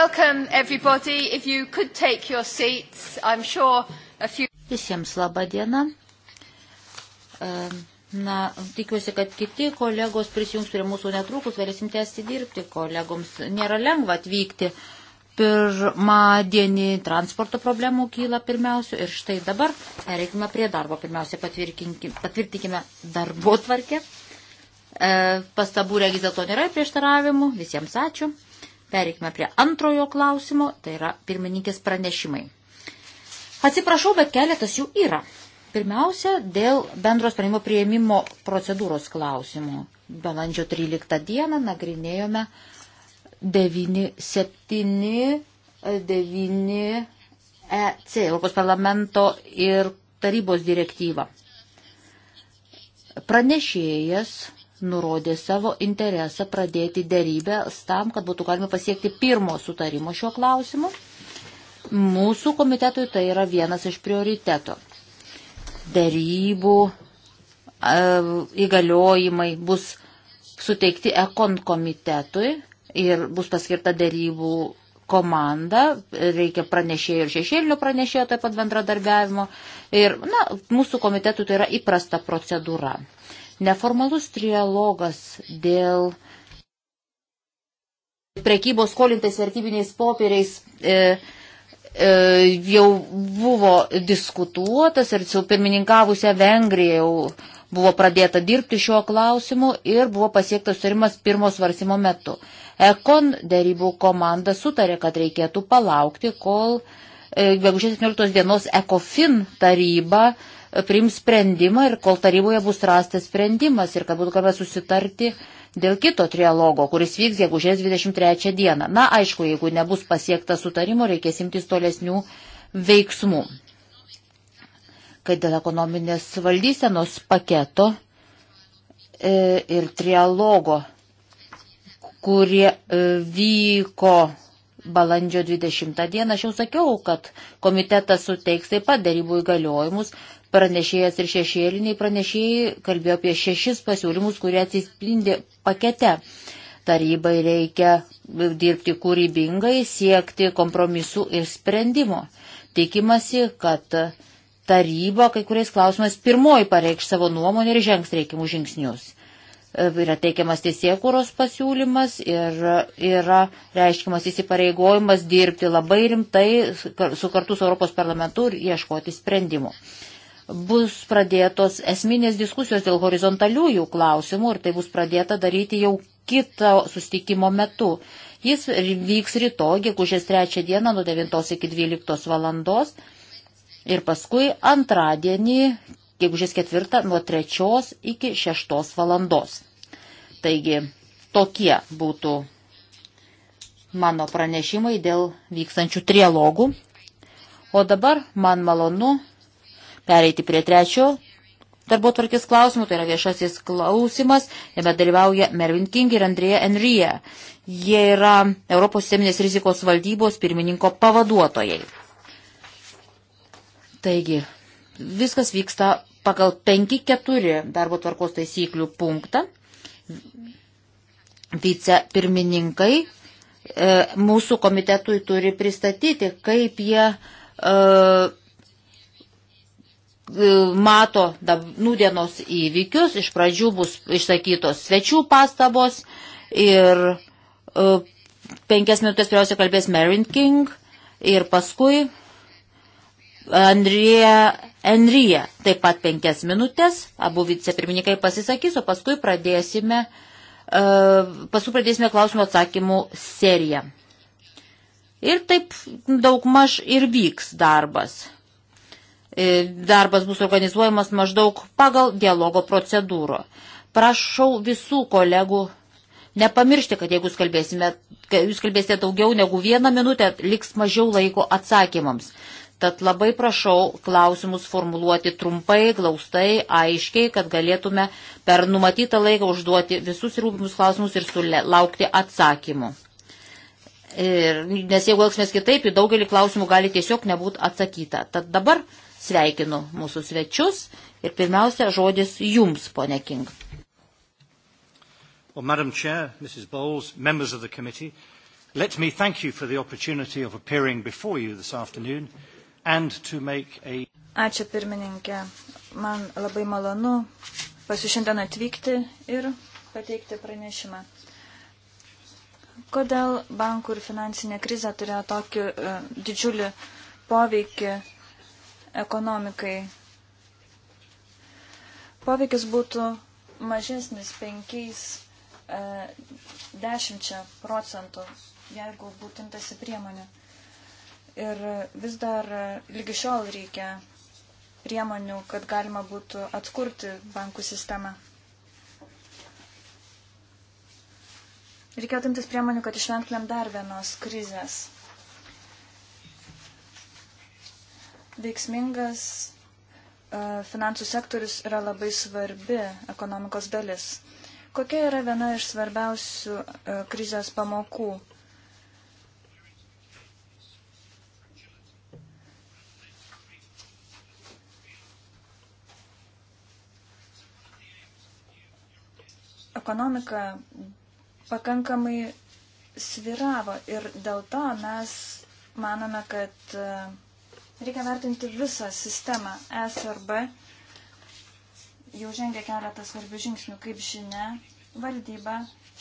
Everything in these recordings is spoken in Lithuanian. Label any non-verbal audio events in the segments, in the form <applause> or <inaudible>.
welcome everybody. If you could take your seats, I'm sure a few. Visiems laba diena. Na, tikiuosi, kad kiti kolegos prisijungs prie mūsų netrukus, galėsim tęsti dirbti kolegoms. Nėra lengva atvykti. Pirmadienį transporto problemų kyla pirmiausia ir štai dabar pereikime prie darbo. Pirmiausia, patvirtinkime darbo tvarkę. E, pastabų regis dėl to nėra prieštaravimų. Visiems ačiū. Pereikime prie antrojo klausimo, tai yra pirmininkės pranešimai. Atsiprašau, bet keletas jų yra. Pirmiausia, dėl bendros sprendimo prieimimo procedūros klausimų. Balandžio 13 dieną nagrinėjome 9-7-9 EC, Europos parlamento ir tarybos direktyvą. Pranešėjas nurodė savo interesą pradėti dėrybę tam, kad būtų galima pasiekti pirmo sutarimo šiuo klausimu. Mūsų komitetui tai yra vienas iš prioritetų. Dėrybų e, įgaliojimai bus suteikti ekon komitetui ir bus paskirta dėrybų komanda, reikia pranešėjo ir šešėlinio pranešėjo, taip pat bendradarbiavimo. Ir, na, mūsų komitetui tai yra įprasta procedūra. Neformalus trialogas dėl prekybos skolintais vertybiniais popieriais e, e, jau buvo diskutuotas ir jau pirmininkavusią Vengriją jau buvo pradėta dirbti šiuo klausimu ir buvo pasiektas sutarimas pirmo svarsimo metu. Ekon dėrybų komanda sutarė, kad reikėtų palaukti, kol e, gegužės 17 dienos ECOFIN taryba e, priims sprendimą ir kol taryboje bus rastas sprendimas ir kad būtų galima susitarti dėl kito trialogo, kuris vyks gegužės 23 dieną. Na, aišku, jeigu nebus pasiektas sutarimo, reikės imtis tolesnių veiksmų. Kad dėl ekonominės valdysenos paketo e, ir trialogo, kurie e, vyko balandžio 20 dieną, aš jau sakiau, kad komitetas suteiks taip pat darybų įgaliojimus, Pranešėjas ir šešėliniai pranešėjai kalbėjo apie šešis pasiūlymus, kurie atsispindė pakete. Tarybai reikia dirbti kūrybingai, siekti kompromisų ir sprendimo. Tikimasi, kad taryba kai kuriais klausimais pirmoji pareikš savo nuomonę ir žengs reikimus žingsnius yra teikiamas teisėkūros pasiūlymas ir yra reiškiamas įsipareigojimas dirbti labai rimtai su kartu su Europos parlamentu ir ieškoti sprendimų bus pradėtos esminės diskusijos dėl horizontaliųjų klausimų ir tai bus pradėta daryti jau kito sustikimo metu. Jis vyks rytoj, gegužės 3 dieną nuo 9 iki 12 valandos ir paskui antradienį, gegužės 4 nuo 3 iki 6 valandos. Taigi tokie būtų mano pranešimai dėl vykstančių trialogų. O dabar man malonu pereiti prie trečio darbo tvarkės klausimų, tai yra viešasis klausimas, jame dalyvauja Mervin King ir Andrėja Enryje. Jie yra Europos sisteminės rizikos valdybos pirmininko pavaduotojai. Taigi, viskas vyksta pagal 5-4 darbo tvarkos taisyklių punktą. Vice pirmininkai e, mūsų komitetui turi pristatyti, kaip jie e, E, mato nūdienos įvykius, iš pradžių bus išsakytos svečių pastabos ir e, penkias minutės pirmiausia kalbės Marin King ir paskui Andrija Enryje taip pat penkias minutės, abu vicepirmininkai pasisakys, o paskui pradėsime, e, paskui pradėsime klausimų atsakymų seriją. Ir taip daug maž ir vyks darbas. E, darbas bus organizuojamas maždaug pagal dialogo procedūrą. Prašau visų kolegų nepamiršti, kad jeigu jūs, kalbėsime, jūs kalbėsite daugiau negu vieną minutę, liks mažiau laiko atsakymams. Tad labai prašau klausimus formuluoti trumpai, glaustai, aiškiai, kad galėtume per numatytą laiką užduoti visus rūpimus klausimus ir sulaukti atsakymų. Ir, nes jeigu elgsimės kitaip, į daugelį klausimų gali tiesiog nebūti atsakyta. Tad dabar Sveikinu mūsų svečius ir pirmiausia žodis jums, ponė King. Well, Madam Chair, Mrs. Bowles, members of the committee, let me thank you for the opportunity of appearing before you this afternoon and to make a... Ačiū pirmininkė. Man labai malonu pas jūs šiandien atvykti ir pateikti pranešimą. Kodėl bankų ir finansinė krizė turėjo tokį uh, didžiulį poveikį uh, ekonomikai. Poveikis būtų mažesnis 5-10 e, procentų, jeigu būtų imtasi priemonių. Ir vis dar lygi šiol reikia priemonių, kad galima būtų atkurti bankų sistemą. Reikėtų imtis priemonių, kad išvengtumėm dar vienos krizės. Veiksmingas e, finansų sektorius yra labai svarbi ekonomikos dalis. Kokia yra viena iš svarbiausių e, krizės pamokų? Ekonomika pakankamai sviravo ir dėl to mes manome, kad e, Reikia vertinti visą sistemą. SRB e jau žengia keletą svarbių žingsnių. Kaip žinia, valdyba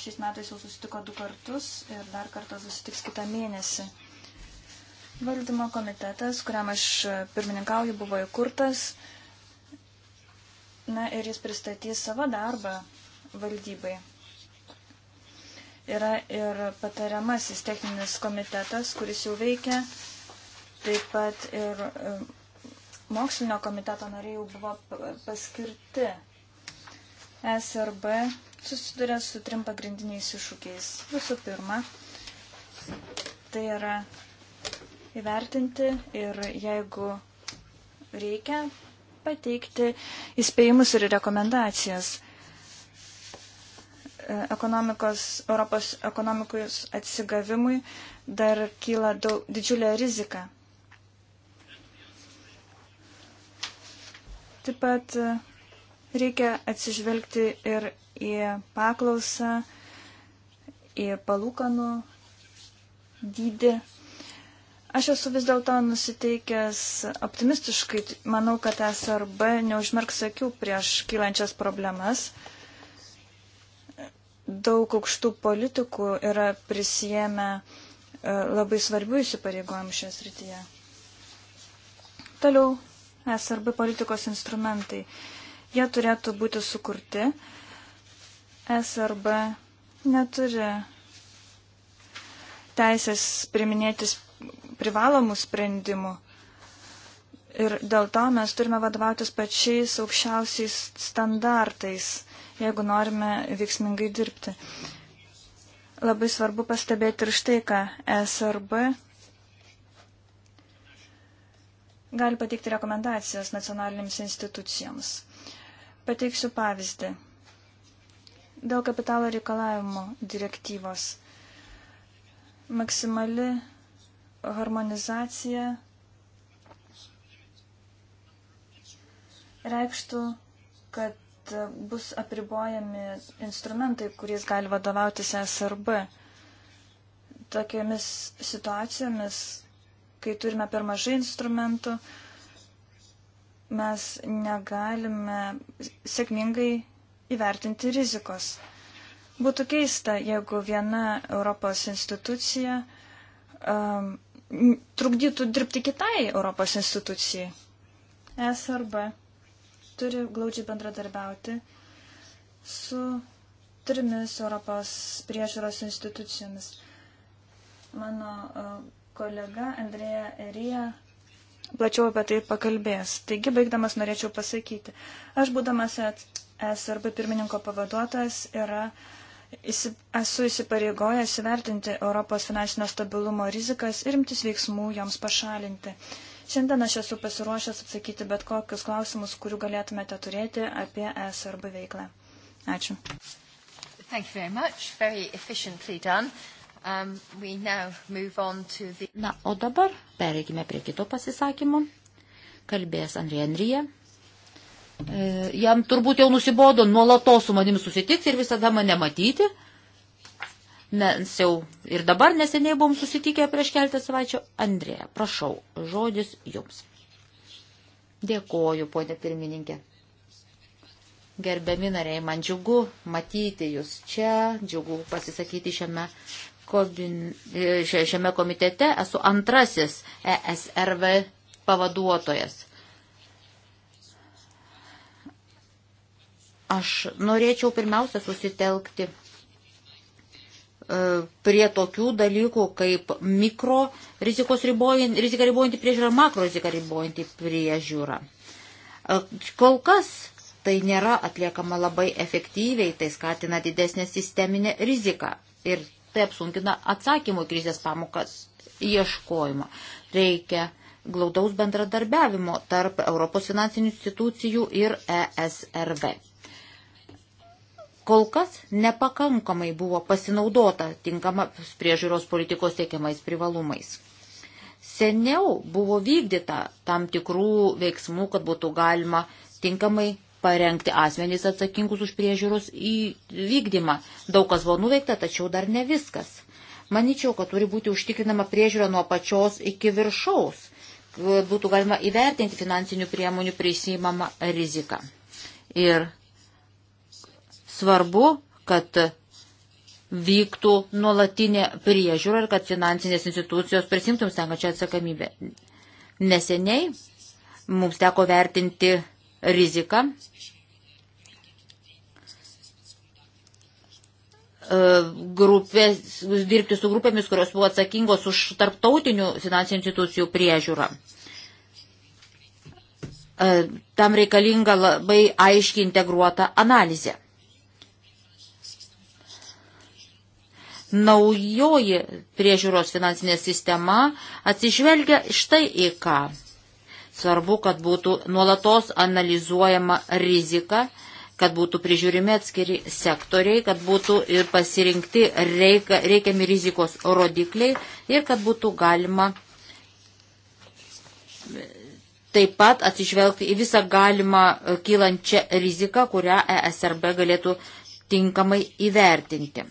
šiais metais jau susitiko du kartus ir dar kartą susitiks kitą mėnesį. Valdymo komitetas, kuriam aš pirmininkauju, buvo įkurtas. Na ir jis pristatys savo darbą valdybai yra ir patariamasis techninis komitetas, kuris jau veikia Taip pat ir e, mokslinio komiteto nariai jau buvo paskirti. SRB susiduria su trim pagrindiniais iššūkiais. Visų pirma, tai yra įvertinti ir jeigu reikia, pateikti įspėjimus ir rekomendacijas. E, ekonomikos, Europos ekonomikos atsigavimui dar kyla daug, didžiulė rizika. Taip pat e, reikia atsižvelgti ir į paklausą, į palūkanų dydį. Aš esu vis dėlto nusiteikęs optimistiškai, manau, kad SRB neužmerks akių prieš kylančias problemas. Daug aukštų politikų yra prisijėmę e, labai svarbių įsipareigojimų šioje srityje. Toliau SRB politikos instrumentai. Jie turėtų būti sukurti. SRB neturi teisės priminėtis privalomų sprendimų. Ir dėl to mes turime vadovautis pačiais aukščiausiais standartais, jeigu norime veiksmingai dirbti. Labai svarbu pastebėti ir štai, ką SRB gali pateikti rekomendacijas nacionalinėms institucijoms. Pateiksiu pavyzdį. Dėl kapitalo reikalavimo direktyvos maksimali harmonizacija reikštų, kad bus apribojami instrumentai, kuriais gali vadovautis SRB. Tokiamis situacijomis kai turime per mažai instrumentų, mes negalime sėkmingai įvertinti rizikos. Būtų keista, jeigu viena Europos institucija um, trukdytų dirbti kitai Europos institucijai. SRB turi glaudžiai bendradarbiauti su trimis Europos priežiūros institucijomis. Mano uh, kolega Andrėja Erija plačiau apie tai pakalbės. Taigi, baigdamas norėčiau pasakyti, aš būdamas SRB pirmininko pavaduotojas yra, esu įsipareigojęs įvertinti Europos finansinio stabilumo rizikas ir imtis veiksmų joms pašalinti. Šiandien aš esu pasiruošęs atsakyti bet kokius klausimus, kurių galėtumėte turėti apie SRB veiklą. Ačiū. Thank you very much. Very efficiently done. Um, the... Na, o dabar pereikime prie kito pasisakymo. Kalbės Andrija Andrija. E, jam turbūt jau nusibodo nuolatos su manim susitikti ir visada mane matyti. Nes jau ir dabar neseniai buvom susitikę prieš keltą savaičių. Andrėja, prašau, žodis jums. Dėkoju, ponė pirmininkė. Gerbiami nariai, man džiugu matyti jūs čia, džiugu pasisakyti šiame E, šiame komitete esu antrasis ESRV pavaduotojas. Aš norėčiau pirmiausia susitelkti e, prie tokių dalykų kaip mikro rizikos ribojant, rizika ribojanti priežiūra, makro rizika ribojanti priežiūra. E, kol kas tai nėra atliekama labai efektyviai, tai skatina didesnę sisteminę riziką. Ir tai apsunkina atsakymų į krizės pamokas ieškojimą. Reikia glaudaus bendradarbiavimo tarp Europos finansinių institucijų ir ESRB. Kol kas nepakankamai buvo pasinaudota tinkama priežiūros politikos tiekiamais privalumais. Seniau buvo vykdyta tam tikrų veiksmų, kad būtų galima tinkamai parengti asmenys atsakingus už priežiūros įvykdymą. Daug kas buvo nuveikta, tačiau dar ne viskas. Maničiau, kad turi būti užtikrinama priežiūra nuo pačios iki viršaus. Būtų galima įvertinti finansinių priemonių prisimamą riziką. Ir svarbu, kad vyktų nuolatinė priežiūra ir kad finansinės institucijos prisimtum stengačią atsakomybę. Neseniai mums teko vertinti rizika. E, grupės, dirbti su grupėmis, kurios buvo atsakingos už tarptautinių finansinių institucijų priežiūrą. E, tam reikalinga labai aiškiai integruota analizė. naujoji priežiūros finansinė sistema atsižvelgia štai į ką. Svarbu, kad būtų nuolatos analizuojama rizika, kad būtų prižiūrimi atskiri sektoriai, kad būtų ir pasirinkti reika, reikiami rizikos rodikliai ir kad būtų galima taip pat atsižvelgti į visą galimą kylančią riziką, kurią ESRB galėtų tinkamai įvertinti.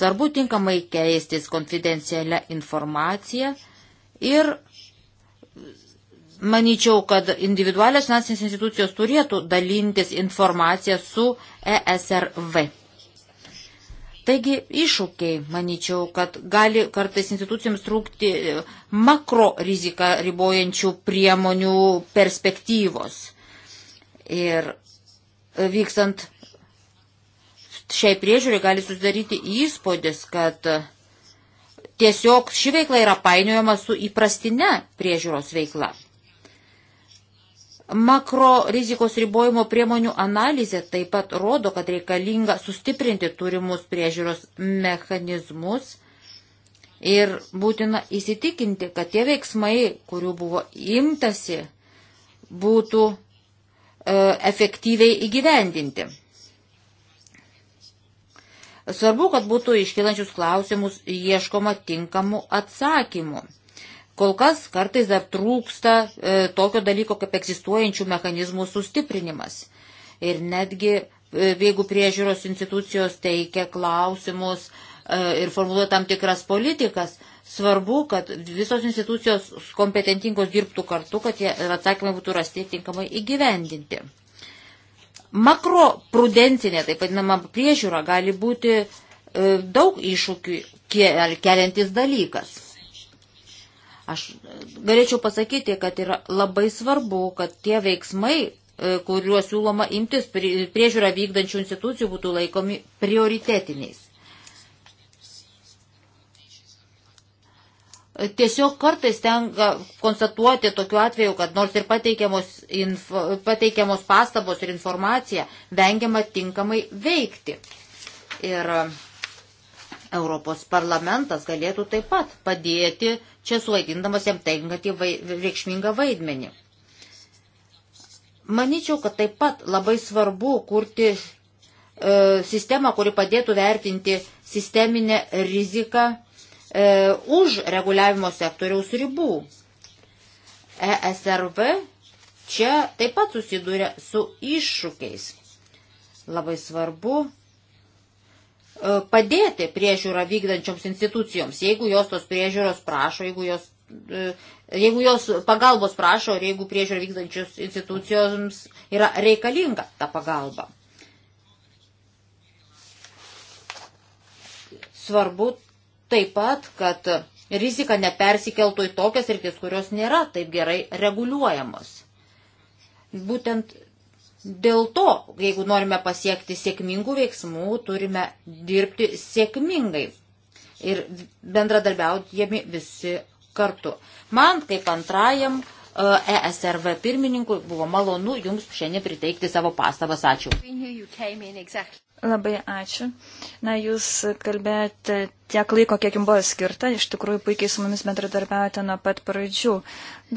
Svarbu tinkamai keistis konfidencialią informaciją ir Maničiau, kad individualios finansinės institucijos turėtų dalintis informaciją su ESRV. Taigi iššūkiai, manyčiau, kad gali kartais institucijoms trūkti e, makro riziką ribojančių priemonių perspektyvos. Ir e, vykstant šiai priežiūrai gali susidaryti įspūdis, kad e, tiesiog ši veikla yra painiojama su įprastine priežiūros veikla. Makro rizikos ribojimo priemonių analizė taip pat rodo, kad reikalinga sustiprinti turimus priežiūros mechanizmus ir būtina įsitikinti, kad tie veiksmai, kurių buvo imtasi, būtų e, efektyviai įgyvendinti. Svarbu, kad būtų iškilančius klausimus ieškoma tinkamų atsakymų. Kol kas kartais dar trūksta e, tokio dalyko kaip egzistuojančių mechanizmų sustiprinimas. Ir netgi, e, jeigu priežiūros institucijos teikia klausimus e, ir formuluoja tam tikras politikas, svarbu, kad visos institucijos kompetentingos dirbtų kartu, kad jie atsakymai būtų rasti tinkamai įgyvendinti. Makroprudencinė, taip vadinama, priežiūra gali būti e, daug iššūkių keliantis dalykas. Aš galėčiau e, pasakyti, kad yra labai svarbu, kad tie veiksmai, e, kuriuos siūloma imtis priežiūrą vykdančių institucijų, būtų laikomi prioritetiniais. Tiesiog kartais tenka konstatuoti tokiu atveju, kad nors ir pateikiamos, info, pateikiamos pastabos ir informacija, vengiama tinkamai veikti. Ir uh, Europos parlamentas galėtų taip pat padėti čia suvaidindamas jam tenkantį reikšmingą vaidmenį. Maničiau, kad taip pat labai svarbu kurti e, sistemą, kuri padėtų vertinti sisteminę riziką e, už reguliavimo sektoriaus ribų. ESRV čia taip pat susiduria su iššūkiais. Labai svarbu E, padėti priežiūrą vykdančioms institucijoms, jeigu jos tos priežiūros prašo, jeigu jos, e, jeigu jos pagalbos prašo ir jeigu priežiūrą vykdančios institucijoms yra reikalinga ta pagalba. Svarbu taip pat, kad rizika nepersikeltų į tokias rytis, kurios nėra taip gerai reguliuojamos. Būtent Dėl to, jeigu norime pasiekti sėkmingų veiksmų, turime dirbti sėkmingai ir bendradarbiaudami visi kartu. Man kaip antrajam ESRV e pirmininkui buvo malonu jums šiandien priteikti savo pastabas. Ačiū. Labai ačiū. Na, jūs kalbėjote tiek laiko, kiek jums buvo skirta. Iš tikrųjų, puikiai su mumis bendradarbiavote nuo pat pradžių.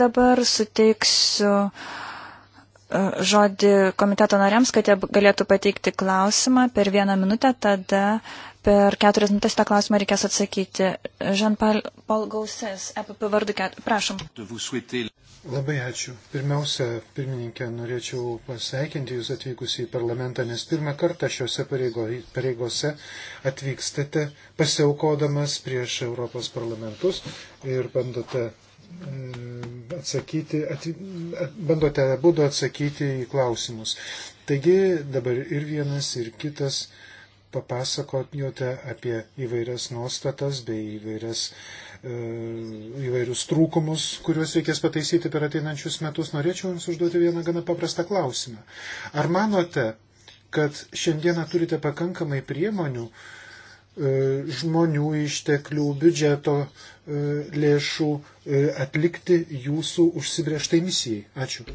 Dabar suteiksiu. Uh, E, žodį komiteto nariams, kad jie galėtų pateikti klausimą per vieną minutę, tada per keturias minutės tą klausimą reikės atsakyti. Žan-Paul Gausės, EPP vardu, ket... prašom. Labai ačiū. Pirmiausia, pirmininkė, norėčiau pasveikinti Jūs atvykus į parlamentą, nes pirmą kartą šiuose pareigo, pareigose atvykstate pasiaukodamas prieš Europos parlamentus ir bandote Mm, atsakyti, at, at, bandote būdu atsakyti į klausimus. Taigi dabar ir vienas, ir kitas papasakojote apie įvairias nuostatas bei įvairias, e, įvairius trūkumus, kuriuos reikės pataisyti per ateinančius metus. Norėčiau Jums užduoti vieną gana paprastą klausimą. Ar manote, kad šiandieną turite pakankamai priemonių, e, E, žmonių išteklių, biudžeto e, lėšų e, atlikti jūsų užsibrieštai misijai. Ačiū.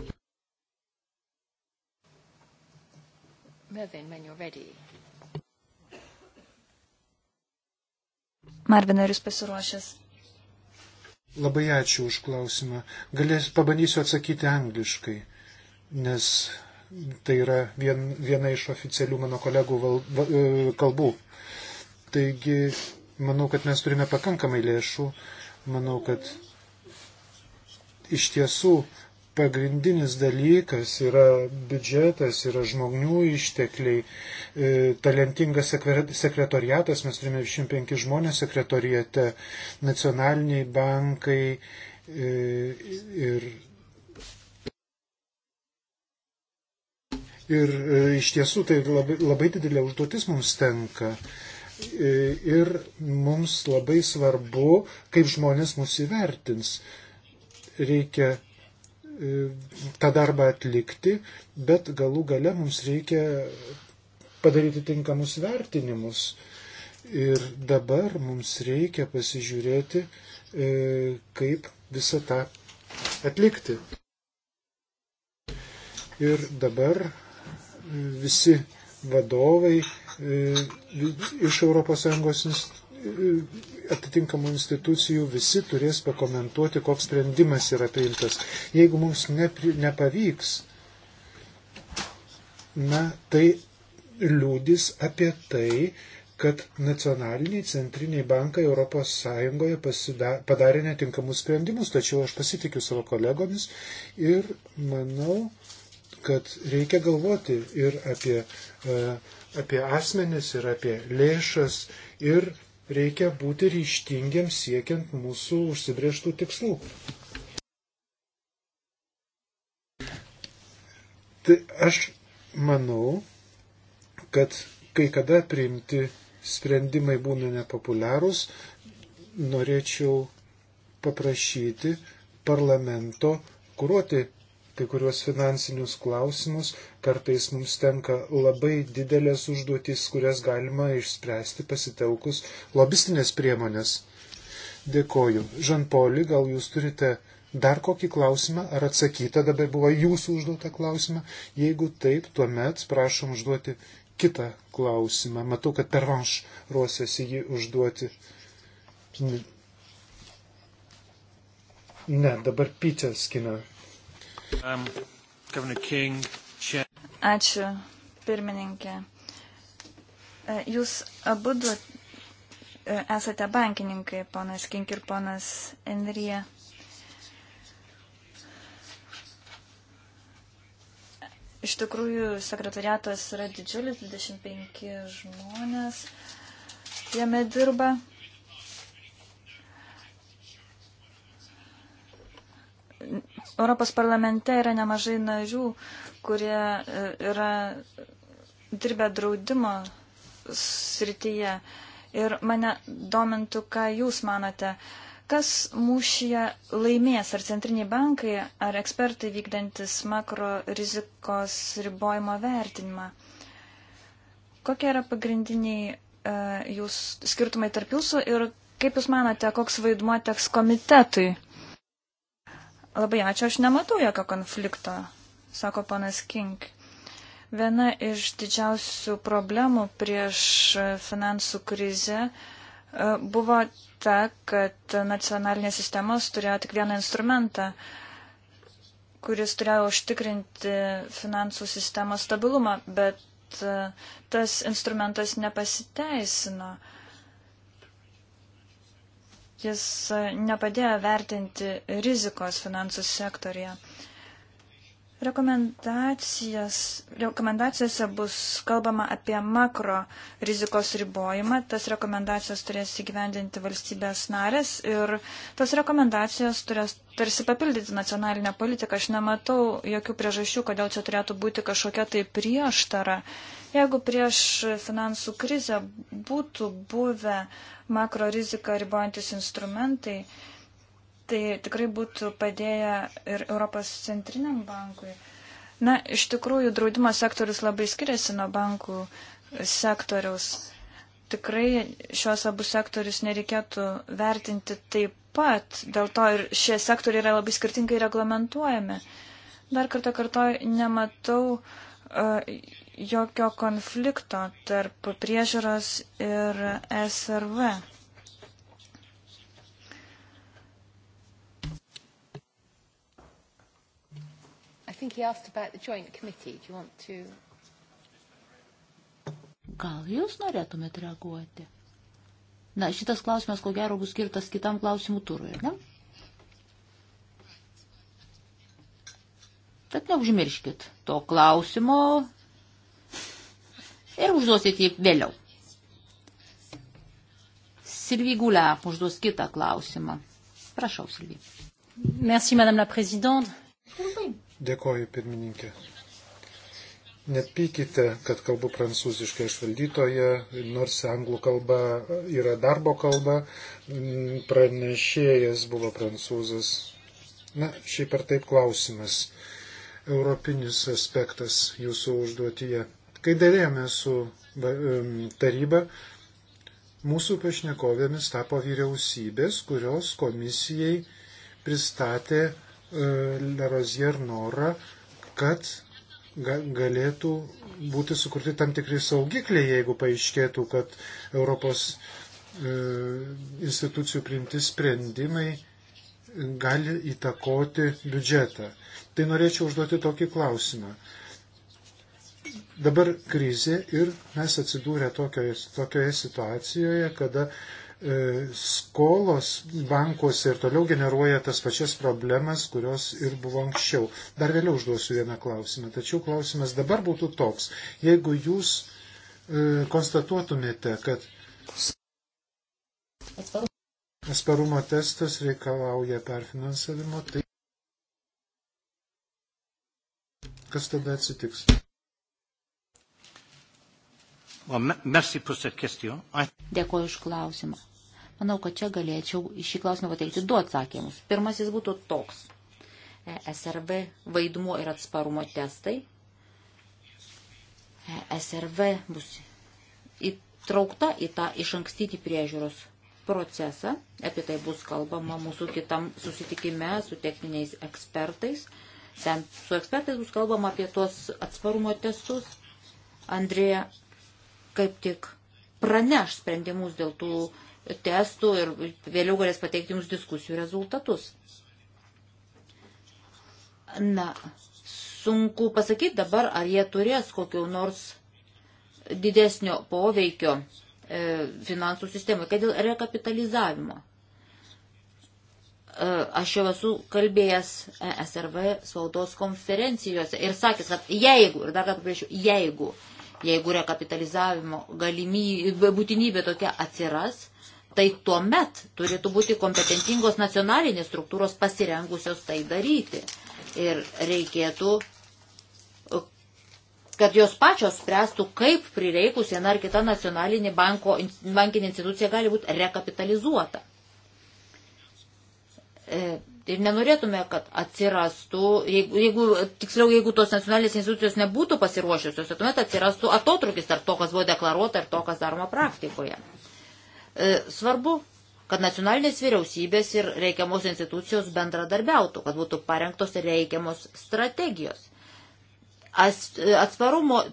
Marvin, ar jūs pasiruošęs? Labai ačiū už klausimą. Galės, pabandysiu atsakyti angliškai, nes tai yra vien, viena iš oficialių mano kolegų val, val, kalbų. Taigi, manau, kad mes turime pakankamai lėšų. Manau, kad iš tiesų pagrindinis dalykas yra biudžetas, yra žmonių ištekliai, e, talentingas sekretoriatas, mes turime 25 žmonės sekretoriate, nacionaliniai bankai e, ir. Ir e, iš tiesų tai labai, labai didelė užduotis mums tenka. E, E, ir mums labai svarbu, kaip žmonės mus įvertins. Reikia e, tą darbą atlikti, bet galų gale mums reikia padaryti tinkamus vertinimus. Ir dabar mums reikia pasižiūrėti, e, kaip visą tą atlikti. Ir dabar visi vadovai E, iš ES e, atitinkamų institucijų visi turės pakomentuoti, koks sprendimas yra priimtas. Jeigu mums nepri, nepavyks, na, tai liūdis apie tai, kad nacionaliniai centriniai bankai ES pasida, padarė netinkamus sprendimus, tačiau aš pasitikiu savo kolegomis ir manau, kad reikia galvoti ir apie uh, apie asmenis ir apie lėšas ir reikia būti ryštingiams siekiant mūsų užsibrieštų tikslų. Tai aš manau, kad kai kada priimti sprendimai būna nepopuliarūs, norėčiau paprašyti parlamento kuruoti kai kuriuos finansinius klausimus, kartais mums tenka labai didelės užduotys, kurias galima išspręsti pasitelkus lobistinės priemonės. Dėkoju. Žanpoli, gal jūs turite dar kokį klausimą, ar atsakyta dabar buvo jūsų užduota klausimą? Jeigu taip, tuomet prašom užduoti kitą klausimą. Matau, kad pervanš ruosiasi jį užduoti. Ne, dabar Pytė skina Um, King, čia... Ačiū, pirmininkė. E, jūs abu du e, esate bankininkai, ponas Kink ir ponas Enrija. Iš tikrųjų, sekretariatas yra didžiulis, 25 žmonės jame dirba. Europos parlamente yra nemažai narių, kurie e, yra dirbę draudimo srityje. Ir mane domintų, ką jūs manote, kas mūšyje laimės, ar centriniai bankai, ar ekspertai vykdantis makro rizikos ribojimo vertinimą. Kokie yra pagrindiniai uh, jūs skirtumai tarp jūsų ir kaip jūs manote, koks vaidmuo teks komitetui? Labai ačiū, aš nematau jokio konflikto, sako panas Kink. Viena iš didžiausių problemų prieš finansų krizę e, buvo ta, kad nacionalinės sistemos turėjo tik vieną instrumentą, kuris turėjo užtikrinti finansų sistemos stabilumą, bet e, tas instrumentas nepasiteisino. Uh, Jis nepadėjo vertinti rizikos finansų sektorija. Rekomendacijose bus kalbama apie makro rizikos ribojimą. Tas rekomendacijos turės įgyvendinti valstybės narės ir tas rekomendacijos turės tarsi papildyti nacionalinę politiką. Aš nematau jokių priežasčių, kodėl čia turėtų būti kažkokia tai prieštara. Jeigu prieš finansų krizę būtų buvę makro riziką ribojantis instrumentai, uh, tai tikrai būtų padėję ir Europos centriniam bankui. Na, iš tikrųjų, draudimo sektorius labai skiriasi nuo bankų sektoriaus. Tikrai šios abu sektorius nereikėtų vertinti taip pat, dėl to ir šie sektoriai yra labai skirtingai reglamentuojami. Dar kartą kartoju, nematau uh, jokio konflikto tarp priežiūros ir SRV. think he asked about the joint committee. Do you want to? Gal jūs norėtumėt reaguoti? Na, šitas klausimas, ko gero, bus skirtas kitam klausimų turui, ne? Tad neužmirškit to klausimo ir užduosit jį vėliau. Silvi Gulė užduos kitą klausimą. Prašau, Silvi. Merci, Madame la Présidente. Labai Dėkoju, pirmininkė. Nepykite, kad kalbu prancūziškai išvaldytoje, nors anglų kalba yra darbo kalba, pranešėjas buvo prancūzas. Na, šiaip ar taip klausimas. Europinis aspektas jūsų užduotyje. Kai dėrėjome su taryba, mūsų pašnekovėmis tapo vyriausybės, kurios komisijai pristatė E, Lerozier norą, kad galėtų būti sukurti tam tikri saugikliai, jeigu paaiškėtų, kad Europos e, institucijų priimti sprendimai gali įtakoti biudžetą. Tai norėčiau užduoti tokį klausimą. Dabar krizė ir mes atsidūrė tokioje, tokioje situacijoje, kada E, skolos bankuose ir toliau generuoja tas pačias problemas, kurios ir buvo anksčiau. Dar vėliau užduosiu vieną klausimą, tačiau klausimas dabar būtų toks. Jeigu jūs e, konstatuotumėte, kad atsparumo testas reikalauja perfinansavimo, tai kas tada atsitiks? Dėkuoju iš klausimą. Manau, kad čia galėčiau iš šį klausimą pateikti du atsakymus. Pirmasis būtų toks. E, SRV vaidmuo ir atsparumo testai. E, SRV bus įtraukta į tą iš ankstyti priežiūros procesą. Apie tai bus kalbama mūsų kitam susitikime su techniniais ekspertais. Ten su ekspertais bus kalbama apie tuos atsparumo testus. Andrėja kaip tik praneš sprendimus dėl tų testų ir vėliau galės pateikti jums diskusijų rezultatus. Na, sunku pasakyti dabar, ar jie turės kokiu nors didesnio poveikio e, finansų sistemai, kad dėl rekapitalizavimo. E, aš jau esu kalbėjęs e, SRV spaudos konferencijose ir sakęs, kad jeigu, ir dar kartą priešiu, jeigu, jeigu rekapitalizavimo galimybė, būtinybė tokia atsiras, tai tuo met turėtų būti kompetentingos nacionalinės struktūros pasirengusios tai daryti. Ir reikėtų, kad jos pačios spręstų, kaip prireikus viena ar kita nacionalinė banko, bankinė institucija gali būti rekapitalizuota. E, ir nenorėtume, kad atsirastų, jeigu, jeigu tiksliau, jeigu tos nacionalinės institucijos nebūtų pasiruošusios, tuomet atsirastų atotrukis tarp to, kas buvo deklaruota ir to, kas daroma praktikoje. E, svarbu, kad nacionalinės vyriausybės ir reikiamos institucijos bendradarbiautų, kad būtų parengtos reikiamos strategijos. E, atsparumo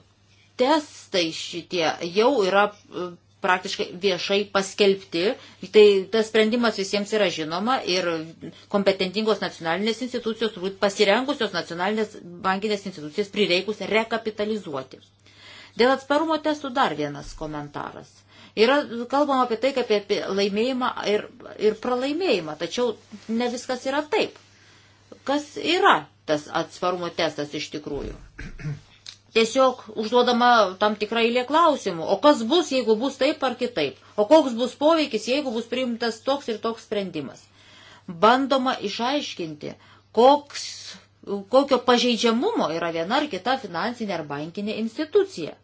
testai šitie jau yra e, praktiškai viešai paskelbti, tai tas sprendimas visiems yra žinoma ir kompetentingos nacionalinės institucijos, turbūt pasirengusios nacionalinės bankinės institucijas prireikus rekapitalizuoti. Dėl atsparumo testų dar vienas komentaras. Yra kalbama apie tai, kaip apie laimėjimą ir, ir pralaimėjimą, tačiau ne viskas yra taip. Kas yra tas atsparumo testas iš tikrųjų? Tiesiog užduodama tam tikrą eilė klausimų, o kas bus, jeigu bus taip ar kitaip, o koks bus poveikis, jeigu bus priimtas toks ir toks sprendimas. Bandoma išaiškinti, koks kokio pažeidžiamumo yra viena ar kita finansinė ar bankinė institucija.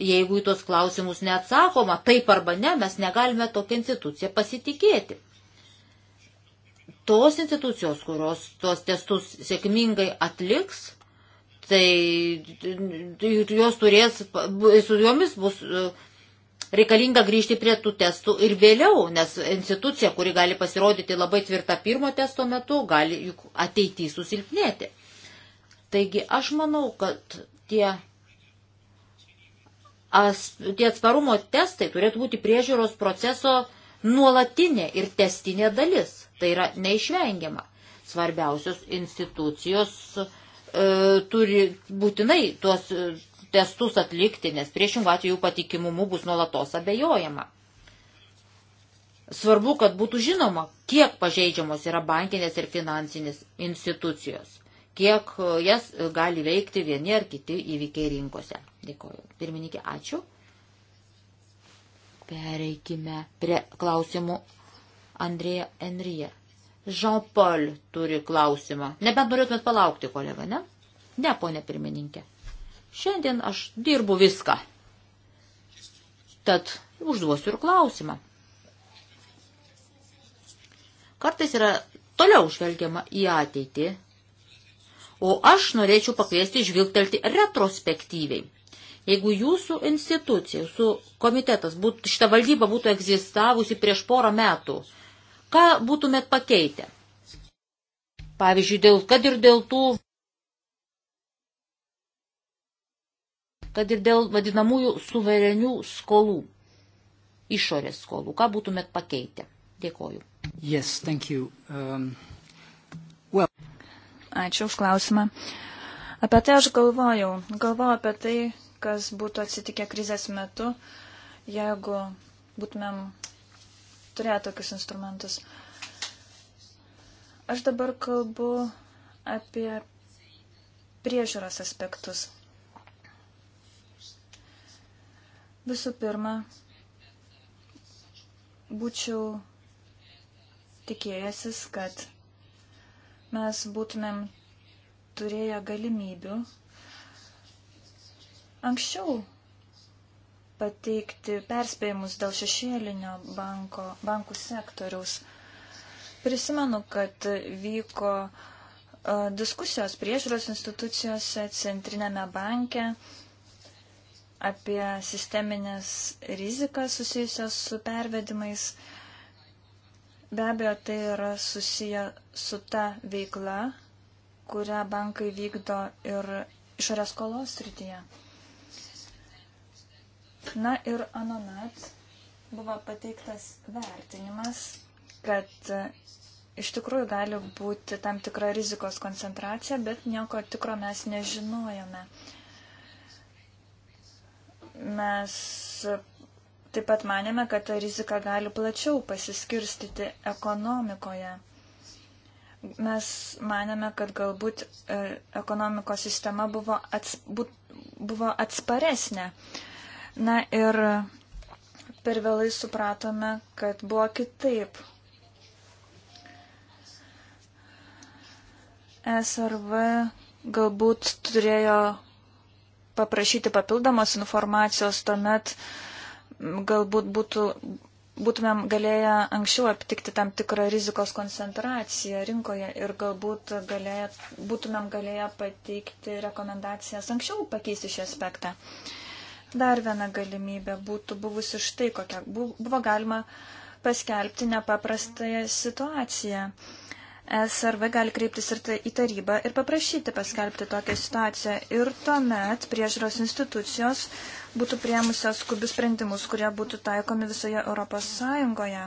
Jeigu į tos klausimus neatsakoma, taip arba ne, mes negalime tokią instituciją pasitikėti. Tos institucijos, kurios tuos testus sėkmingai atliks, tai jos turės, su jomis bus e, reikalinga grįžti prie tų testų ir vėliau, nes institucija, kuri gali pasirodyti labai tvirta pirmo testo metu, gali juk ateityje susilpnėti. Taigi aš manau, kad tie as, tie atsparumo testai turėtų būti priežiūros proceso nuolatinė ir testinė dalis. Tai yra neišvengiama. Svarbiausios institucijos e, turi būtinai tuos e, testus atlikti, nes priešingų atveju patikimumu bus nuolatos abejojama. Svarbu, kad būtų žinoma, kiek pažeidžiamos yra bankinės ir finansinės institucijos, kiek e, jas e, gali veikti vieni ar kiti įvykiai rinkose. Dėkoju. Pirmininkė, ačiū. Pereikime prie klausimų Andrėja Enryje. Jean-Paul turi klausimą. Nebent norėtumėt palaukti, kolega, ne? Ne, ponė pirmininkė. Šiandien aš dirbu viską. Tad užduosiu ir klausimą. Kartais yra toliau žvelgiama į ateitį, o aš norėčiau pakviesti žvilgtelti retrospektyviai. Jeigu jūsų institucija, jūsų komitetas, būt, šita valdyba būtų egzistavusi prieš porą metų, ką būtumėt pakeitę? Pavyzdžiui, dėl, kad ir dėl tų kad ir dėl vadinamųjų suverenių skolų, išorės skolų. Ką būtumėt pakeitę? Dėkoju. Yes, thank you. Um, well. Ačiū už klausimą. Apie tai aš galvojau. Galvojau apie tai, kas būtų atsitikę krizės metu, jeigu būtumėm turėję tokius instrumentus. Aš dabar kalbu apie priežiūros aspektus. Visų pirma, būčiau tikėjęsis, kad mes būtumėm turėję galimybių anksčiau pateikti perspėjimus dėl šešėlinio banko, bankų sektoriaus. Prisimenu, kad vyko diskusijos priežiūros institucijose, centrinėme banke apie sisteminės rizikas susijusios su pervedimais. Be abejo, tai yra susiję su ta veikla, kurią bankai vykdo ir išorės kolos srityje. Na ir anomet buvo pateiktas vertinimas, kad e, iš tikrųjų gali būti tam tikra rizikos koncentracija, bet nieko tikro mes nežinojome. Mes taip pat manėme, kad ta rizika gali plačiau pasiskirstyti ekonomikoje mes manėme, kad galbūt e, ekonomikos sistema buvo, ats, bu, buvo atsparesnė. Na ir per vėlai supratome, kad buvo kitaip. SRV galbūt turėjo paprašyti papildomos informacijos, tuomet galbūt būtų, būtumėm galėję anksčiau aptikti tam tikrą rizikos koncentraciją rinkoje ir galbūt galėję, būtumėm galėję pateikti rekomendacijas anksčiau pakeisti šį aspektą. Uh, Dar viena galimybė būtų buvusi štai kokia. Buvo galima paskelbti nepaprastąją situaciją. SRV gali kreiptis ir į tarybą ir paprašyti paskelbti tokią situaciją. Ir tuomet priežiūros institucijos būtų priemusios skubius sprendimus, kurie būtų taikomi visoje Europos Sąjungoje.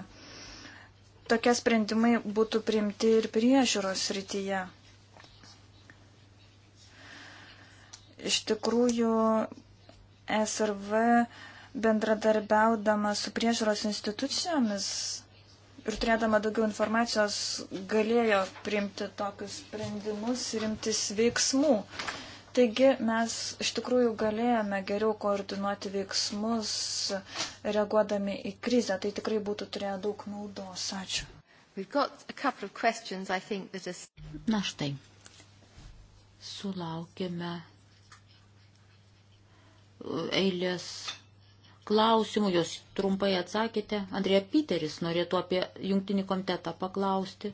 Tokie sprendimai būtų priimti ir priežiūros rytyje. Iš tikrųjų, SRV bendradarbiaudama su priežiūros institucijomis ir turėdama daugiau informacijos galėjo priimti tokius sprendimus ir imtis veiksmų. Taigi mes iš tikrųjų galėjome geriau koordinuoti veiksmus, reaguodami į krizę. Tai tikrai būtų turėję daug naudos. Ačiū. Is... Na štai. Sulaukime eilės klausimų, jos trumpai atsakėte. Andrija Piteris norėtų apie jungtinį komitetą paklausti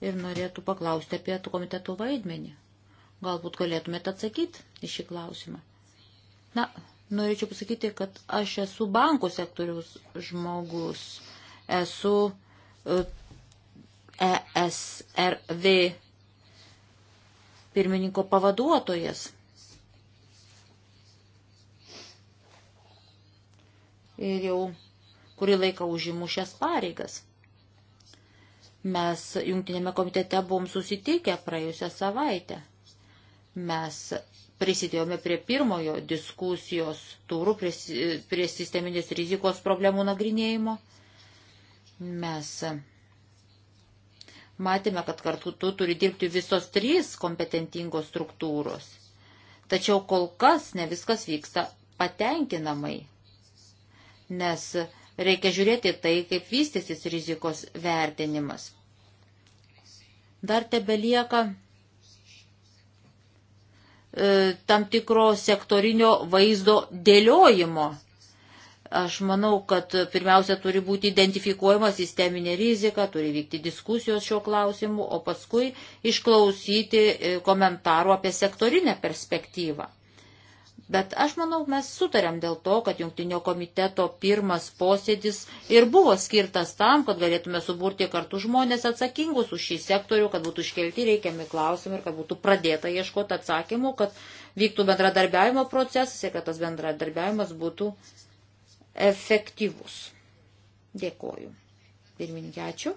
ir norėtų paklausti apie tų komitetų vaidmenį. Galbūt galėtumėte atsakyti į šį klausimą. Na, norėčiau pasakyti, kad aš esu bankų sektoriaus žmogus, esu ESRV e pirmininko pavaduotojas. ir jau kurį laiką užimu šias pareigas. Mes jungtinėme komitete buvom susitikę praėjusią savaitę. Mes prisidėjome prie pirmojo diskusijos turų, prie, prie sisteminės rizikos problemų nagrinėjimo. Mes matėme, kad kartu tu turi dirbti visos trys kompetentingos struktūros. Tačiau kol kas ne viskas vyksta patenkinamai nes reikia žiūrėti tai, kaip vystysis rizikos vertinimas. Dar tebelieka e, tam tikro sektorinio vaizdo dėliojimo. Aš manau, kad pirmiausia turi būti identifikuojama sisteminė rizika, turi vykti diskusijos šiuo klausimu, o paskui išklausyti e, komentarų apie sektorinę perspektyvą. Bet aš manau, mes sutarėm dėl to, kad jungtinio komiteto pirmas posėdis ir buvo skirtas tam, kad galėtume suburti kartu žmonės atsakingus už šį sektorių, kad būtų iškelti reikiami klausimai ir kad būtų pradėta ieškoti atsakymų, kad vyktų bendradarbiavimo procesas ir kad tas bendradarbiavimas būtų efektyvus. Dėkoju. Pirmininkė, ačiū.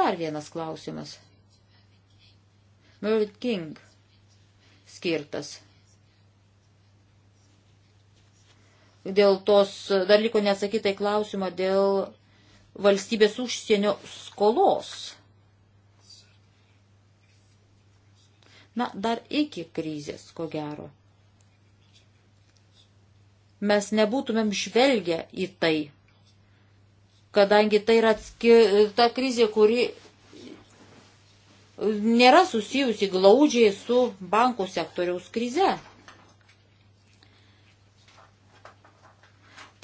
Dar vienas klausimas. Merle King skirtas dėl tos, dar liko neatsakytai klausimą dėl valstybės užsienio skolos. Na, dar iki krizės, ko gero. Mes nebūtumėm žvelgę į tai, kadangi tai yra atski, ta krizė, kuri nėra susijusi glaudžiai su bankų sektoriaus krize.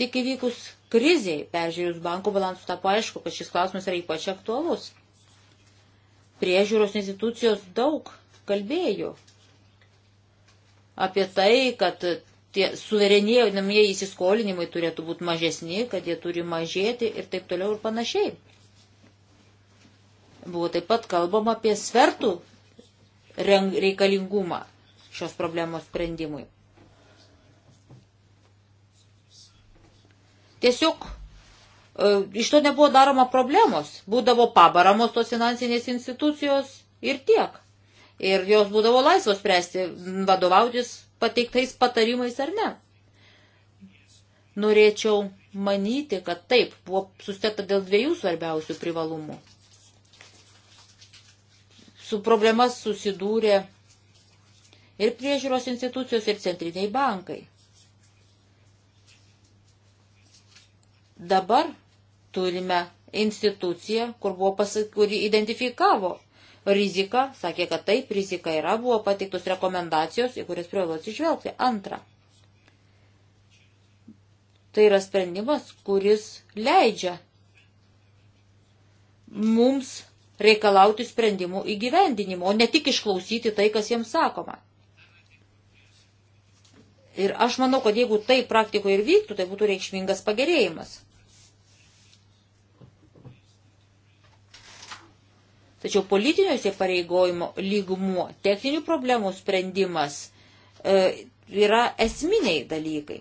Tik įvykus kriziai, peržiūrėjus bankų balansų, tapo aišku, kad šis klausimas yra ypač aktualus. Priežiūros institucijos daug kalbėjo apie tai, kad tie suverenėjimieji įsiskolinimai turėtų būti mažesni, kad jie turi mažėti ir taip toliau ir panašiai. Buvo taip pat kalbama apie svertų reikalingumą šios problemos sprendimui. Tiesiog e, iš to nebuvo daroma problemos. Būdavo pabaramos tos finansinės institucijos ir tiek. Ir jos būdavo laisvos spręsti, vadovautis pateiktais patarimais ar ne. Norėčiau manyti, kad taip, buvo sustekta dėl dviejų svarbiausių privalumų. Su problemas susidūrė ir priežiūros institucijos, ir centriniai bankai. Dabar turime instituciją, kur buvo pasak, kuri identifikavo riziką, sakė, kad taip, rizika yra, buvo pateiktos rekomendacijos, į kurias privalo atsižvelgti. Antra. Tai yra sprendimas, kuris leidžia mums reikalauti sprendimų įgyvendinimo, o ne tik išklausyti tai, kas jiems sakoma. Ir aš manau, kad jeigu tai praktikoje ir vyktų, tai būtų reikšmingas pagerėjimas. Tačiau politinio įsipareigojimo lygmuo, techninių problemų sprendimas e, yra esminiai dalykai.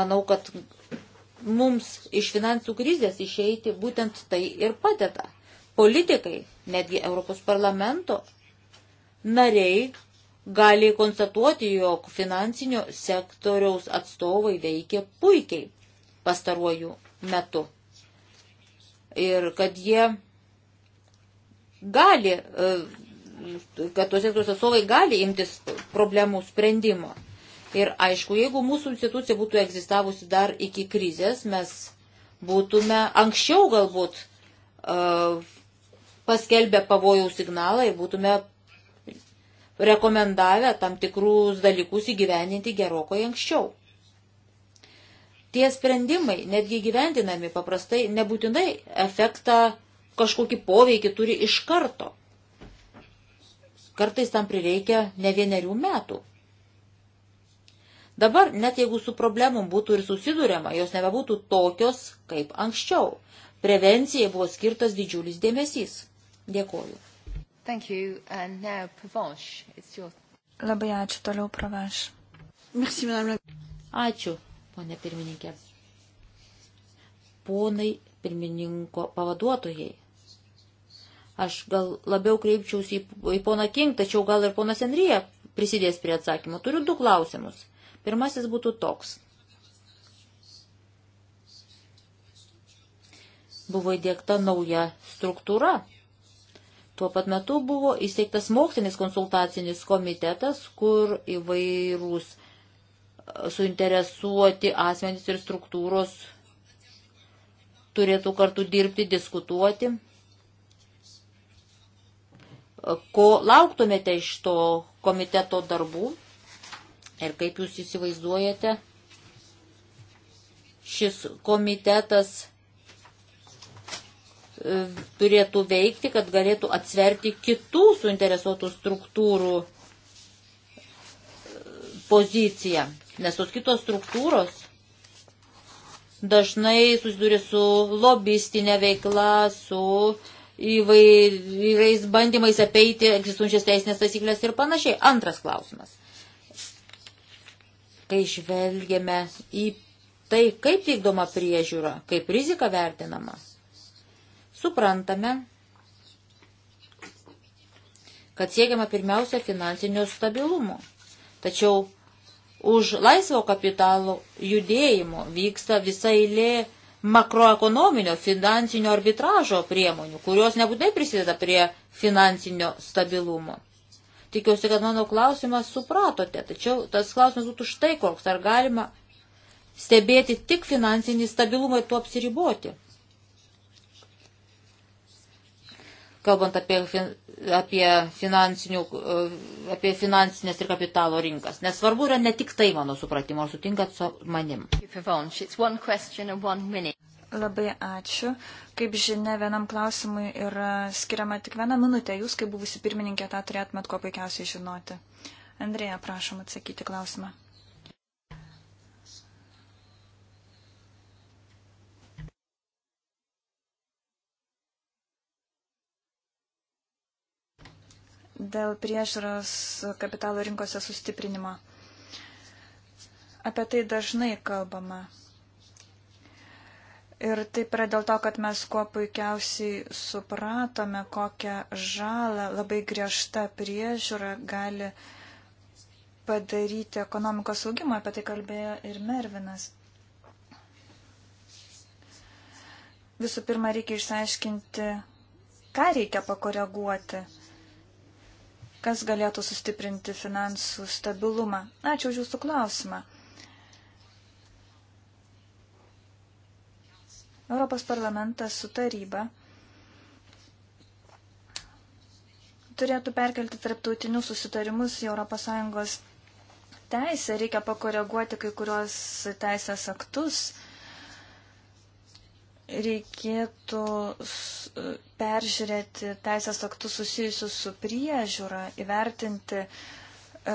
Manau, kad mums iš finansų krizės išeiti būtent tai ir padeda. Politikai, netgi Europos parlamento nariai gali konstatuoti, jog finansinio sektoriaus atstovai veikia puikiai pastaruoju metu. Ir kad jie gali, e, kad tos sektoriaus atstovai gali imtis problemų sprendimo. Ir aišku, jeigu mūsų institucija būtų egzistavusi dar iki krizės, mes būtume anksčiau galbūt e, paskelbę pavojų signalą ir būtume rekomendavę tam tikrus dalykus įgyveninti gerokai anksčiau. Tie sprendimai, netgi gyvendinami, paprastai nebūtinai efektą uh, kažkokį poveikį turi iš karto. Kartais tam prireikia ne vienerių metų. Dabar, net jeigu su problemom būtų ir susidūrėma, jos nebebūtų tokios kaip anksčiau. Prevencijai buvo skirtas didžiulis dėmesys. Dėkoju. Thank you. And now, Pavanche, it's your... Labai ačiū toliau, Pravaš. Merci, madame. Ačiū, ponė pirmininkė. Ponai pirmininko pavaduotojai. Aš gal labiau kreipčiausi į, į poną King, tačiau gal ir ponas Enryje prisidės prie atsakymų. Turiu du klausimus. Pirmasis būtų toks. Buvo įdėkta nauja struktūra. Tuo pat metu buvo įsteigtas mokslinis konsultacinis komitetas, kur įvairūs e, suinteresuoti asmenys ir struktūros turėtų kartu dirbti, diskutuoti ko lauktumėte iš to komiteto darbų ir kaip jūs įsivaizduojate, šis komitetas e, turėtų veikti, kad galėtų atsverti kitų suinteresuotų struktūrų e, poziciją. Nes tos kitos struktūros dažnai susiduria su lobistinė veikla, su uh, įvairiais bandymais apeiti egzistuojančias teisinės taisyklės ir panašiai. Antras klausimas. Kai žvelgiame į tai, kaip vykdoma priežiūra, kaip rizika vertinama, suprantame, kad siekiama pirmiausia finansinio stabilumo. Tačiau už laisvo kapitalo judėjimo vyksta visa eilė makroekonominio finansinio arbitražo priemonių, kurios nebūtinai prisideda prie finansinio stabilumo. Tikiuosi, kad mano klausimas supratote, tačiau tas klausimas būtų štai koks, ar galima stebėti tik finansinį stabilumą ir tuo apsiriboti. Kalbant apie fin apie, e, apie finansinės ir kapitalo rinkas. Nes svarbu yra ne tik tai mano supratimo, ar sutinkat su manim. Labai ačiū. Kaip žinia, vienam klausimui yra skiriama tik vieną minutę. Jūs, kaip buvusi pirmininkė, tą turėtumėt kuo puikiausiai žinoti. Andrėja, prašom atsakyti klausimą. dėl priežiūros kapitalo rinkose sustiprinimo. Apie tai dažnai kalbama. Ir taip yra dėl to, kad mes kuo puikiausiai supratome, kokią žalą labai griežta priežiūra gali padaryti ekonomikos augimą, apie tai kalbėjo ir Mervinas. Visų pirma, reikia išsiaiškinti, ką reikia pakoreguoti kas galėtų sustiprinti finansų stabilumą. Ačiū už Jūsų klausimą. Europos parlamentas su taryba turėtų perkelti tarptautinius susitarimus į ES teisę. Reikia pakoreguoti kai kurios teisės aktus reikėtų peržiūrėti teisės aktus susijusius su priežiūra, įvertinti, e,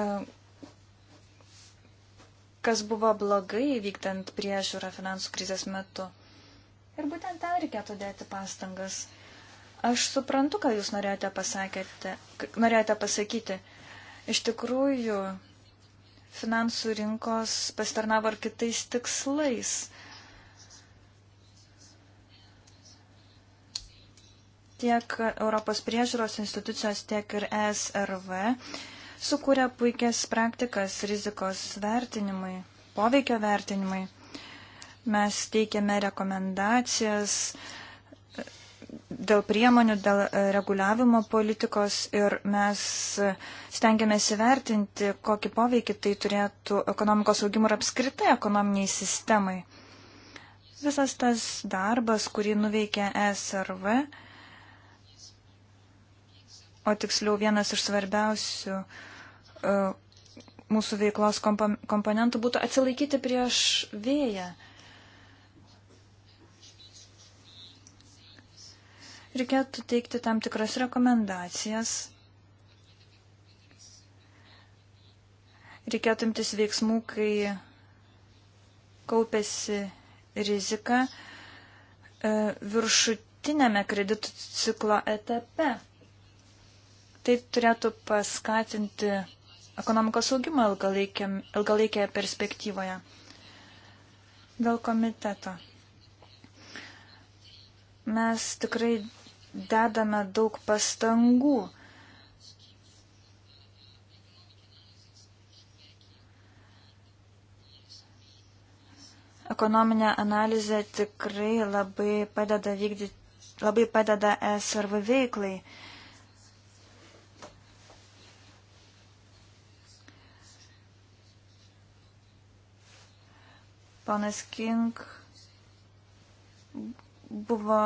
kas buvo blogai vykdant priežiūrą finansų krizės metu. Ir būtent ten reikėtų dėti pastangas. Aš suprantu, ką jūs norėjote, pasakėte, norėjote pasakyti. Iš tikrųjų, finansų rinkos pasitarnavo ir kitais tikslais. Tiek Europos priežiūros institucijos, tiek ir ESRV sukūrė puikias praktikas rizikos vertinimui, poveikio vertinimui. Mes teikiame rekomendacijas dėl priemonių, dėl e, reguliavimo politikos ir mes stengiamės įvertinti, kokį poveikį tai turėtų ekonomikos augimui ir apskritai ekonominiai sistemai. Visas tas darbas, kurį nuveikė SRV, o tiksliau vienas iš svarbiausių e, mūsų veiklos komponentų būtų atsilaikyti prieš vėją. Reikėtų teikti tam tikras rekomendacijas. Reikėtų imtis veiksmų, kai kaupėsi rizika e, viršutinėme kreditų ciklo etape. Tai turėtų paskatinti ekonomikos augimą ilgalaikėje perspektyvoje. Dėl komiteto. Mes tikrai dedame daug pastangų. Ekonominė analizė tikrai labai padeda vykdyti, labai padeda SRV veiklai. Uh, Ponas King buvo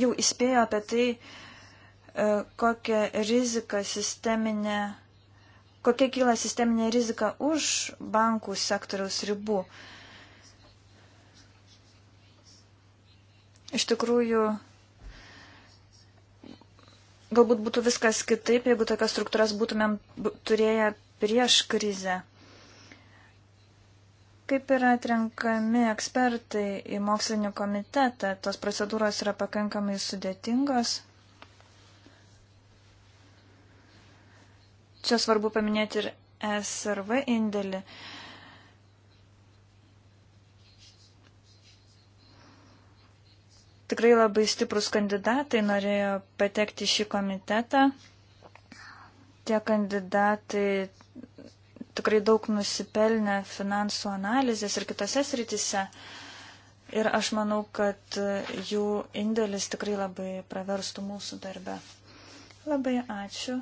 jau įspėjo apie tai, e, kokią riziką sisteminė, kokia kyla sisteminė rizika už bankų sektoriaus ribų. Iš tikrųjų, galbūt būtų viskas kitaip, jeigu tokias struktūras būtumėm turėję prieš krizę. Kaip yra atrenkami ekspertai į mokslinį komitetą? Tos procedūros yra pakankamai sudėtingos. Čia svarbu paminėti ir SRV indėlį. Tikrai labai stiprus kandidatai norėjo patekti šį komitetą. Tie kandidatai tikrai daug nusipelnę finansų analizės ir kitose sritise. Ir aš manau, kad jų indėlis tikrai labai praverstų mūsų darbe. Labai ačiū.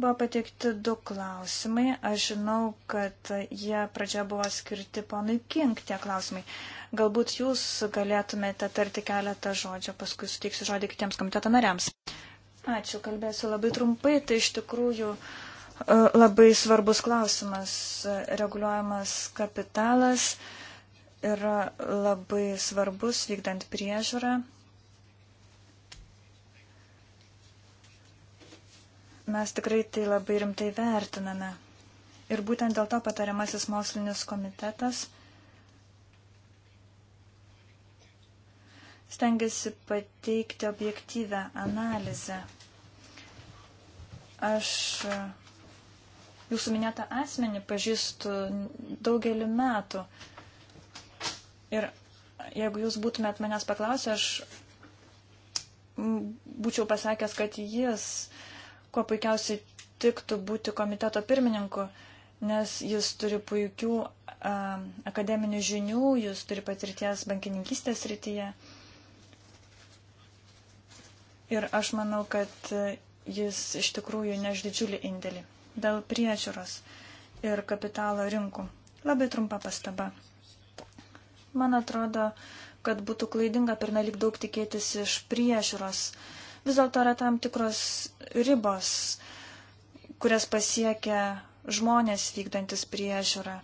Buvo pateikti du klausimai. Aš žinau, kad jie pradžia buvo skirti ponui King tie klausimai. Galbūt jūs galėtumėte tarti keletą žodžių, paskui suteiksiu žodį kitiems komiteto nariams. Ačiū, kalbėsiu labai trumpai. Tai iš tikrųjų uh, E, labai svarbus klausimas. Reguliuojamas kapitalas yra labai svarbus vykdant priežiūrą. Mes tikrai tai labai rimtai vertiname. Ir būtent dėl to patariamasis mokslinis komitetas stengiasi pateikti objektyvę analizę. Aš Jūsų minėtą asmenį pažįstu daugelį metų. Ir jeigu jūs būtumėt manęs paklausę, aš būčiau pasakęs, kad jis kuo puikiausiai tiktų būti komiteto pirmininku, nes jis turi puikių a, akademinių žinių, jis turi patirties bankininkystės rytyje. Ir aš manau, kad jis iš tikrųjų neš didžiulį indėlį dėl priežiūros ir kapitalo rinkų. Labai trumpa pastaba. Man atrodo, kad būtų klaidinga pernelik daug tikėtis iš priežiūros. Vis dėlto yra tam tikros ribos, kurias pasiekia žmonės vykdantis priežiūrą.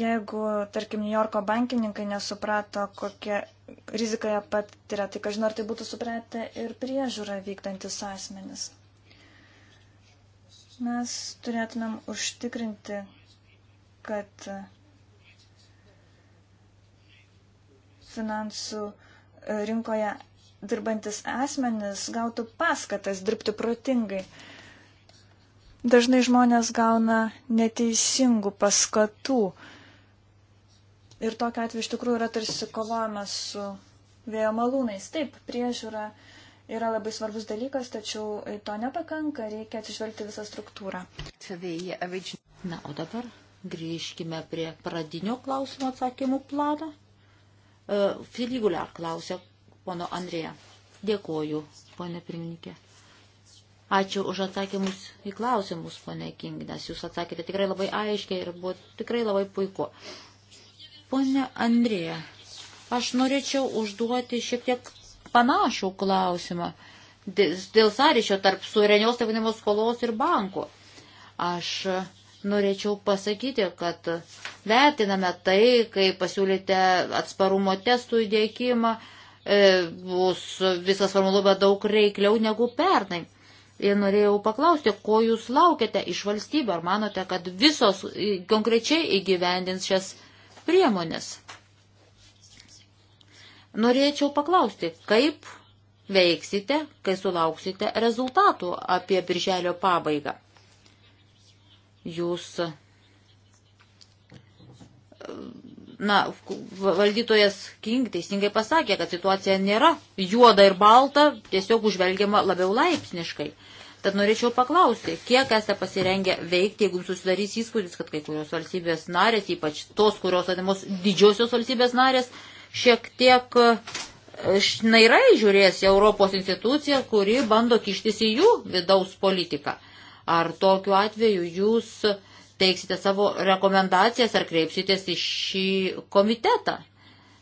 Jeigu, tarkim, New Yorko bankininkai nesuprato, kokia riziką ją patiria, tai kažin ar tai būtų supratę ir priežiūrą vykdantis asmenis. Mes turėtumėm užtikrinti, kad finansų e, rinkoje dirbantis asmenis gautų paskatas dirbti protingai. Dažnai žmonės gauna neteisingų paskatų Ir tokia atveju iš tikrųjų yra tarsi kovojama su vėjo malūnais. Taip, priežiūra yra labai svarbus dalykas, tačiau to nepakanka, reikia atsižvelgti visą struktūrą. Na, o dabar grįžkime prie pradinio klausimo atsakymų plano. Uh, e, Filiguliar klausė pono Andrėja. Dėkoju, ponė pirmininkė. Ačiū už atsakymus į klausimus, ponė King, nes jūs atsakėte tikrai labai aiškiai ir buvo tikrai labai puiku. Uh, Pone Andrėja, aš norėčiau užduoti šiek tiek panašų klausimą dėl sąryšio tarp suverenios taip vadinamos skolos ir banko. Aš norėčiau pasakyti, kad vertiname tai, kai pasiūlyte atsparumo testų įdėkimą, e, bus viskas formuluoja daug reikliau negu pernai. Ir norėjau paklausti, ko jūs laukiate iš valstybių, ar manote, kad visos konkrečiai įgyvendins šias priemonės. Norėčiau paklausti, kaip veiksite, kai sulauksite rezultatų apie birželio pabaigą. Jūs, na, valdytojas King teisingai pasakė, kad situacija nėra juoda ir balta, tiesiog užvelgiama labiau laipsniškai. Tad norėčiau paklausti, kiek esate pasirengę veikti, jeigu susidarys įspūdis, kad kai kurios valstybės narės, ypač tos, kurios vadinamos didžiosios valstybės narės, šiek tiek e, šnairai žiūrės į Europos instituciją, kuri bando kištis į jų vidaus politiką. Ar tokiu atveju jūs teiksite savo rekomendacijas ar kreipsitės į šį komitetą?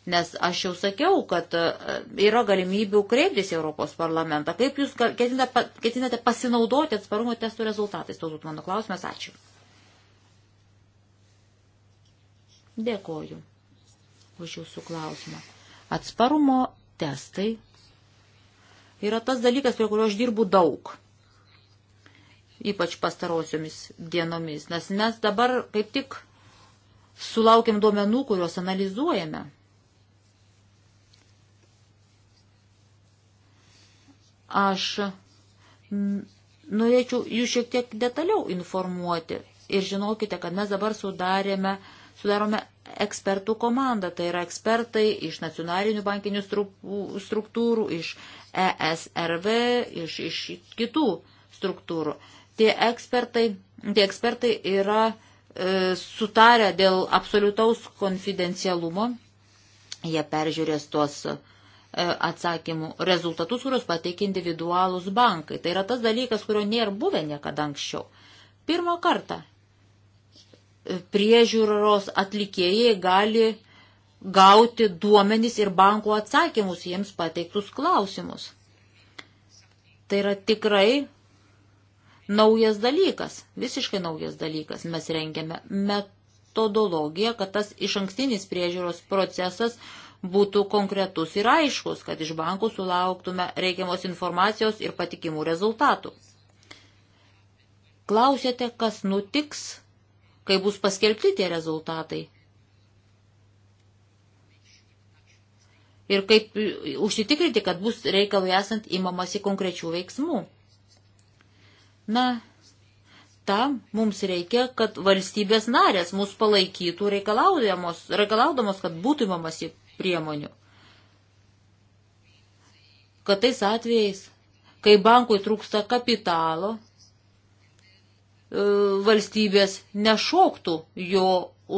Nes aš jau sakiau, kad e, yra galimybių kreiptis į Europos parlamentą. Kaip jūs ketinate pasinaudoti atsparumo testų rezultatais? Toks būtų mano klausimas. Ačiū. Dėkoju už jūsų klausimą. Atsparumo testai yra tas dalykas, prie kurio aš dirbu daug ypač pastarosiomis dienomis, nes mes dabar kaip tik sulaukėm duomenų, kuriuos analizuojame. Aš norėčiau jūs šiek tiek detaliau informuoti. Ir žinokite, kad mes dabar sudarėme, sudarome ekspertų komandą. Tai yra ekspertai iš nacionalinių bankinių struktūrų, iš ESRV, iš, iš kitų struktūrų. Tie ekspertai, tie ekspertai yra e, sutarę dėl absoliutaus konfidencialumo. Jie peržiūrės tuos e, E, atsakymų rezultatus, kuriuos pateikia individualūs bankai. Tai yra tas dalykas, kurio nėra buvę niekada anksčiau. Pirmą kartą e, priežiūros atlikėjai gali gauti duomenys ir bankų atsakymus jiems pateiktus klausimus. Tai yra tikrai naujas dalykas, visiškai naujas dalykas. Mes rengiame metodologiją, kad tas iš ankstinis priežiūros procesas būtų konkretus ir aiškus, kad iš bankų sulauktume reikiamos informacijos ir patikimų rezultatų. Klausėte, kas nutiks, kai bus paskelbti tie rezultatai? Ir kaip užsitikrinti, kad bus reikalui esant imamasi konkrečių veiksmų? Na, tam mums reikia, kad valstybės narės mus palaikytų reikalaudamos, reikalaudamos kad būtų įmamasi priemonių. Kad tais atvejais, kai bankui trūksta kapitalo, e, valstybės nešoktų jo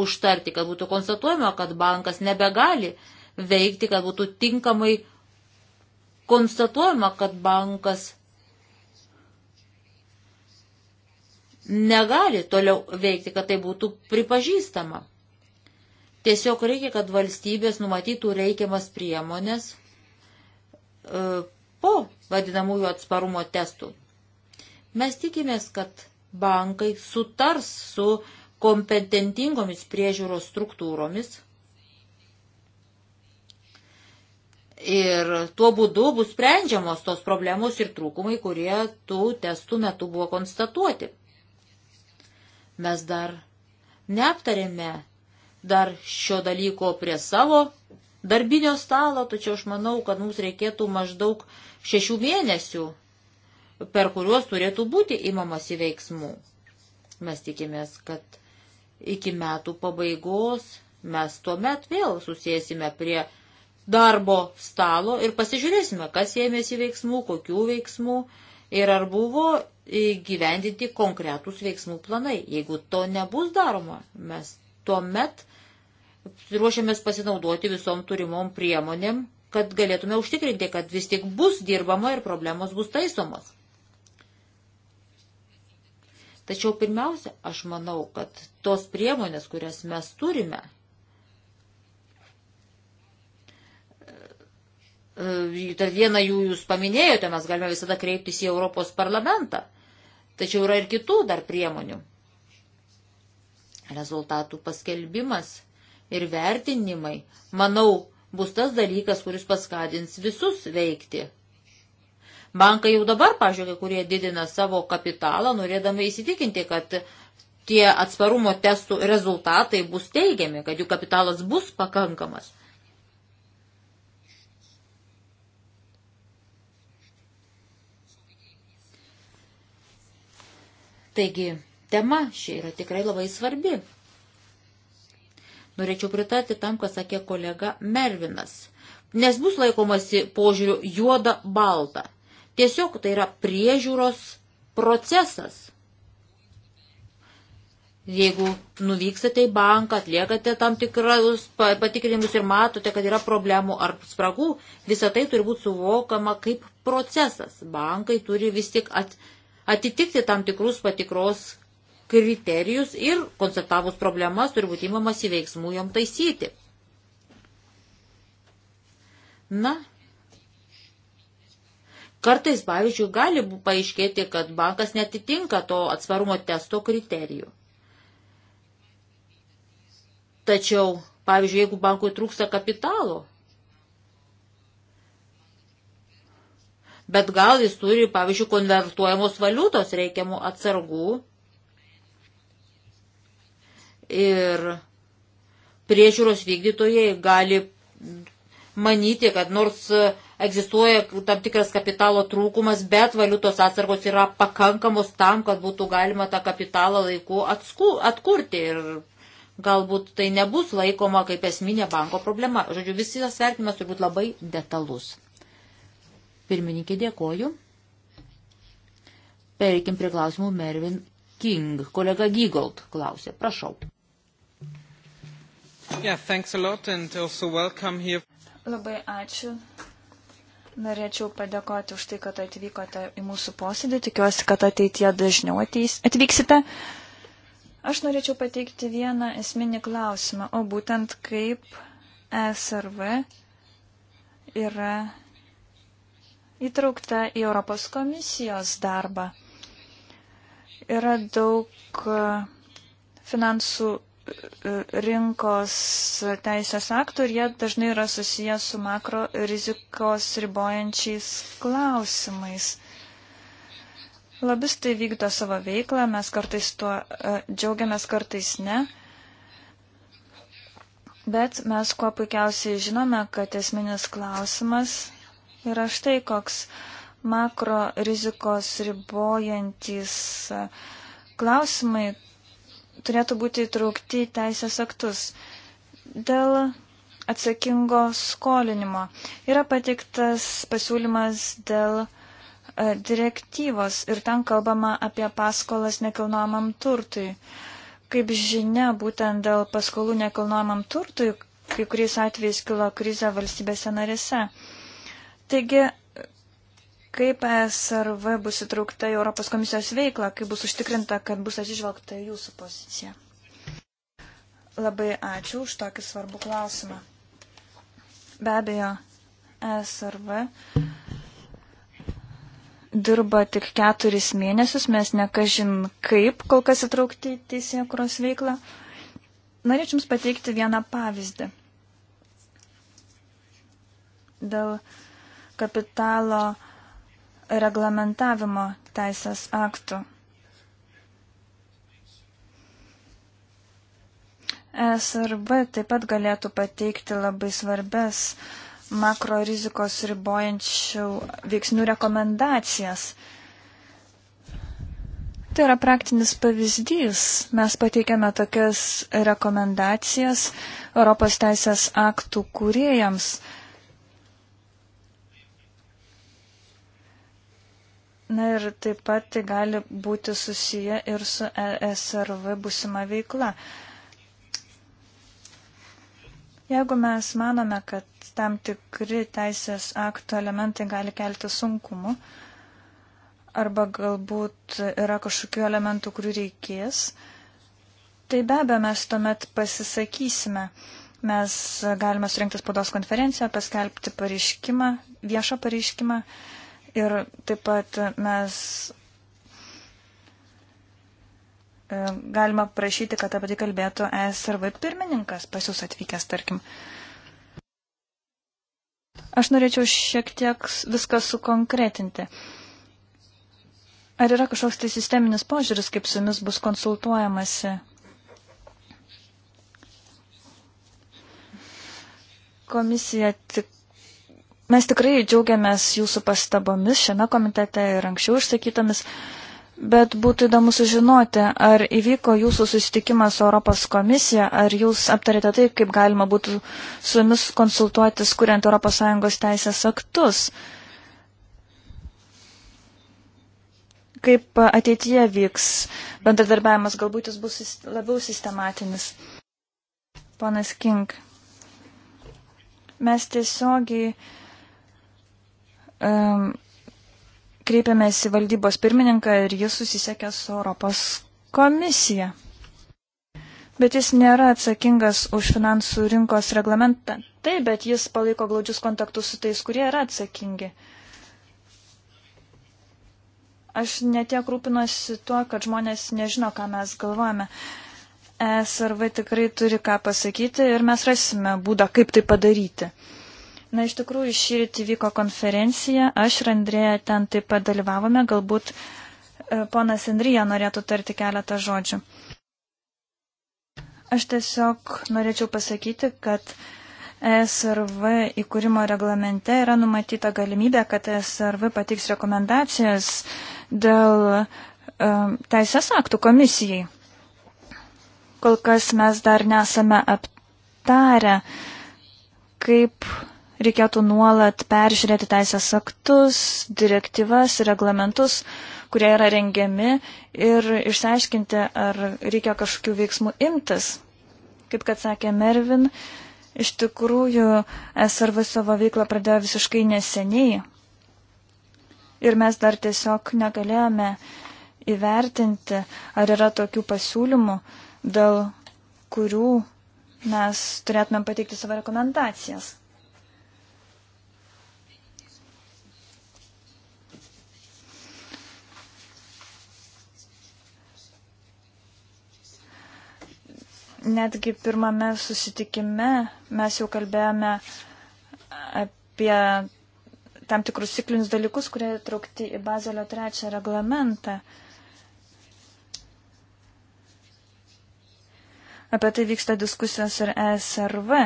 užtarti, kad būtų konstatuojama, kad bankas nebegali veikti, kad būtų tinkamai konstatuojama, kad bankas negali toliau veikti, kad tai būtų pripažįstama. Tiesiog reikia, kad valstybės numatytų reikiamas priemonės e, po vadinamųjų atsparumo testų. Mes tikimės, kad bankai sutars su kompetentingomis priežiūros struktūromis ir tuo būdu bus sprendžiamos tos problemos ir trūkumai, kurie tų testų metu buvo konstatuoti. Mes dar neaptarėme dar šio dalyko prie savo darbinio stalo, tačiau aš manau, kad mums reikėtų maždaug šešių mėnesių, per kuriuos turėtų būti įmamas į veiksmų. Mes tikimės, kad iki metų pabaigos mes tuomet vėl susėsime prie darbo stalo ir pasižiūrėsime, kas ėmėsi veiksmų, kokių veiksmų ir ar buvo gyvendinti konkretūs veiksmų planai. Jeigu to nebus daroma, mes tuomet ruošiamės pasinaudoti visom turimom priemonėm, kad galėtume užtikrinti, kad vis tik bus dirbama ir problemos bus taisomos. Tačiau pirmiausia, aš manau, kad tos priemonės, kurias mes turime, Tad vieną jų jūs paminėjote, mes galime visada kreiptis į Europos parlamentą. Tačiau yra ir kitų dar priemonių. Rezultatų paskelbimas ir vertinimai, manau, bus tas dalykas, kuris paskatins visus veikti. Bankai jau dabar, pažiūrėk, kurie didina savo kapitalą, norėdami įsitikinti, kad tie atsparumo testų rezultatai bus teigiami, kad jų kapitalas bus pakankamas. Taigi, tema ši yra tikrai labai svarbi. Norėčiau pritarti tam, ką sakė kolega Mervinas. Nes bus laikomasi požiūriu juoda balta. Tiesiog tai yra priežiūros procesas. Jeigu nuvykstate į banką, atliekate tam tikrus patikrinimus ir matote, kad yra problemų ar spragų, visa tai turi būti suvokama kaip procesas. Bankai turi vis tik at, atitikti tam tikrus patikros kriterijus ir konceptavus problemas turi būti įmamas į veiksmų jom taisyti. Na, kartais, pavyzdžiui, gali paaiškėti, kad bankas netitinka to atsvarumo testo kriterijų. Tačiau, pavyzdžiui, jeigu bankui trūksta kapitalo, bet gal jis turi, pavyzdžiui, konvertuojamos valiutos reikiamų atsargų, ir priežiūros vykdytojai gali manyti, kad nors egzistuoja tam tikras kapitalo trūkumas, bet valiutos atsargos yra pakankamos tam, kad būtų galima tą kapitalą laiku atsku, atkurti ir galbūt tai nebus laikoma kaip esminė banko problema. Žodžiu, visi tas vertimas turbūt labai detalus. Pirmininkė, dėkoju. Pereikim prie klausimų Mervin King. Kolega Gygold klausė. Prašau. Yeah, thanks a lot and also welcome here. Labai ačiū. Norėčiau padėkoti už tai, kad atvykote į mūsų posėdį. Tikiuosi, kad ateitie dažniau ateis, atvyksite. Aš norėčiau pateikti vieną esminį klausimą, o būtent kaip SRV yra įtraukta į Europos komisijos darbą. Yra daug e, finansų rinkos teisės aktų ir jie dažnai yra susijęs su makro rizikos ribojančiais klausimais. Lobistai vykdo savo veiklą, mes kartais tuo e, džiaugiamės, kartais ne. Bet mes kuo puikiausiai žinome, kad esminis klausimas yra štai koks makro rizikos ribojantys e, klausimai turėtų būti įtraukti į teisės aktus. Dėl atsakingo skolinimo yra pateiktas pasiūlymas dėl e, direktyvos ir ten kalbama apie paskolas nekilnojamam turtui. Kaip žinia, būtent dėl paskolų nekilnojamam turtui kai kuriais atvejais kilo krizė valstybėse narėse. Taigi Kaip SRV bus įtraukta į Europos komisijos veiklą, kaip bus užtikrinta, kad bus atsižvelgta jūsų pozicija? Labai ačiū už tokį svarbų klausimą. Be abejo, SRV dirba tik keturis mėnesius, mes nekažin kaip kol kas įtraukti į teisėjų kuros veiklą. Norėčiau Jums pateikti vieną pavyzdį. Dėl kapitalo reglamentavimo teisės aktų. SRB taip pat galėtų pateikti labai svarbes makro rizikos ribojančių veiksnių rekomendacijas. Tai yra praktinis pavyzdys. Mes pateikėme tokias rekomendacijas Europos teisės aktų kūrėjams. Na ir taip pat tai gali būti susiję ir su e SRV būsima veikla. Jeigu mes manome, kad tam tikri teisės aktų elementai gali kelti sunkumu, arba galbūt yra kažkokių elementų, kurių reikės, tai be abejo mes tuomet pasisakysime. Mes galime surinkti spaudos konferenciją, paskelbti pareiškimą, viešą pareiškimą Ir taip pat mes e, galima prašyti, kad apie tai kalbėtų SRV pirmininkas pas jūs atvykęs, tarkim. Aš norėčiau šiek tiek viską sukonkretinti. Ar yra kažkoks tai sisteminis požiūris, kaip su jumis bus konsultuojamasi? Komisija tik Mes tikrai džiaugiamės jūsų pastabomis šiame komitete ir anksčiau išsakytomis, bet būtų įdomu sužinoti, ar įvyko jūsų susitikimas su Europos komisija, ar jūs aptarėte tai, kaip galima būtų su jumis konsultuotis, kuriant ES teisės aktus. Kaip ateityje vyks bendradarbiavimas, galbūt jis bus labiau sistematinis. Ponas King. Mes tiesiogiai kreipėmės į valdybos pirmininką ir jis susisiekė su Europos komisija. Bet jis nėra atsakingas už finansų rinkos reglamentą. Taip, bet jis palaiko glaudžius kontaktus su tais, kurie yra atsakingi. Aš netiek rūpinosi tuo, kad žmonės nežino, ką mes galvojame. E SRV tikrai turi ką pasakyti ir mes rasime būdą, kaip tai padaryti. Na, iš tikrųjų, šį rytį vyko konferencija, aš ir Andrėja ten taip pat dalyvavome, galbūt e, ponas Andrija norėtų tarti keletą žodžių. Aš tiesiog norėčiau pasakyti, kad ESRV įkūrimo reglamente yra numatyta galimybė, kad ESRV patiks rekomendacijas dėl um, teisės aktų komisijai. Kol kas mes dar nesame aptarę, kaip reikėtų nuolat peržiūrėti teisės aktus, direktyvas, reglamentus, kurie yra rengiami ir išsiaiškinti, ar reikia kažkokių veiksmų imtis. Kaip kad sakė Mervin, iš tikrųjų SRV savo veiklą pradėjo visiškai neseniai. Ir mes dar tiesiog negalėjome įvertinti, ar yra tokių pasiūlymų, dėl kurių mes turėtumėm pateikti savo rekomendacijas. Netgi pirmame susitikime mes jau kalbėjome apie tam tikrus ciklinius dalykus, kurie traukti į Bazelio trečią reglamentą. Apie tai vyksta diskusijos ir ESRV.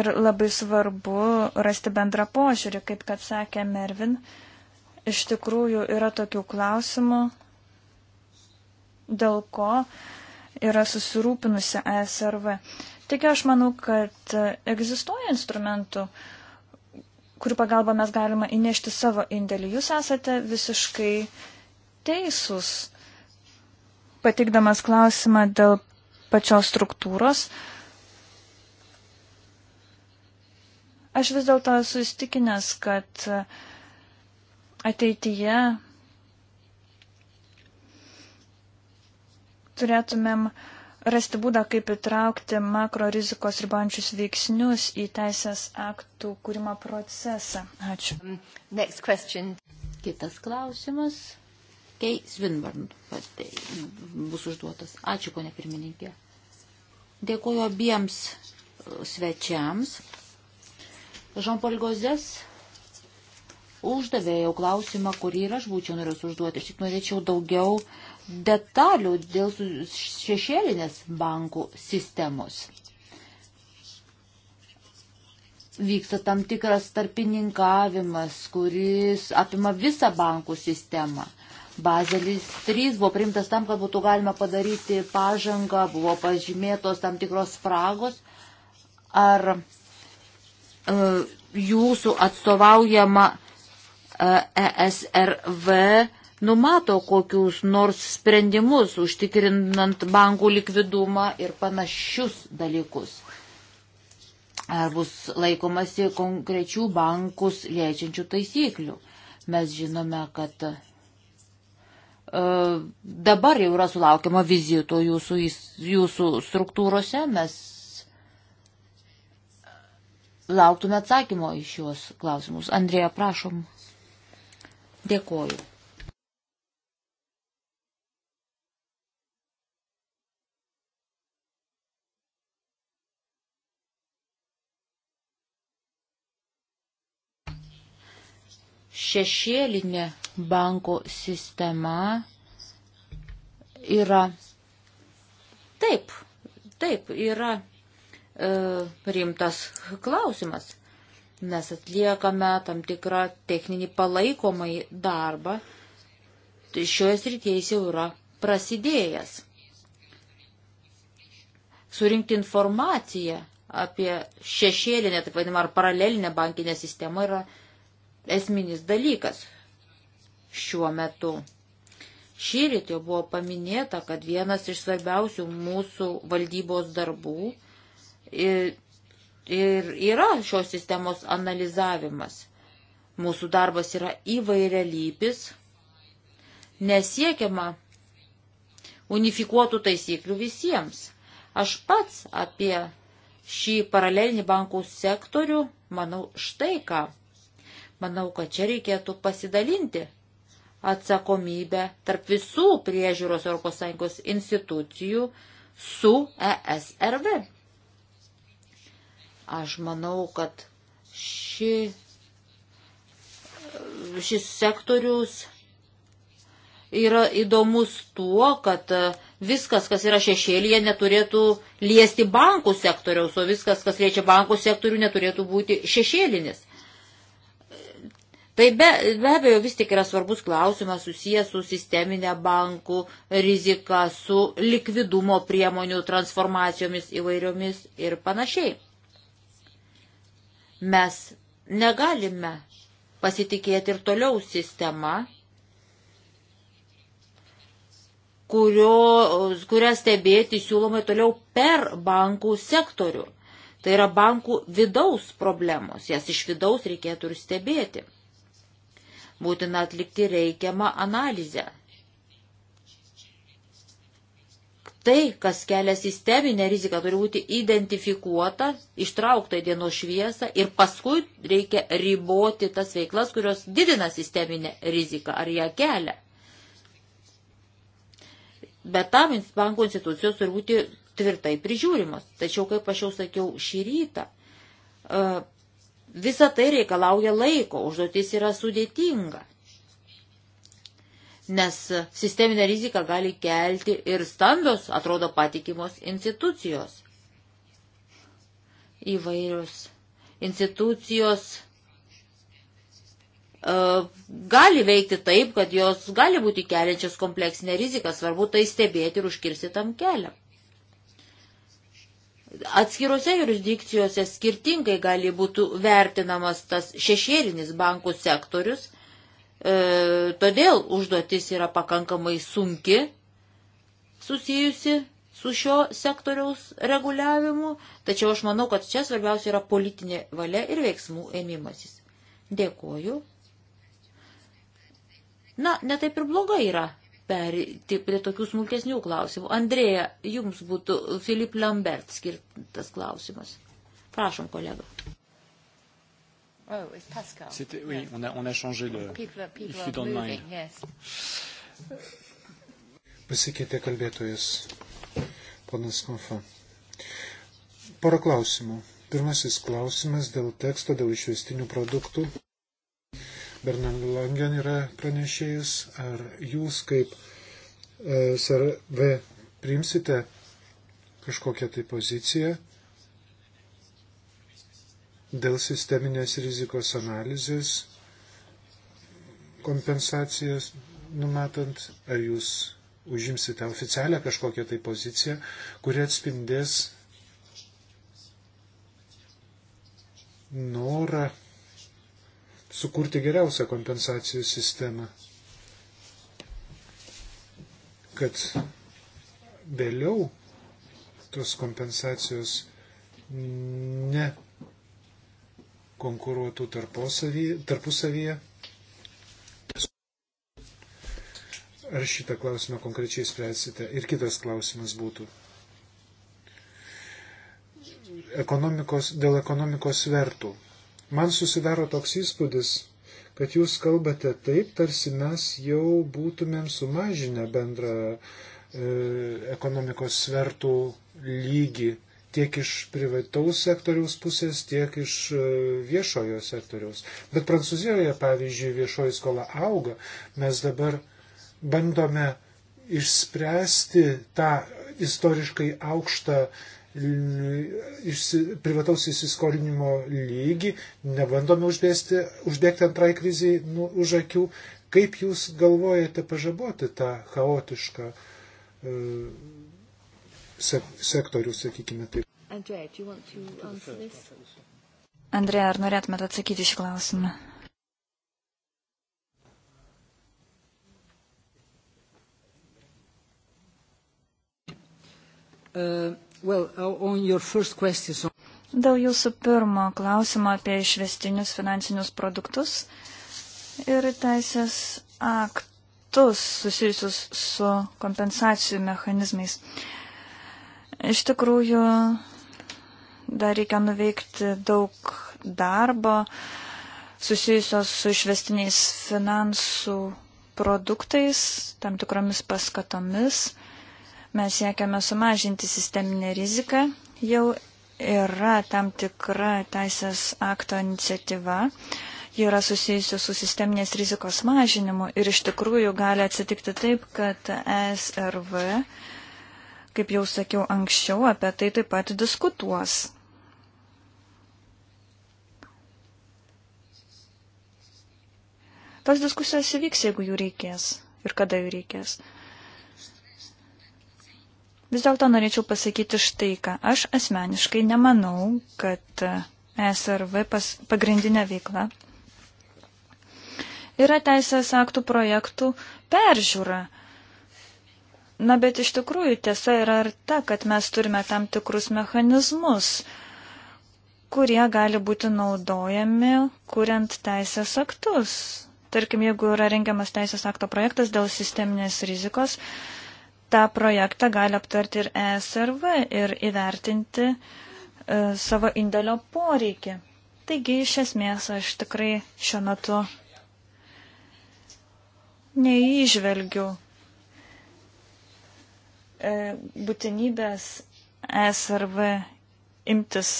Ir labai svarbu rasti bendrą požiūrį, kaip kad sakė Mervin. Iš tikrųjų yra tokių klausimų, dėl ko uh, yra susirūpinusi ESRV. Tik aš manau, kad egzistuoja instrumentų, kurių pagalba mes galima įnešti savo indėlį. Jūs esate visiškai teisūs, patikdamas klausimą dėl pačios struktūros. Aš vis dėlto esu įstikinęs, kad ateityje turėtumėm rasti būdą, kaip įtraukti makro rizikos ribančius veiksnius į teisės aktų kūrimo procesą. Ačiū. Um, next question. Kitas klausimas. Kei Svinbarn tai nu, bus užduotas. Ačiū, ponė pirmininkė. Dėkuoju abiems uh, svečiams. Žampol Gozės uždavė jau klausimą, kurį ir aš būčiau norėjus užduoti. Aš tik norėčiau daugiau uh, detalių dėl šešėlinės bankų sistemos. Vyksta tam tikras tarpininkavimas, kuris apima visą bankų sistemą. Bazelis 3 buvo priimtas tam, kad būtų galima padaryti pažangą, buvo pažymėtos tam tikros spragos. Ar e, jūsų atstovaujama e, ESRV numato kokius nors sprendimus, užtikrinant bankų likvidumą ir panašius dalykus. Ar bus laikomasi konkrečių bankus liečiančių taisyklių. Mes žinome, kad e, dabar jau yra sulaukiama vizito jūsų, jūsų struktūrose. Mes lauktume atsakymo iš juos klausimus. Andrėja, prašom. Dėkoju. šešėlinė banko sistema yra. Taip, taip, yra e, rimtas klausimas. Mes atliekame tam tikrą techninį palaikomąjį darbą. Tai šioje srityje jis jau yra prasidėjęs. Surinkti informaciją apie šešėlinę, taip vadinamą, ar paralelinę bankinę sistemą yra esminis dalykas šiuo metu. Šįryt jau buvo paminėta, kad vienas iš svarbiausių mūsų valdybos darbų ir, ir yra šios sistemos analizavimas. Mūsų darbas yra įvairialypis, nesiekiama unifikuotų taisyklių visiems. Aš pats apie šį paralelinį bankų sektorių manau štai ką. Manau, kad čia reikėtų pasidalinti atsakomybę tarp visų priežiūros ES institucijų su ESRB. Aš manau, kad ši, šis sektorius yra įdomus tuo, kad viskas, kas yra šešėlyje, neturėtų liesti bankų sektoriaus, o viskas, kas liečia bankų sektorių, neturėtų būti šešėlinis. Tai be, be abejo vis tik yra svarbus klausimas susijęs su sisteminė bankų rizika, su likvidumo priemonių transformacijomis įvairiomis ir panašiai. Mes negalime pasitikėti ir toliau sistema, kurio, kurią stebėti siūloma toliau per bankų sektorių. Tai yra bankų vidaus problemos, jas iš vidaus reikėtų ir stebėti būtina atlikti reikiamą analizę. Tai, kas kelia sisteminę riziką, turi būti identifikuota, ištraukta į dienos šviesą ir paskui reikia riboti tas veiklas, kurios didina sisteminę riziką ar ją kelia. Bet tam bankų institucijos turi būti tvirtai prižiūrimos. Tačiau, kaip aš jau sakiau šį rytą, e, Visa tai reikalauja laiko, užduotis yra sudėtinga. Nes sisteminę riziką gali kelti ir stambios, atrodo, patikimos institucijos. Įvairios institucijos e, gali veikti taip, kad jos gali būti keliančios kompleksinę riziką, svarbu tai stebėti ir užkirsti tam kelią. Atskirose jurisdikcijose skirtingai gali būti vertinamas tas šešėlinis bankų sektorius, e, todėl užduotis yra pakankamai sunki susijusi su šio sektoriaus reguliavimu, tačiau aš manau, kad čia svarbiausia yra politinė valia ir veiksmų ėmimasis. Dėkuoju. Na, netaip ir blogai yra perėti tai prie tokių smulkesnių klausimų. Andrėja, jums būtų Filip Lambert skirtas klausimas. Prašom, kolega. Oh, it's Pascal. C'était, oui, yeah. on a, on a changé de. People, people il fut en main. Yes. Pasikeitė kalbėtojas, ponas Konfa. Porą klausimų. Pirmasis klausimas dėl teksto, dėl išvestinių produktų. Bernard Langen yra pranešėjus, ar jūs kaip e, SRV priimsite kažkokią tai poziciją dėl sisteminės rizikos analizės kompensacijas numatant, ar jūs užimsite oficialią kažkokią tai poziciją, kuri atspindės norą sukurti geriausią kompensacijų sistemą, kad vėliau tos kompensacijos ne konkuruotų tarpusavyje. Ar šitą klausimą konkrečiai spręsite? Ir kitas klausimas būtų. Ekonomikos, dėl ekonomikos vertų Man susidaro toks įspūdis, kad jūs kalbate taip, tarsi mes jau būtumėm sumažinę bendrą e, ekonomikos svertų lygį tiek iš privataus sektoriaus pusės, tiek iš e, viešojo sektoriaus. Bet Prancūzijoje, pavyzdžiui, viešoji skola auga. Mes dabar bandome išspręsti tą istoriškai aukštą privataus įsiskolinimo lygį, nebandome užbėsti, užbėgti antrai kriziai nu, už akių. Kaip jūs galvojate pažaboti tą chaotišką e, sektorių, sakykime taip? Andrė, Andrė ar norėtumėte atsakyti šį klausimą? Uh, Well, uh, question... Dėl jūsų pirmo klausimo apie išvestinius finansinius produktus ir teisės aktus susijusius su kompensacijų mechanizmais. Iš tikrųjų, dar reikia nuveikti daug darbo susijusios su išvestiniais finansų produktais, tam tikromis paskatomis. Mes siekiame sumažinti sisteminę riziką. Jau yra tam tikra teisės akto iniciatyva. Ji yra susijusi su sisteminės rizikos mažinimu ir iš tikrųjų gali atsitikti taip, kad ESRV, kaip jau sakiau anksčiau, apie tai taip pat diskutuos. Tos diskusijos įvyks, jeigu jų reikės ir kada jų reikės. Vis dėlto norėčiau pasakyti štai ką. Aš asmeniškai nemanau, kad SRV pas, pagrindinė veikla yra teisės aktų projektų peržiūra. Na, bet iš tikrųjų tiesa yra ir ta, kad mes turime tam tikrus mechanizmus, kurie gali būti naudojami, kuriant teisės aktus. Tarkim, jeigu yra rengiamas teisės akto projektas dėl sisteminės rizikos, tą projektą gali aptarti ir ESRV ir įvertinti e, savo indėlio poreikį. Taigi, iš esmės, aš tikrai šiuo metu neįžvelgiu e, būtinybės ESRV imtis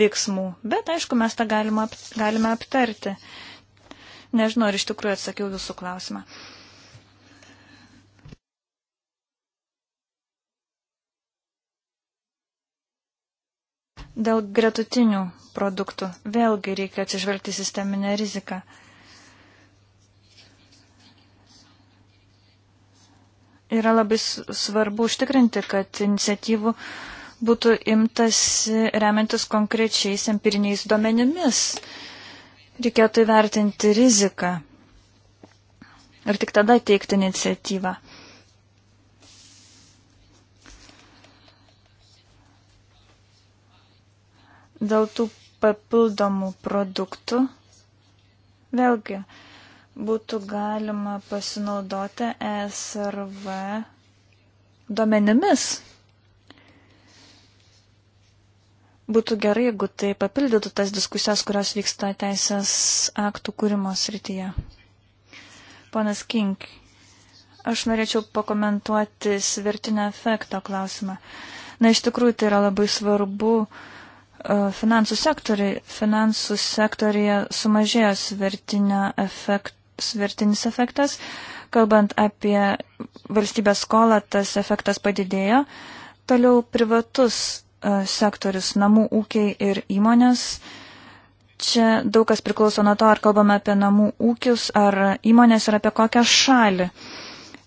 veiksmų, bet aišku, mes tą galime, galime aptarti. Nežinau, ar iš tikrųjų atsakiau jūsų klausimą. Dėl gretutinių produktų vėlgi reikia atsižvelgti sisteminę riziką. Yra labai svarbu užtikrinti, kad iniciatyvų būtų imtas remiantis konkrečiais empiriniais duomenimis. Reikėtų įvertinti riziką ir tik tada teikti iniciatyvą. Dėl tų papildomų produktų vėlgi būtų galima pasinaudoti SRV duomenimis. Būtų gerai, jeigu tai papildytų tas diskusijas, kurios vyksta teisės aktų kūrimo srityje. Ponas Kink, aš norėčiau pakomentuoti svertinę efekto klausimą. Na, iš tikrųjų, tai yra labai svarbu uh, E, finansų sektoriai. Finansų sektorija sumažėjo efekt, svertinis efektas. Kalbant apie valstybės skolą, tas efektas padidėjo. Toliau privatus e, sektorius, namų ūkiai ir įmonės. Čia daug kas priklauso nuo to, ar kalbame apie namų ūkius, ar įmonės ir apie kokią šalį.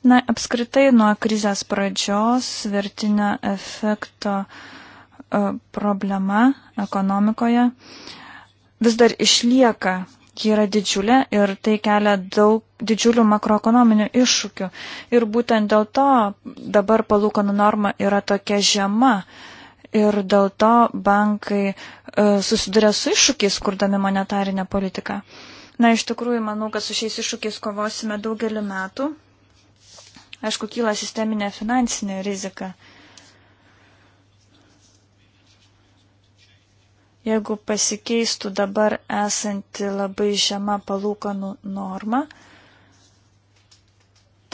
Na, apskritai nuo krizės pradžios svertinio efekto uh, E, problema ekonomikoje vis dar išlieka. Ji yra didžiulė ir tai kelia daug didžiulių makroekonominių iššūkių. Ir būtent dėl to dabar palūkanų norma yra tokia žema. Ir dėl to bankai e, susiduria su iššūkiais, kurdami monetarinę politiką. Na, iš tikrųjų, manau, kad su šiais iššūkiais kovosime daugelį metų. Aišku, kyla sisteminė finansinė rizika. Jeigu pasikeistų dabar esanti labai žema palūkanų norma,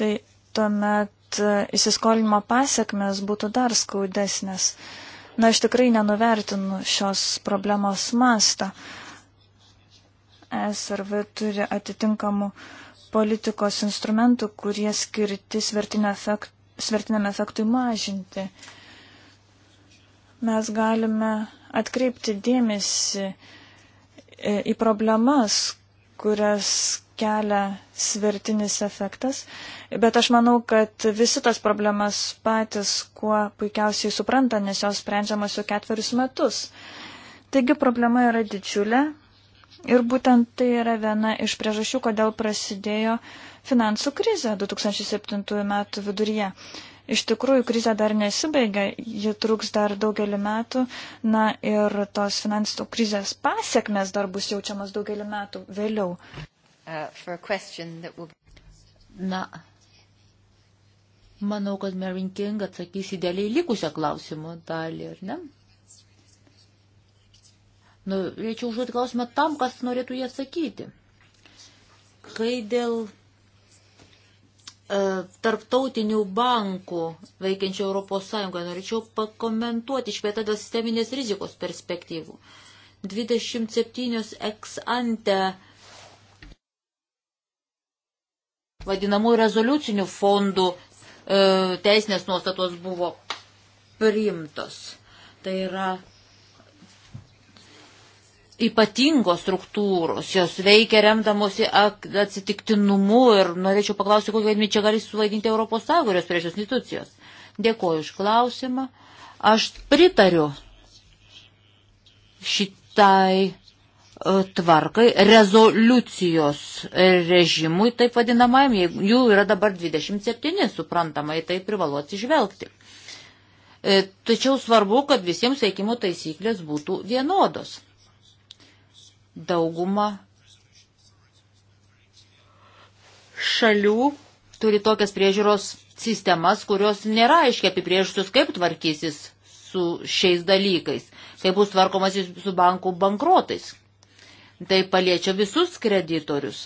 tai tuomet e, įsiskolinimo pasiekmes būtų dar skaudesnės. Na, aš tikrai nenuvertinu šios problemos mastą. SRV turi atitinkamų politikos instrumentų, kurie skirti svertiniam efektui mažinti. Mes galime atkreipti dėmesį e, į problemas, kurias kelia svertinis efektas, bet aš manau, kad visi tas problemas patys kuo puikiausiai supranta, nes jos sprendžiamas jau ketverius metus. Taigi problema yra didžiulė ir būtent tai yra viena iš priežasčių, kodėl prasidėjo finansų krizė 2007 metų viduryje. Iš tikrųjų, krizė dar nesibaigia, ji truks dar daugelį metų, na ir tos finansų krizės pasiekmes dar bus jaučiamas daugelį metų vėliau. Uh, na, manau, kad Marin King atsakys idealiai likusią klausimų dalį, ar ne? Nu, norėčiau nu, užduoti klausimą tam, kas norėtų jį atsakyti. Kai dėl E, tarptautinių bankų veikiančių Europos Sąjungoje. Norėčiau pakomentuoti išplėtą dėl sisteminės rizikos perspektyvų. 27 ex ante vadinamų rezoliucinių fondų e, teisinės nuostatos buvo priimtos. Tai yra ypatingos struktūros, jos veikia remdamosi atsitiktinumu ir norėčiau paklausti, kokį vaidmenį čia gali suvaidinti Europos Sąjungos ir priešios institucijos. Dėkoju iš klausimą. Aš pritariu šitai e, tvarkai, rezoliucijos režimui, taip vadinamajam, jų yra dabar 27, suprantamai, tai privalu atsižvelgti. E, tačiau svarbu, kad visiems veikimo taisyklės būtų vienodos dauguma šalių turi tokias priežiūros sistemas, kurios nėra aiškiai apibrėžusios, kaip tvarkysis su šiais dalykais, kaip bus tvarkomas su bankų bankrotais. Tai paliečia visus kreditorius.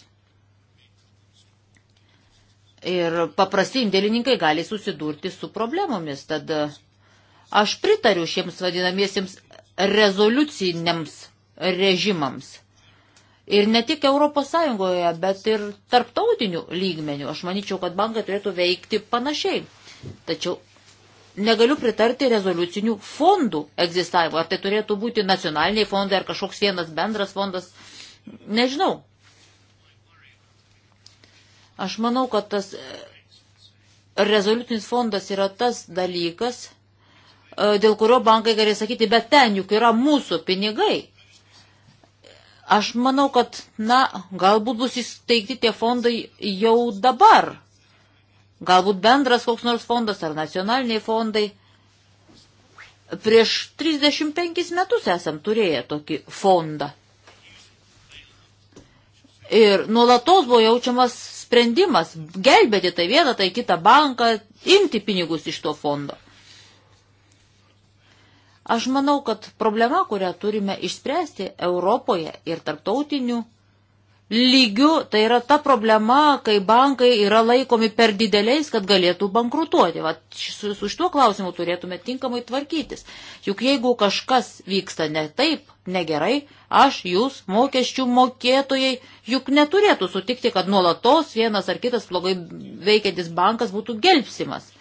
Ir paprasti indėlininkai gali susidurti su problemomis. Tad aš pritariu šiems vadinamiesiems rezoliuciniams režimams. Ir ne tik ES, bet ir tarptautinių lygmenių. Aš manyčiau, kad bankai turėtų veikti panašiai. Tačiau negaliu pritarti rezoliucinių fondų egzistavimo. Ar tai turėtų būti nacionaliniai fondai, ar kažkoks vienas bendras fondas. Nežinau. Aš manau, kad tas e, rezoliutinis fondas yra tas dalykas, e, dėl kurio bankai gali sakyti, bet ten juk yra mūsų pinigai. Aš manau, kad, na, galbūt bus įsteigti tie fondai jau dabar. Galbūt bendras koks nors fondas ar nacionaliniai fondai. Prieš 35 metus esam turėję tokį fondą. Ir nuolatos buvo jaučiamas sprendimas gelbėti tai vieną, tai kitą banką, imti pinigus iš to fondo. Aš manau, kad problema, kurią turime išspręsti Europoje ir tarptautiniu lygiu, tai yra ta problema, kai bankai yra laikomi per dideliais, kad galėtų bankrutuoti. Vat, su, su šituo klausimu turėtume tinkamai tvarkytis. Juk jeigu kažkas vyksta ne taip, negerai, aš, jūs, mokesčių mokėtojai, juk neturėtų sutikti, kad nuolatos vienas ar kitas blogai veikiantis bankas būtų gelbsimas.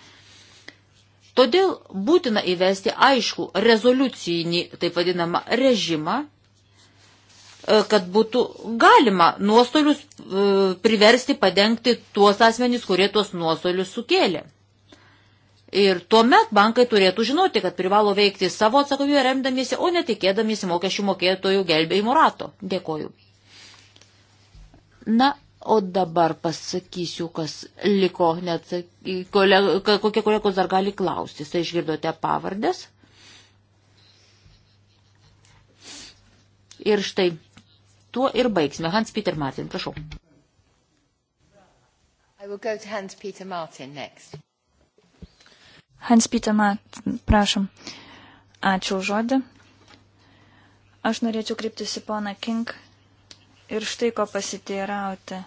Todėl būtina įvesti aišku rezoliucijinį, taip vadinamą, režimą, e, kad būtų galima nuostolius e, priversti padengti tuos asmenys, kurie tuos nuostolius sukėlė. Ir tuomet bankai turėtų žinoti, kad privalo veikti savo atsakomybę remdamiesi, o netikėdamiesi mokesčių mokėtojų gelbėjimo rato. Dėkoju. Na, O dabar pasakysiu, kas liko, net kolega, kokie kolegos dar gali klausti. Tai išgirdote pavardės. Ir štai, tuo ir baigsime. Hans Peter Martin, prašau. Hans Peter Martin, Hans Peter Martin, prašom. Ačiū žodį. Aš norėčiau kreiptis į poną King ir štai ko pasiteirauti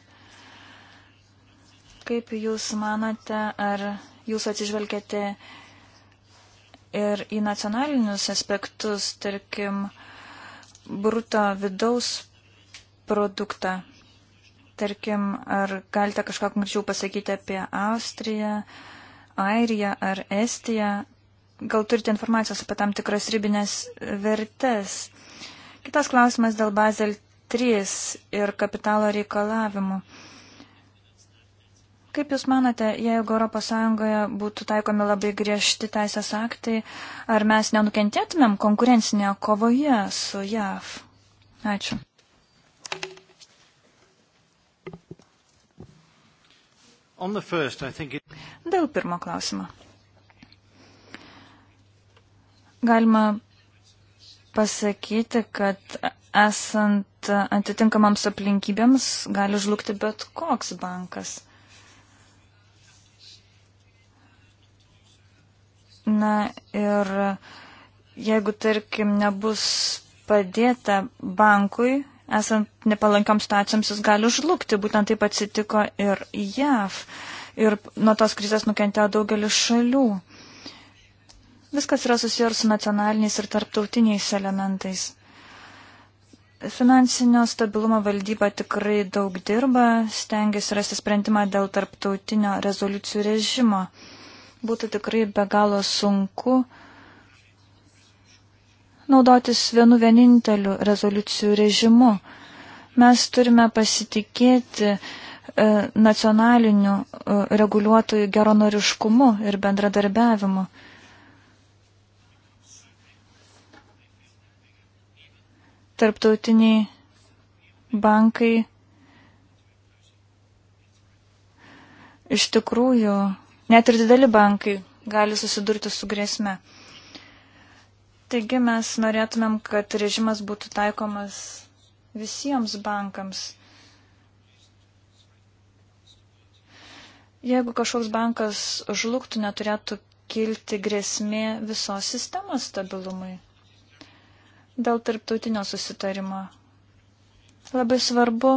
kaip Jūs manote, ar Jūs atsižvelgiate ir į nacionalinius aspektus, tarkim, bruto vidaus produktą? Tarkim, ar galite kažką konkrečiau pasakyti apie Austriją, Airiją ar Estiją? Gal turite informacijos apie tam tikras ribinės vertes? Kitas klausimas dėl Bazel 3 ir kapitalo reikalavimų. Kaip Jūs manote, jeigu ES būtų taikomi labai griežti teisės aktai, ar mes nenukentėtumėm konkurencinėje kovoje su JAV? Ačiū. First, it... Dėl pirmo klausimo. Galima pasakyti, kad esant atitinkamams aplinkybėms gali žlugti bet koks bankas. Na ir jeigu, tarkim, nebus padėta bankui, esant nepalankiam situacijoms, jis gali žlugti. Būtent taip atsitiko ir JAV. Ir nuo tos krizės nukentėjo daugelis šalių. Viskas yra susiję ir su nacionaliniais ir tarptautiniais elementais. Finansinio stabilumo valdyba tikrai daug dirba, stengiasi rasti sprendimą dėl tarptautinio rezoliucijų režimo būtų tikrai be galo sunku naudotis vienu vieninteliu rezoliucijų režimu. Mes turime pasitikėti e, nacionaliniu e, reguliuotojų geronoriškumu ir bendradarbiavimu. Tarptautiniai bankai iš tikrųjų Net ir dideli bankai gali susidurti su grėsme. Taigi mes norėtumėm, kad režimas būtų taikomas visiems bankams. Jeigu kažkoks bankas žlugtų, neturėtų kilti grėsmė visos sistemos stabilumui dėl tarptautinio susitarimo. Labai svarbu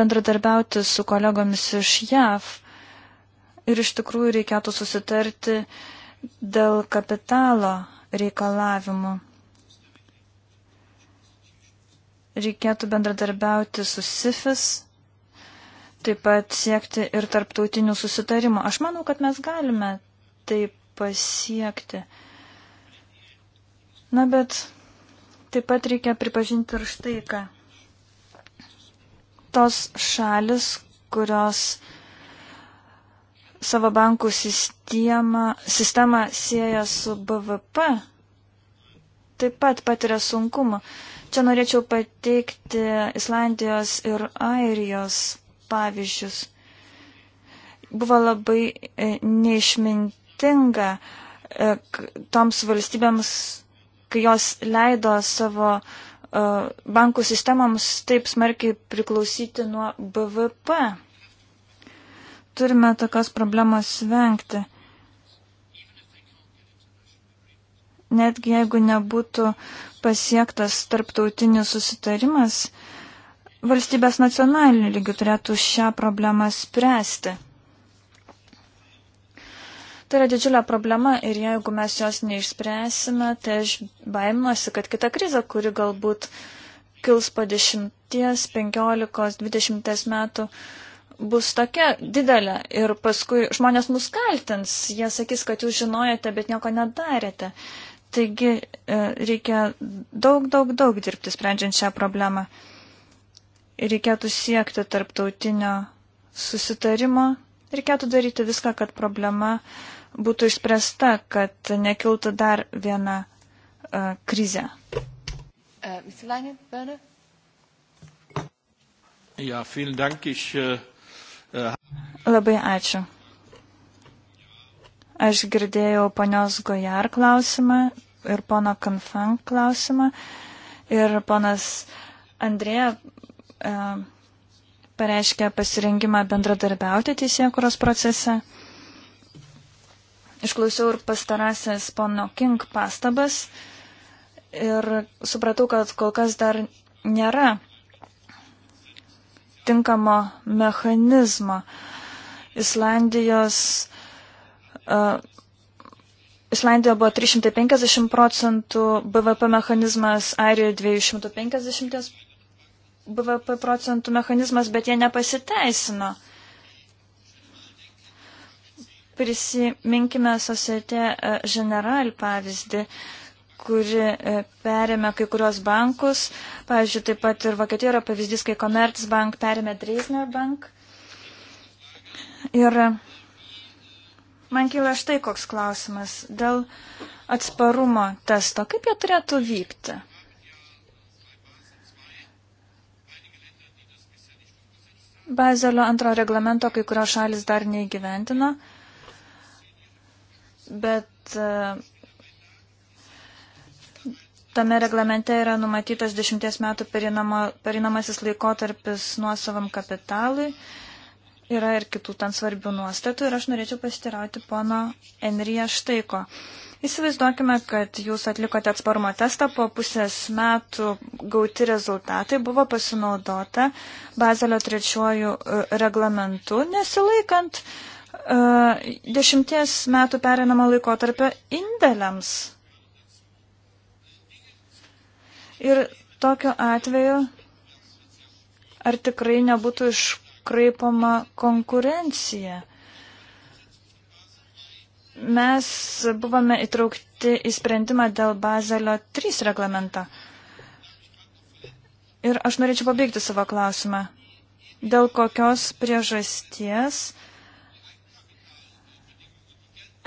bendradarbiauti su kolegomis iš JAV ir iš tikrųjų reikėtų susitarti dėl kapitalo reikalavimų. Reikėtų bendradarbiauti su SIFIS, taip pat siekti ir tarptautinių susitarimų. Aš manau, kad mes galime tai pasiekti. Na, bet taip pat reikia pripažinti ir štai ką. Tos šalis, kurios savo bankų sistemą, sistemą sieja su BVP, taip pat patiria sunkumų. Čia norėčiau pateikti Islandijos ir Airijos pavyzdžius. Buvo labai e, neišmintinga e, toms valstybėms, kai jos leido savo e, bankų sistemoms taip smarkiai priklausyti nuo BVP turime tokios problemos vengti. Netgi jeigu nebūtų pasiektas tarptautinis susitarimas, valstybės nacionaliniu lygiu turėtų šią problemą spręsti. Tai yra didžiulė problema ir jeigu mes jos neišspręsime, tai aš baiminuosi, kad kita kriza, kuri galbūt kils po 10, 15, 20 metų, bus tokia didelė ir paskui žmonės mus kaltins, jie sakys, kad jūs žinojate, bet nieko nedarėte. Taigi e, reikia daug, daug, daug dirbti sprendžiant šią problemą. Reikėtų siekti tarptautinio susitarimo, reikėtų daryti viską, kad problema būtų išspręsta, kad nekiltų dar viena uh, krizė. Uh, ja, vielen Dank. Ich äh, uh... Labai ačiū. Aš girdėjau ponios Gojar klausimą ir pono Kanfan klausimą. Ir ponas Andrėja e, pareiškė pasirengimą bendradarbiauti teisėkuros procese. Išklausiau ir pastarasias pono King pastabas ir supratau, kad kol kas dar nėra tinkamą mechanizmą. Islandijos, uh, Islandijoje buvo 350 procentų BVP mechanizmas, Airijoje 250 BVP procentų mechanizmas, bet jie nepasiteisino. Prisiminkime Societe e, General pavyzdį. Uh, kuri e, perėmė kai kurios bankus. Pavyzdžiui, taip pat ir Vokietijoje yra pavyzdys, kai Commerzbank perėmė Dreisner Bank. Ir man kyla štai koks klausimas dėl atsparumo testo. Kaip jie turėtų vykti? Bazelio antro reglamento kai kurios šalis dar neįgyventino, bet e, Tame reglamente yra numatytas dešimties metų perinamasis laikotarpis nuosavam kapitalui. Yra ir kitų ten svarbių nuostatų ir aš norėčiau pasitirauti pono Enrija Štaiko. Įsivaizduokime, kad jūs atlikote atsparumo testą, po pusės metų gauti rezultatai buvo pasinaudota Bazelio trečiuoju e, reglamentu, nesilaikant uh, dešimties metų perinamo laikotarpio indėliams Ir tokiu atveju, ar tikrai nebūtų iškraipama konkurencija? Mes buvome įtraukti į sprendimą dėl Bazelio 3 reglamentą. Ir aš norėčiau pabaigti savo klausimą. Dėl kokios priežasties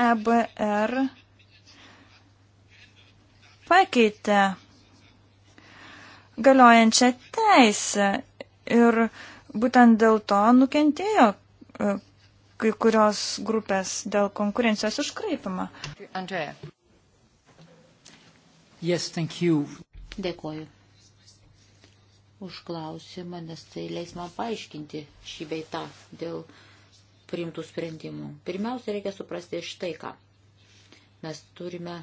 EBR pakeitė galiojančią teisę. Ir būtent dėl to nukentėjo e, kai kurios grupės dėl konkurencijos iškraipimo. Andrėja. Yes, thank you. Dėkoju už klausimą, nes tai leis man paaiškinti šį beitą dėl priimtų sprendimų. Pirmiausia, reikia suprasti štai ką. Mes turime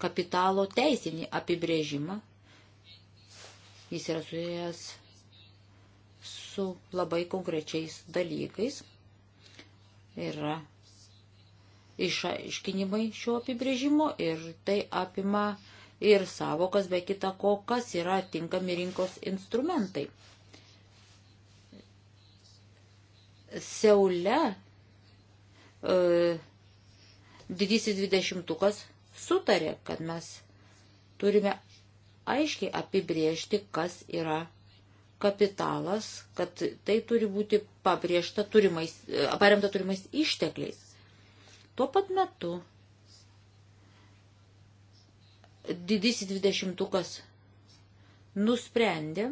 kapitalo teisinį apibrėžimą, Jis yra susijęs su labai konkrečiais dalykais. Yra išaiškinimai šio apibrėžimo ir tai apima ir savokas be kita ko, kas yra tinkami rinkos instrumentai. Seule e, didysis dvidešimtukas sutarė, kad mes turime aiškiai apibriežti, kas yra kapitalas, kad tai turi būti pabrėžta turimais, paremta turimais ištekliais. Tuo pat metu didysis dvidešimtukas nusprendė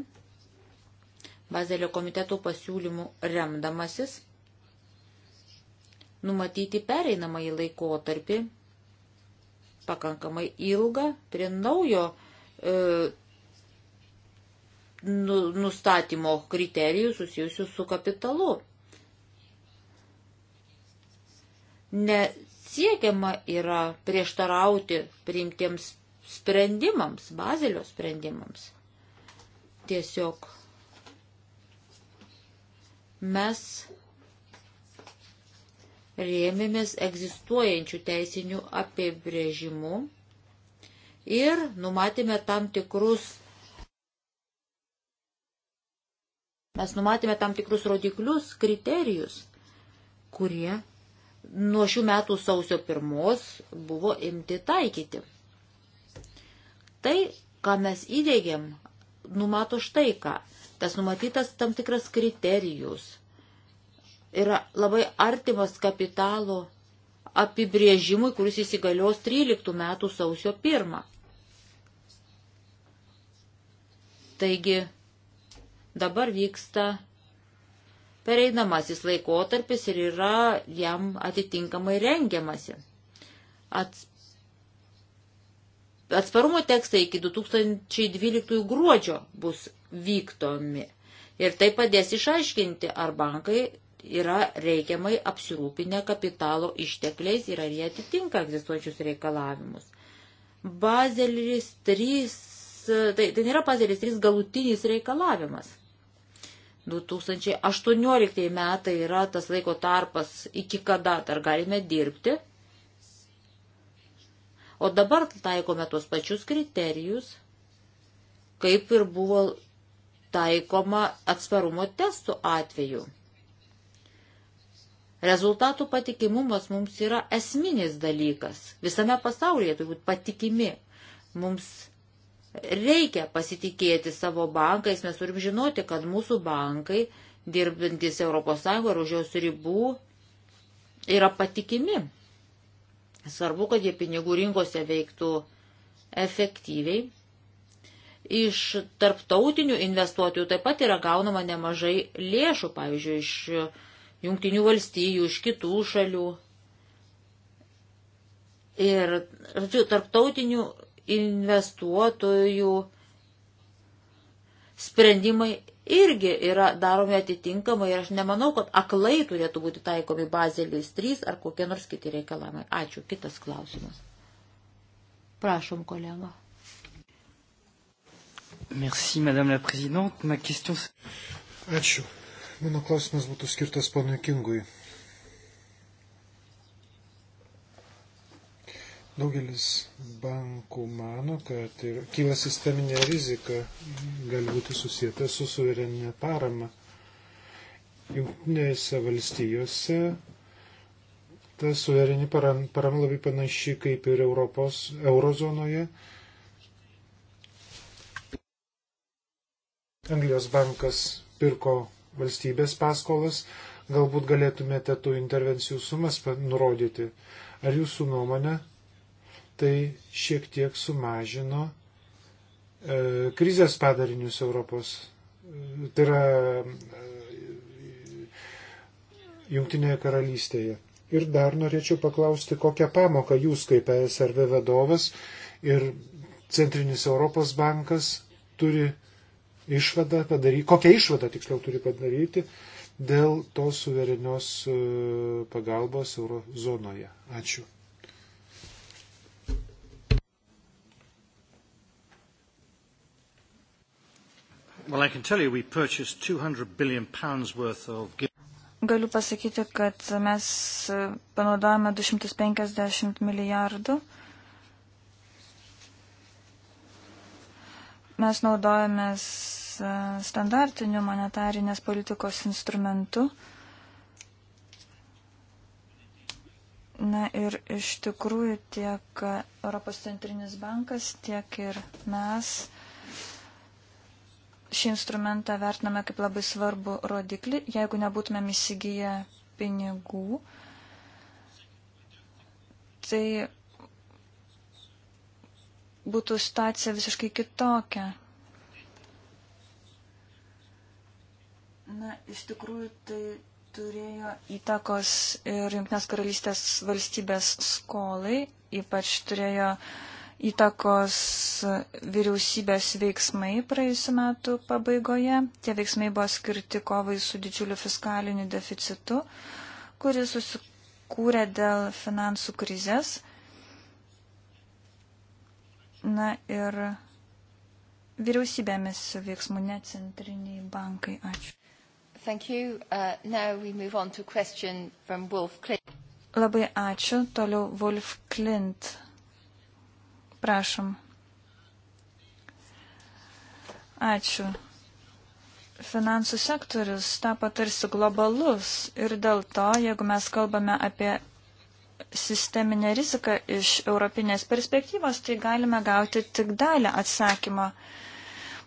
Bazelio komiteto pasiūlymų remdamasis numatyti pereinamąjį laikotarpį pakankamai ilgą prie naujo E, nu, nustatymo kriterijų susijusių su kapitalu. Nesiekiama yra prieštarauti priimtiems sprendimams, bazelio sprendimams. Tiesiog mes rėmėmės egzistuojančių teisinių apibrėžimų ir numatėme tam tikrus. Mes numatėme tam tikrus rodiklius, kriterijus, kurie nuo šių metų sausio pirmos buvo imti taikyti. Tai, ką mes įdėgiam, numato štai ką. Tas numatytas tam tikras kriterijus yra labai artimas kapitalo apibrėžimui, kuris įsigalios 13 metų sausio 1. Taigi dabar vyksta pereinamasis laikotarpis ir yra jam atitinkamai rengiamasi. Ats... Atsparumo tekstai iki 2012 gruodžio bus vykdomi ir tai padės išaiškinti, ar bankai yra reikiamai apsirūpinę kapitalo ištekliais ir ar jie atitinka egzistuojančius reikalavimus. Bazelis 3 tai, tai nėra pasėlis 3 galutinis reikalavimas. 2018 metai yra tas laiko tarpas, iki kada dar galime dirbti. O dabar taikome tuos pačius kriterijus, kaip ir buvo taikoma atsparumo testų atveju. Rezultatų patikimumas mums yra esminis dalykas. Visame pasaulyje turi būti patikimi. Mums Reikia pasitikėti savo bankais, mes turim žinoti, kad mūsų bankai, dirbantis ES ir už jos ribų, yra patikimi. Svarbu, kad jie pinigų rinkose veiktų efektyviai. Iš tarptautinių investuotojų taip pat yra gaunama nemažai lėšų, pavyzdžiui, iš jungtinių valstybių, iš kitų šalių. Ir, žodžiu, tarptautinių investuotojų sprendimai irgi yra daromi atitinkamai ir aš nemanau, kad aklai turėtų būti taikomi bazėliais 3 ar kokie nors kiti reikalavimai. Ačiū. Kitas klausimas. Prašom, kolega. Merci, madame la présidente. Ma question... Ačiū. Mano klausimas būtų skirtas ponui Kingui. Daugelis bankų mano, kad ir kyla sisteminė rizika, gali būti susijęta su suvereninė parama. Junktinėse valstijose ta suvereni parama, parama labai panaši kaip ir Europos eurozonoje. Anglijos bankas pirko valstybės paskolas, galbūt galėtumėte tų intervencijų sumas nurodyti. Ar jūsų nuomonė tai šiek tiek sumažino e, krizės padarinius Europos. E, tai yra e, Jungtinėje karalystėje. Ir dar norėčiau paklausti, kokią pamoką jūs kaip ESRV vadovas ir Centrinis Europos bankas turi išvadą padaryti, kokią išvadą tiksliau turi padaryti dėl tos suverenios e, pagalbos eurozonoje. Ačiū. Well, I can tell you we purchased 200 billion pounds worth of Galiu pasakyti, kad mes e, panaudojame 250 milijardų. Mes naudojamės e, standartiniu monetarinės politikos instrumentu. Na ir iš tikrųjų tiek Europos centrinis bankas, tiek ir mes šį instrumentą vertiname kaip labai svarbu rodiklį, jeigu nebūtumėm įsigiję pinigų, tai būtų situacija visiškai kitokia. Na, iš tikrųjų, tai turėjo įtakos ir Junktinės karalystės valstybės skolai, ypač turėjo uh, įtakos vyriausybės veiksmai praėjusiu metu pabaigoje. Tie veiksmai buvo skirti kovai su didžiuliu fiskaliniu deficitu, kuris susikūrė dėl finansų krizės. Na ir vyriausybėmis veiksmų, ne centriniai bankai. Ačiū. Thank you. Uh, now we move on to a question from Wolf Klint. Labai ačiū. Toliau Wolf Klint Prašom. Ačiū. Finansų sektorius tapo tarsi globalus ir dėl to, jeigu mes kalbame apie sisteminę riziką iš europinės perspektyvos, tai galime gauti tik dalį atsakymą.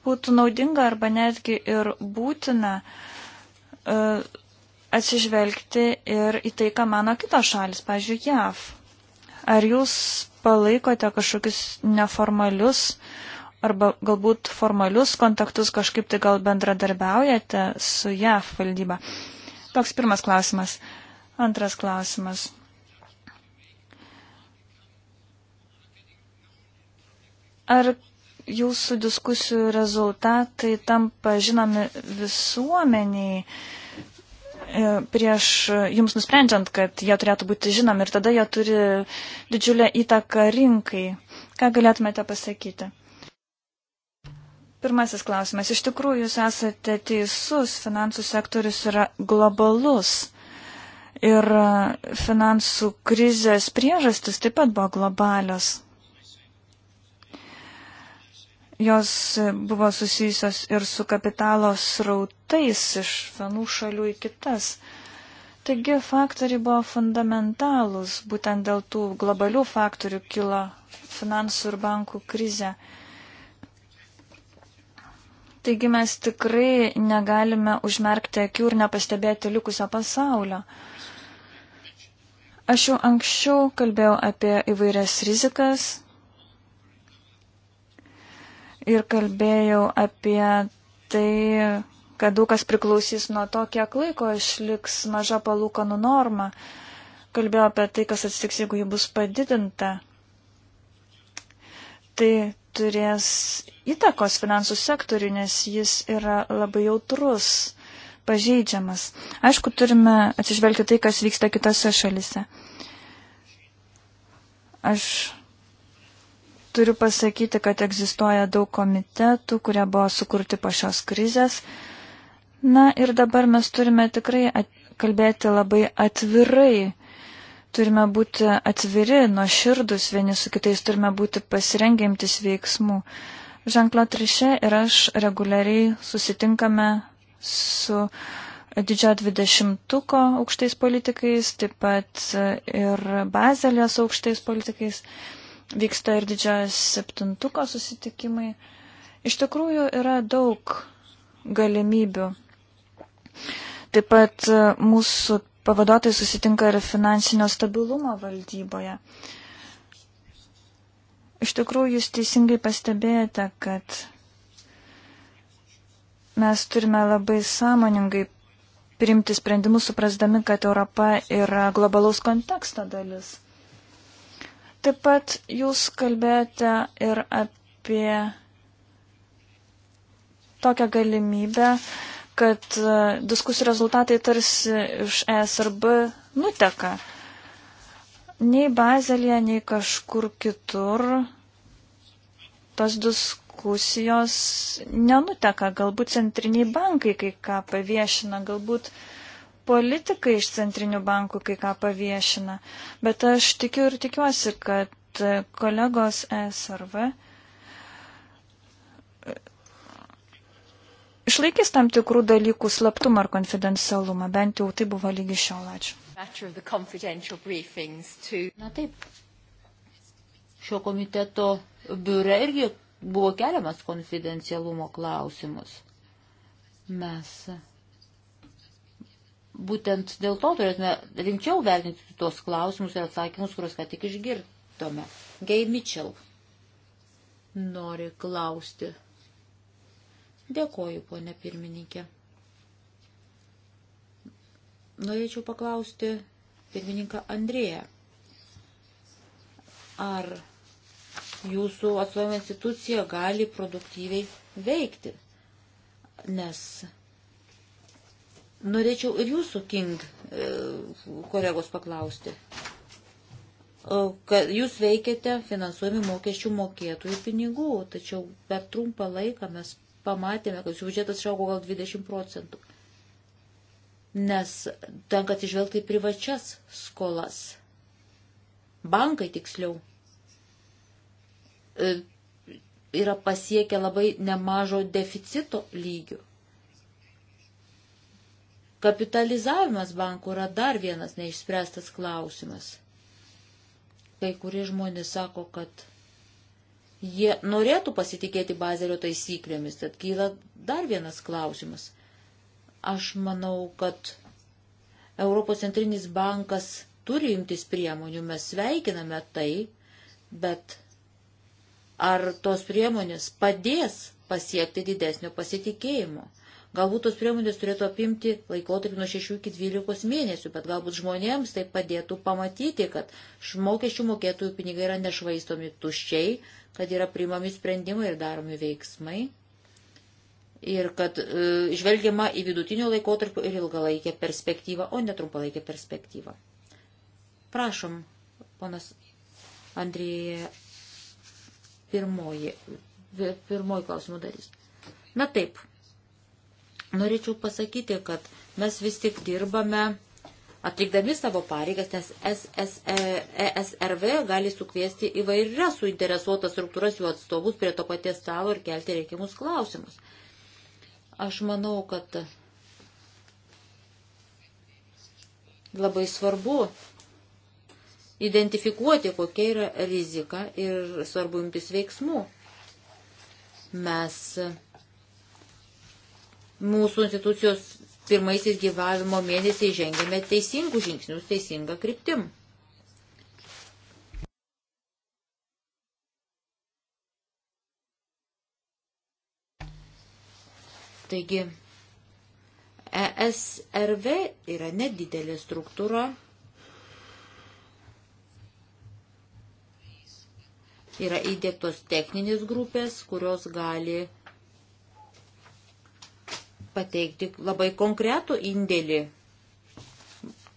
Būtų naudinga arba netgi ir būtina uh, atsižvelgti ir į tai, ką mano kitos šalis, pažiūrėjau, JAV. Ar jūs palaikote kažkokius neformalius arba galbūt formalius kontaktus, kažkaip tai gal bendradarbiaujate su JAF valdyba? Toks pirmas klausimas. Antras klausimas. Ar jūsų diskusijų rezultatai tampa žinomi visuomeniai? Uh, E, prieš jums nusprendžiant, kad jie turėtų būti žinomi ir tada jie turi didžiulę įtaką rinkai. Ką galėtumėte pasakyti? Pirmasis klausimas. Iš tikrųjų, jūs esate teisus, finansų sektorius yra globalus. Ir finansų krizės priežastis taip pat buvo globalios. Jos buvo susijusios ir su kapitalo srautais iš vienų šalių į kitas. Taigi faktoriai buvo fundamentalūs, būtent dėl tų globalių faktorių kilo finansų ir bankų krizė. Taigi mes tikrai negalime užmerkti akių ir nepastebėti likusio pasaulio. Aš jau anksčiau kalbėjau apie įvairias rizikas, ir kalbėjau apie tai, kad daug kas priklausys nuo to, kiek laiko išliks maža palūkanų norma. Kalbėjau apie tai, kas atsitiks, jeigu ji bus padidinta. Tai turės įtakos finansų sektoriui, nes jis yra labai jautrus, pažeidžiamas. Aišku, turime atsižvelgti tai, kas vyksta kitose šalise. Aš Turiu pasakyti, kad egzistuoja daug komitetų, kurie buvo sukurti po šios krizės. Na ir dabar mes turime tikrai kalbėti labai atvirai. Turime būti atviri, nuoširdus vieni su kitais, turime būti pasirengimtis veiksmų. Žanklo Trišė ir aš reguliariai susitinkame su didžiojo dvidešimtuko aukštais politikais, taip pat ir Bazelės aukštais politikais. Uh, vyksta ir didžiojo septintuko susitikimai. Iš tikrųjų yra daug galimybių. Taip pat e, mūsų pavaduotojai susitinka ir finansinio stabilumo valdyboje. Iš tikrųjų, jūs teisingai pastebėjote, kad mes turime labai sąmoningai priimti sprendimus, suprasdami, kad Europa yra globalaus konteksto dalis. Taip pat jūs kalbėjote ir apie tokią galimybę, kad e, diskusijų rezultatai tarsi iš ESRB nuteka. Nei Bazelėje, nei kažkur kitur tos diskusijos nenuteka. Galbūt centriniai bankai kai ką paviešina, galbūt uh, politikai iš centrinių bankų kai ką paviešina, bet aš tikiu ir tikiuosi, kad e, kolegos SRV e, išlaikys tam tikrų dalykų slaptumą ar konfidencialumą, bent jau tai buvo lygi šiol, ačiū. Na taip, šio komiteto biure irgi buvo keliamas konfidencialumo klausimus. Mes būtent dėl to turėtume rimčiau vertinti tuos klausimus ir atsakymus, kuriuos ką tik išgirdome. Gay Mitchell nori klausti. Dėkoju, ponė pirmininkė. Norėčiau paklausti pirmininką Andrėją. Ar jūsų atstovė institucija gali produktyviai veikti? Nes Norėčiau ir jūsų, King, e, kolegos paklausti. Kad jūs veikiate finansuojami mokesčių mokėtojų pinigų, tačiau per trumpą laiką mes pamatėme, kad jūsų biudžetas išaugo gal 20 procentų. Nes tenka atsižvelgti į privačias skolas. Bankai tiksliau e, yra pasiekę labai nemažo deficito lygių. Kapitalizavimas bankų yra dar vienas neišspręstas klausimas. Kai kurie žmonės sako, kad jie norėtų pasitikėti bazelio taisyklėmis, tad kyla dar vienas klausimas. Aš manau, kad Europos centrinis bankas turi imtis priemonių, mes sveikiname tai, bet ar tos priemonės padės pasiekti didesnio pasitikėjimo? Galbūt tos priemonės turėtų apimti laikotarpį nuo 6 iki 12 mėnesių, bet galbūt žmonėms tai padėtų pamatyti, kad mokesčių mokėtųjų pinigai yra nešvaistomi tuščiai, kad yra priimami sprendimai ir daromi veiksmai. Ir kad e, žvelgiama į vidutinio laikotarpio ir ilgalaikę perspektyvą, o ne trumpalaikę perspektyvą. Prašom, ponas Andrėje, pirmoji, pirmoji klausimų dalis. Na taip, Norėčiau pasakyti, kad mes vis tik dirbame atlikdami savo pareigas, nes ESRV e gali sukviesti įvairias suinteresuotas struktūras jų atstovus prie to paties stalo ir kelti reikiamus klausimus. Aš manau, kad labai svarbu identifikuoti, kokia yra rizika ir svarbu imtis veiksmų. Mes mūsų institucijos pirmaisiais gyvavimo mėnesiais žengėme teisingų žingsnius, teisingą kryptim. Taigi, ESRV yra nedidelė struktūra. Yra įdėktos techninės grupės, kurios gali pateikti labai konkretų indėlį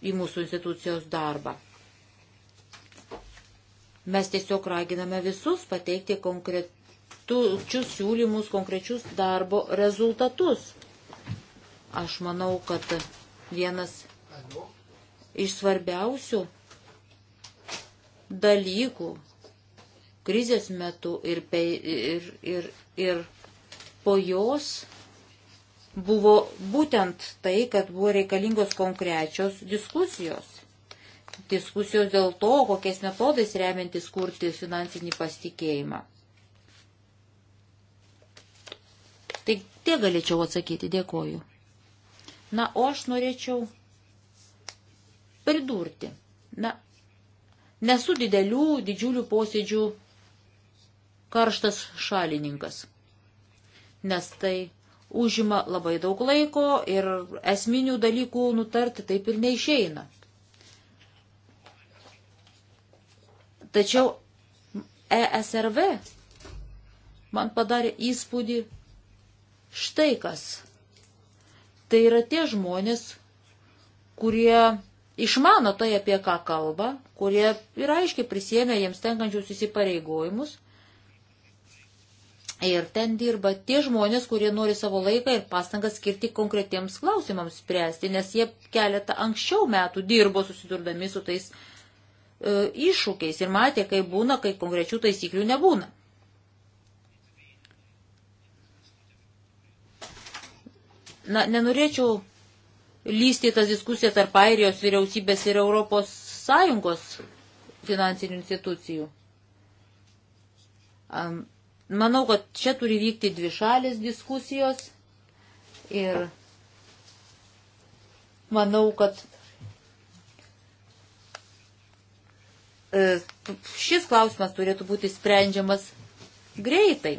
į mūsų institucijos darbą. Mes tiesiog raginame visus pateikti konkrečius siūlymus, konkrečius darbo rezultatus. Aš manau, kad vienas iš svarbiausių dalykų krizės metu ir, pe, ir, ir, ir po jos buvo būtent tai, kad buvo reikalingos konkrečios diskusijos. Diskusijos dėl to, kokiais metodais remiantis kurti finansinį pasitikėjimą. Tai tie galėčiau atsakyti, dėkoju. Na, o aš norėčiau pridurti. Na, nesu didelių, didžiulių posėdžių karštas šalininkas, nes tai užima labai daug laiko ir esminių dalykų nutarti taip ir neišeina. Tačiau ESRV man padarė įspūdį štai kas. Tai yra tie žmonės, kurie išmano tai, apie ką kalba, kurie ir aiškiai prisėmė jiems tenkančius įsipareigojimus Ir ten dirba tie žmonės, kurie nori savo laiką ir pastangas skirti konkretiems klausimams spręsti, nes jie keletą anksčiau metų dirbo susidurdami su tais e, iššūkiais ir matė, kai būna, kai konkrečių taisyklių nebūna. Na, nenorėčiau lysti tas diskusijas tarp Airijos vyriausybės ir Europos Sąjungos finansinių institucijų. Um, Manau, kad čia turi vykti dvi šalės diskusijos ir manau, kad e, šis klausimas turėtų būti sprendžiamas greitai.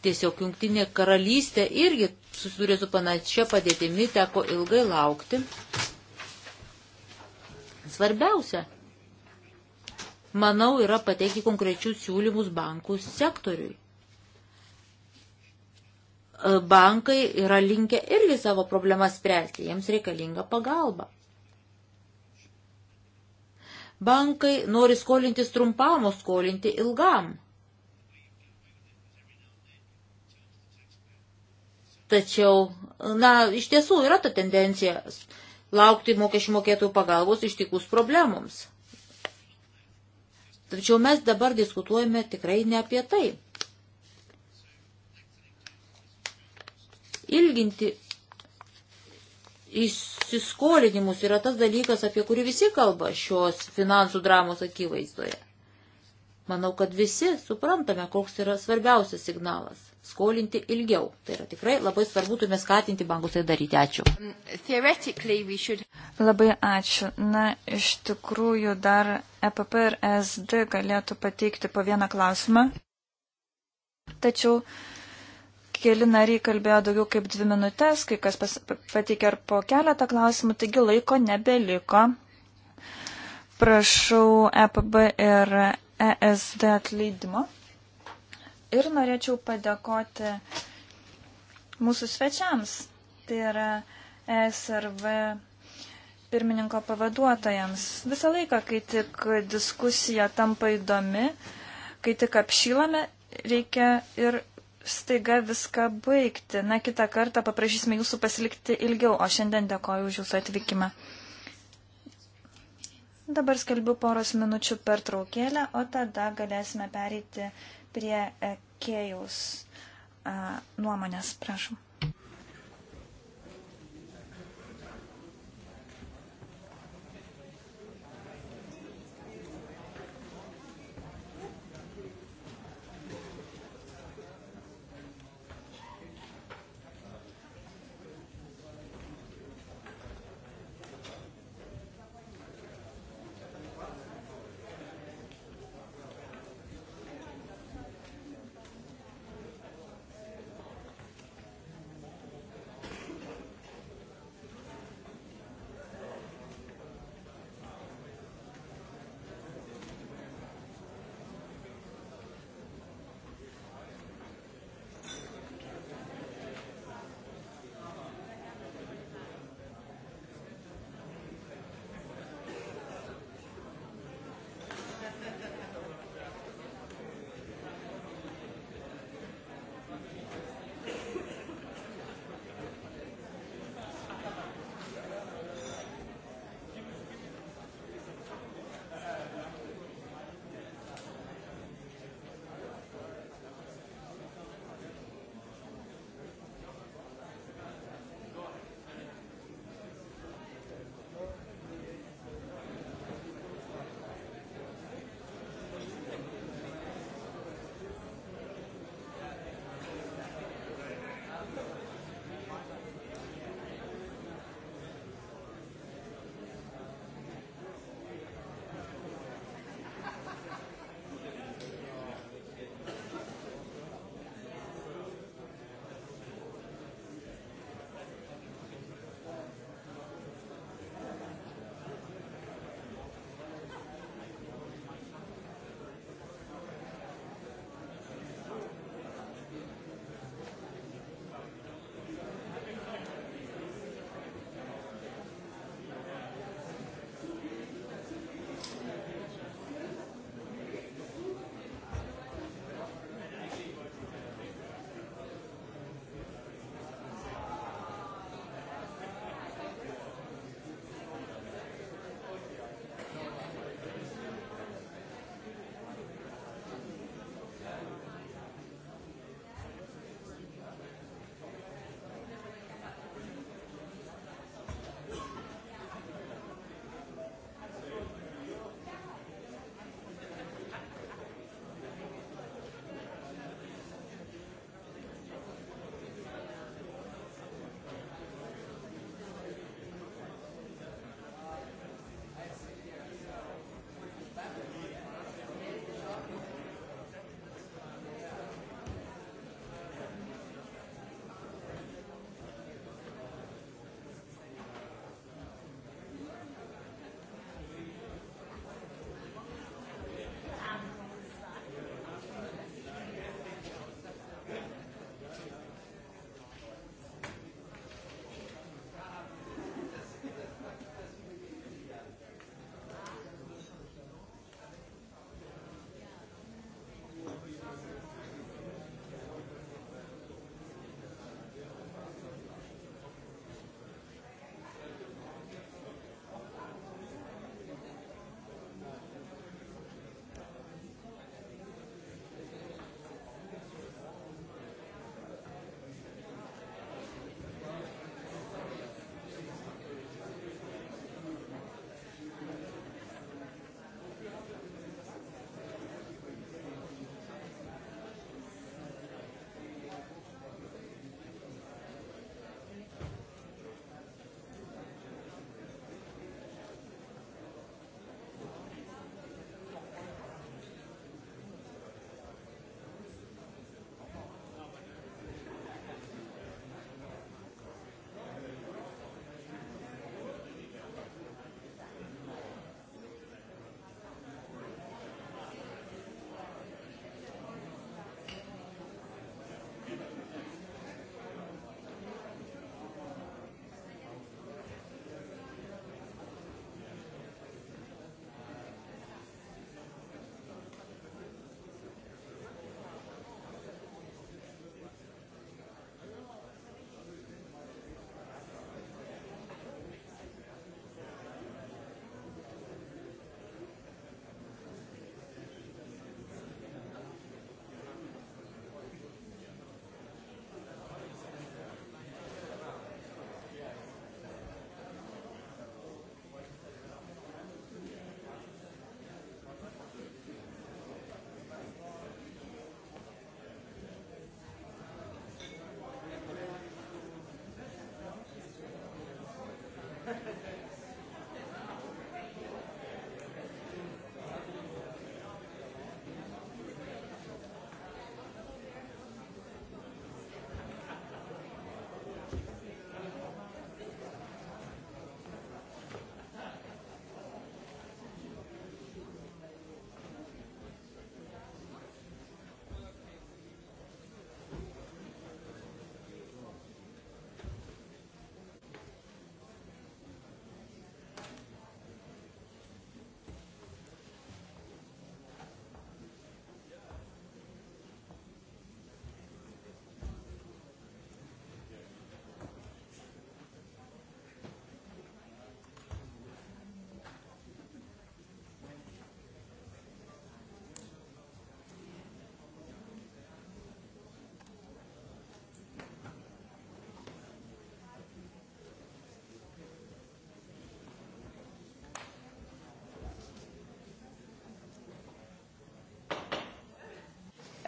Tiesiog jungtinė karalystė irgi susidūrė su panašia padėtimi, teko ilgai laukti. Svarbiausia manau, yra pateikti konkrečius siūlymus bankų sektoriui. E, bankai yra linkę irgi savo problemas spręsti, jiems reikalinga pagalba. Bankai nori skolintis trumpam, o skolinti ilgam. Tačiau, na, iš tiesų yra ta tendencija laukti mokesčių mokėtojų pagalbos ištikus problemoms. Tačiau mes dabar diskutuojame tikrai ne apie tai. Ilginti įsiskolinimus yra tas dalykas, apie kurį visi kalba šios finansų dramos akivaizdoje. Manau, kad visi suprantame, koks yra svarbiausias signalas skolinti ilgiau. Tai yra tikrai labai svarbu, turime skatinti bankus tai daryti. Ačiū. Um, should... Labai ačiū. Na, iš tikrųjų dar EPP ir e SD galėtų pateikti po vieną klausimą. Tačiau keli nariai kalbėjo daugiau kaip dvi minutės, kai kas pas, pateikė ir po keletą klausimų, taigi laiko nebeliko. Prašau EPB ir ESD atleidimo ir norėčiau padėkoti mūsų svečiams, tai yra ESRV pirmininko pavaduotojams. Visą laiką, kai tik diskusija tampa įdomi, kai tik apšylame, reikia ir staiga viską baigti. Na, kitą kartą paprašysime jūsų pasilikti ilgiau, o šiandien dėkoju už jūsų atvykimą. Dabar skelbiu poros minučių per traukėlę, o tada galėsime pereiti prie e, Kėjaus nuomonės. Prašom.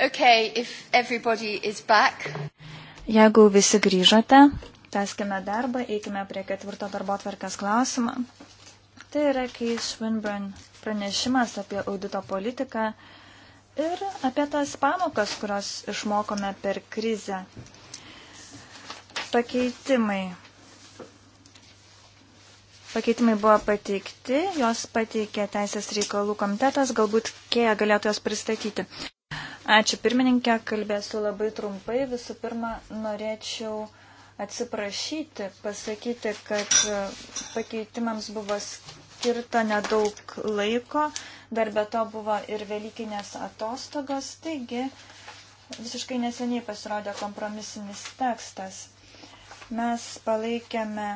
Okay, if everybody is back. Jeigu visi grįžote, teskime darbą, eikime prie ketvirto darbo tvarkės klausimą. Tai yra Keith Swinburne pranešimas apie audito politiką ir apie tas pamokas, kurios išmokome per krizę. Pakeitimai. Pakeitimai buvo pateikti, jos pateikė Teisės reikalų komitetas, galbūt Kėja galėtų jos pristatyti. Ačiū pirmininkė, kalbėsiu labai trumpai. Visų pirma, norėčiau atsiprašyti, pasakyti, kad e, pakeitimams buvo skirta nedaug laiko, dar be to buvo ir Velykinės atostogos, taigi visiškai neseniai pasirodė kompromisinis tekstas. Mes palaikėme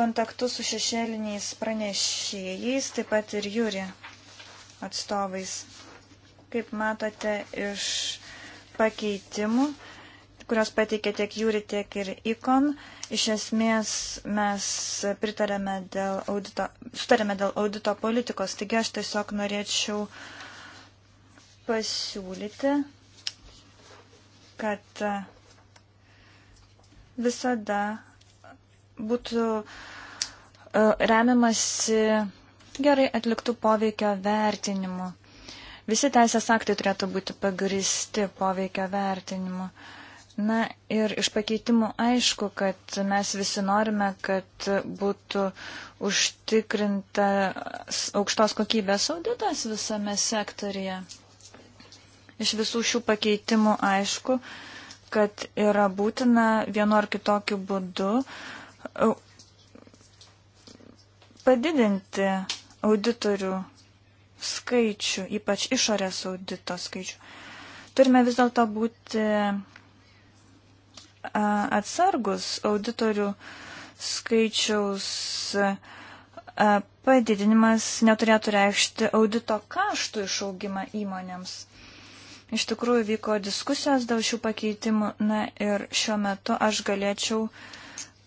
kontaktus su šešėliniais pranešėjais, taip pat ir Jūri atstovais. Kaip matote iš pakeitimų, kurios pateikė tiek Jūri, tiek ir Ikon, iš esmės mes pritarėme dėl audito, sutarėme dėl audito politikos, taigi aš tiesiog norėčiau pasiūlyti, kad e, visada būtų e, remiamasi gerai atliktų poveikio vertinimu. Visi teisės aktai turėtų būti pagristi poveikio vertinimu. Na ir iš pakeitimų aišku, kad mes visi norime, kad būtų užtikrinta aukštos kokybės auditas visame sektorija. Iš visų šių pakeitimų aišku, kad yra būtina vienu ar kitokiu būdu uh, padidinti auditorių skaičių, ypač išorės audito skaičių. Turime vis dėlto būti atsargus auditorių skaičiaus padidinimas neturėtų reikšti audito kaštų išaugimą įmonėms. Iš tikrųjų vyko diskusijos dėl šių pakeitimų, na ir šiuo metu aš galėčiau uh,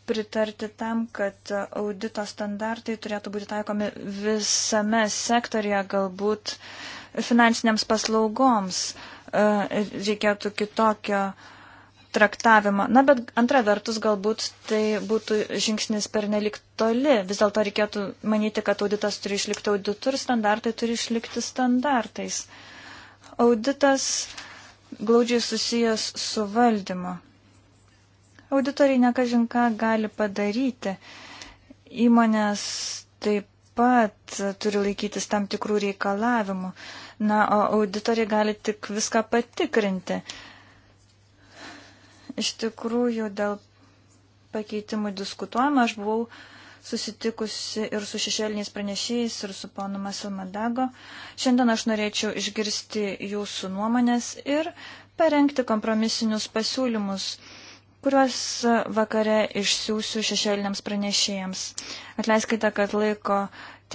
pritarti tam, kad audito standartai turėtų būti taikomi visame sektorija, galbūt finansiniams paslaugoms e, reikėtų kitokio traktavimą. Na, bet antra vertus, galbūt tai būtų žingsnis per nelik toli. Vis dėlto reikėtų manyti, kad auditas turi išlikti auditu ir standartai turi išlikti standartais. Auditas glaudžiai susijęs su valdymu. Auditoriai nekažinką gali padaryti. Įmonės taip pat turi laikytis tam tikrų reikalavimų. Na, o auditoriai gali tik viską patikrinti. Iš tikrųjų, dėl pakeitimų diskutuojama, aš buvau susitikusi ir su šešėliniais pranešėjais, ir su ponu Masilmadago. Šiandien aš norėčiau išgirsti jūsų nuomonės ir parengti kompromisinius pasiūlymus kuriuos e, vakare išsiųsiu šešėliniams pranešėjams. Atleiskite, kad laiko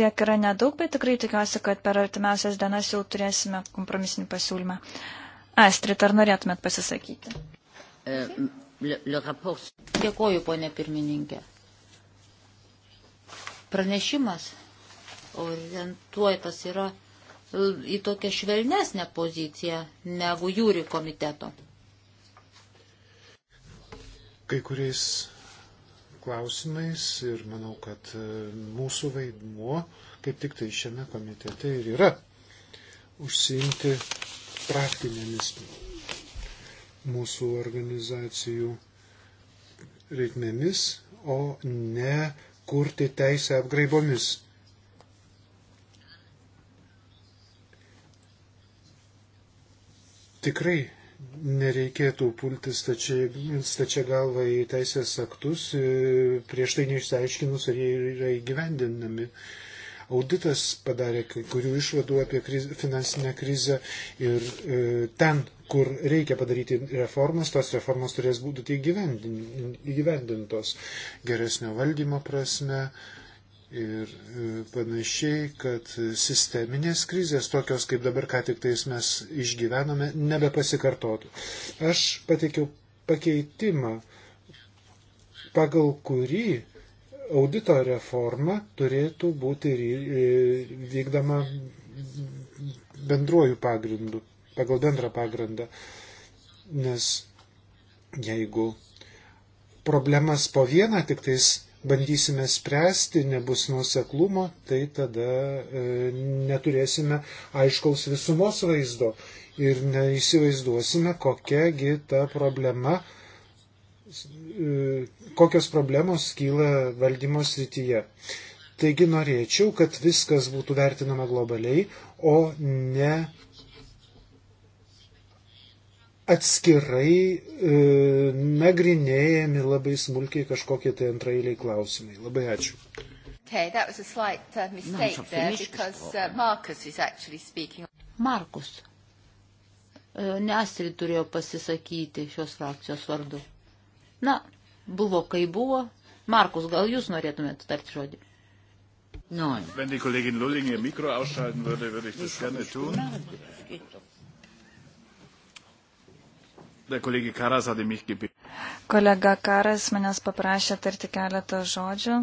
tiek yra nedaug, bet tikrai tikiuosi, kad per artimiausias dienas jau turėsime kompromisinį pasiūlymą. Astrid, ar norėtumėt pasisakyti? E, Dėkoju, ponė pirmininkė. Pranešimas orientuotas yra e, į tokią švelnesnę poziciją negu jūri komiteto kai kuriais klausimais ir manau, kad e, mūsų vaidmuo kaip tik tai šiame komitete ir yra užsiimti praktinėmis mūsų organizacijų reikmėmis, o ne kurti teisę apgraibomis. Tikrai nereikėtų pulti stačia, stačia galva į teisės aktus, e, prieš tai neišsiaiškinus, ar jie yra įgyvendinami. Auditas padarė kai kurių išvadų apie kriz, finansinę krizę ir e, ten, kur reikia padaryti reformas, tos reformos turės būti įgyvendintos geresnio valdymo prasme, e, ir e, panašiai, kad sisteminės krizės, tokios kaip dabar ką tik tais mes išgyvenome, nebepasikartotų. Aš pateikiau pakeitimą, pagal kurį audito reforma turėtų būti e, vykdoma bendruoju pagrindu, pagal bendrą pagrindą. Nes jeigu problemas po vieną tik tais bandysime spręsti, nebus nuoseklumo, tai tada e, neturėsime aiškaus visumos vaizdo ir neįsivaizduosime, kokiagi ta problema, e, kokios problemos kyla valdymo srityje. Taigi norėčiau, kad viskas būtų vertinama globaliai, o ne atskirai e, nagrinėjami labai smulkiai kažkokie tai antrailiai klausimai. Labai ačiū. Okay, that was a slight uh, mistake no, there because uh, Marcus is actually speaking. Markus. E, Nesri turėjo pasisakyti šios frakcijos vardu. Na, buvo kai buvo. Markus, gal jūs norėtumėte tarti žodį? Nein. Wenn die Kollegin Lulling ihr Mikro ausschalten würde, würde ich das gerne tun. Machen. Kolega Karas manęs paprašė tarti keletą žodžių,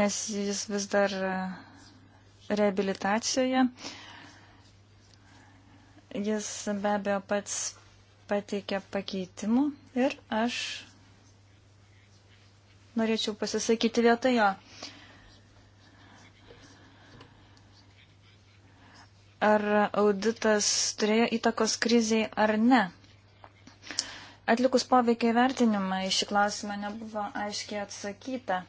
nes jis vis dar e, reabilitacijoje. Jis be abejo pats pateikė pakeitimų ir aš norėčiau pasisakyti vietoje jo. ar auditas turėjo įtakos kriziai ar ne. Atlikus poveikiai vertinimą, iš šį klausimą nebuvo aiškiai atsakyta.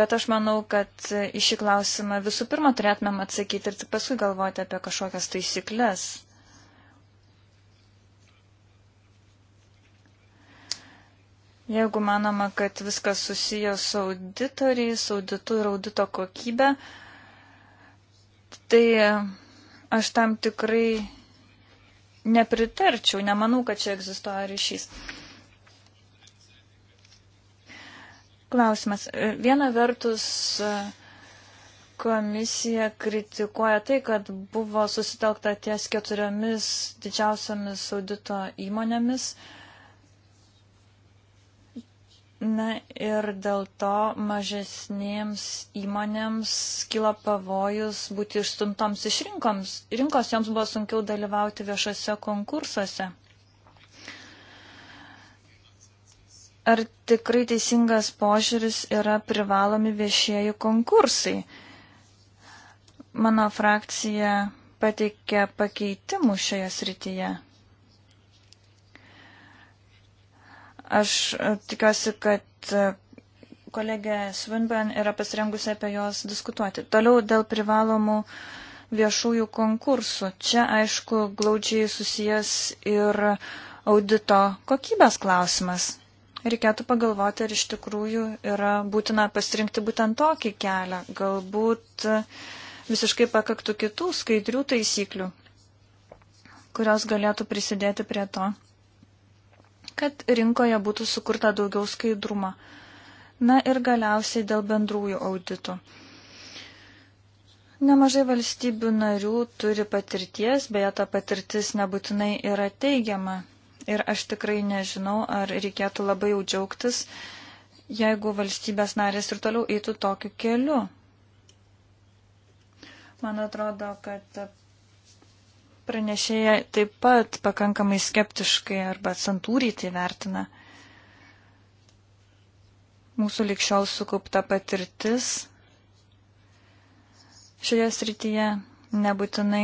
Bet aš manau, kad į šį klausimą visų pirma turėtumėm atsakyti ir tik paskui galvoti apie kažkokias taisyklės. Jeigu manoma, kad viskas susijęs su auditoriais, auditu ir audito kokybė, tai aš tam tikrai nepritarčiau, nemanau, kad čia egzistuoja ryšys. Klausimas. Viena vertus komisija kritikuoja tai, kad buvo susitelkta ties keturiomis didžiausiamis audito įmonėmis. Uh, Na ir dėl to mažesnėms įmonėms kilo pavojus būti išstumtoms iš rinkoms. rinkos, joms buvo sunkiau dalyvauti viešose konkursuose. Ar tikrai teisingas požiūris yra privalomi viešieji konkursai? Mano frakcija pateikė pakeitimų šioje srityje. Aš e, tikiuosi, kad e, kolegė Svinben yra pasirengusi apie jos diskutuoti. Toliau dėl privalomų viešųjų konkursų. Čia, aišku, glaudžiai susijęs ir audito kokybės klausimas. Reikėtų pagalvoti, ar iš tikrųjų yra būtina pasirinkti būtent tokį kelią. Galbūt e, visiškai pakaktų kitų skaidrių taisyklių, kurios galėtų prisidėti prie to, kad rinkoje būtų sukurta daugiau skaidrumo. Na ir galiausiai dėl bendrųjų auditų. Nemažai valstybių narių turi patirties, beje, ta patirtis nebūtinai yra teigiama. Ir aš tikrai nežinau, ar reikėtų labai jau džiaugtis, jeigu valstybės narės ir toliau eitų tokiu keliu. Man atrodo, kad Pranešėja taip pat pakankamai skeptiškai arba santūriai tai vertina. Mūsų likščiol sukaupta patirtis šioje srityje nebūtinai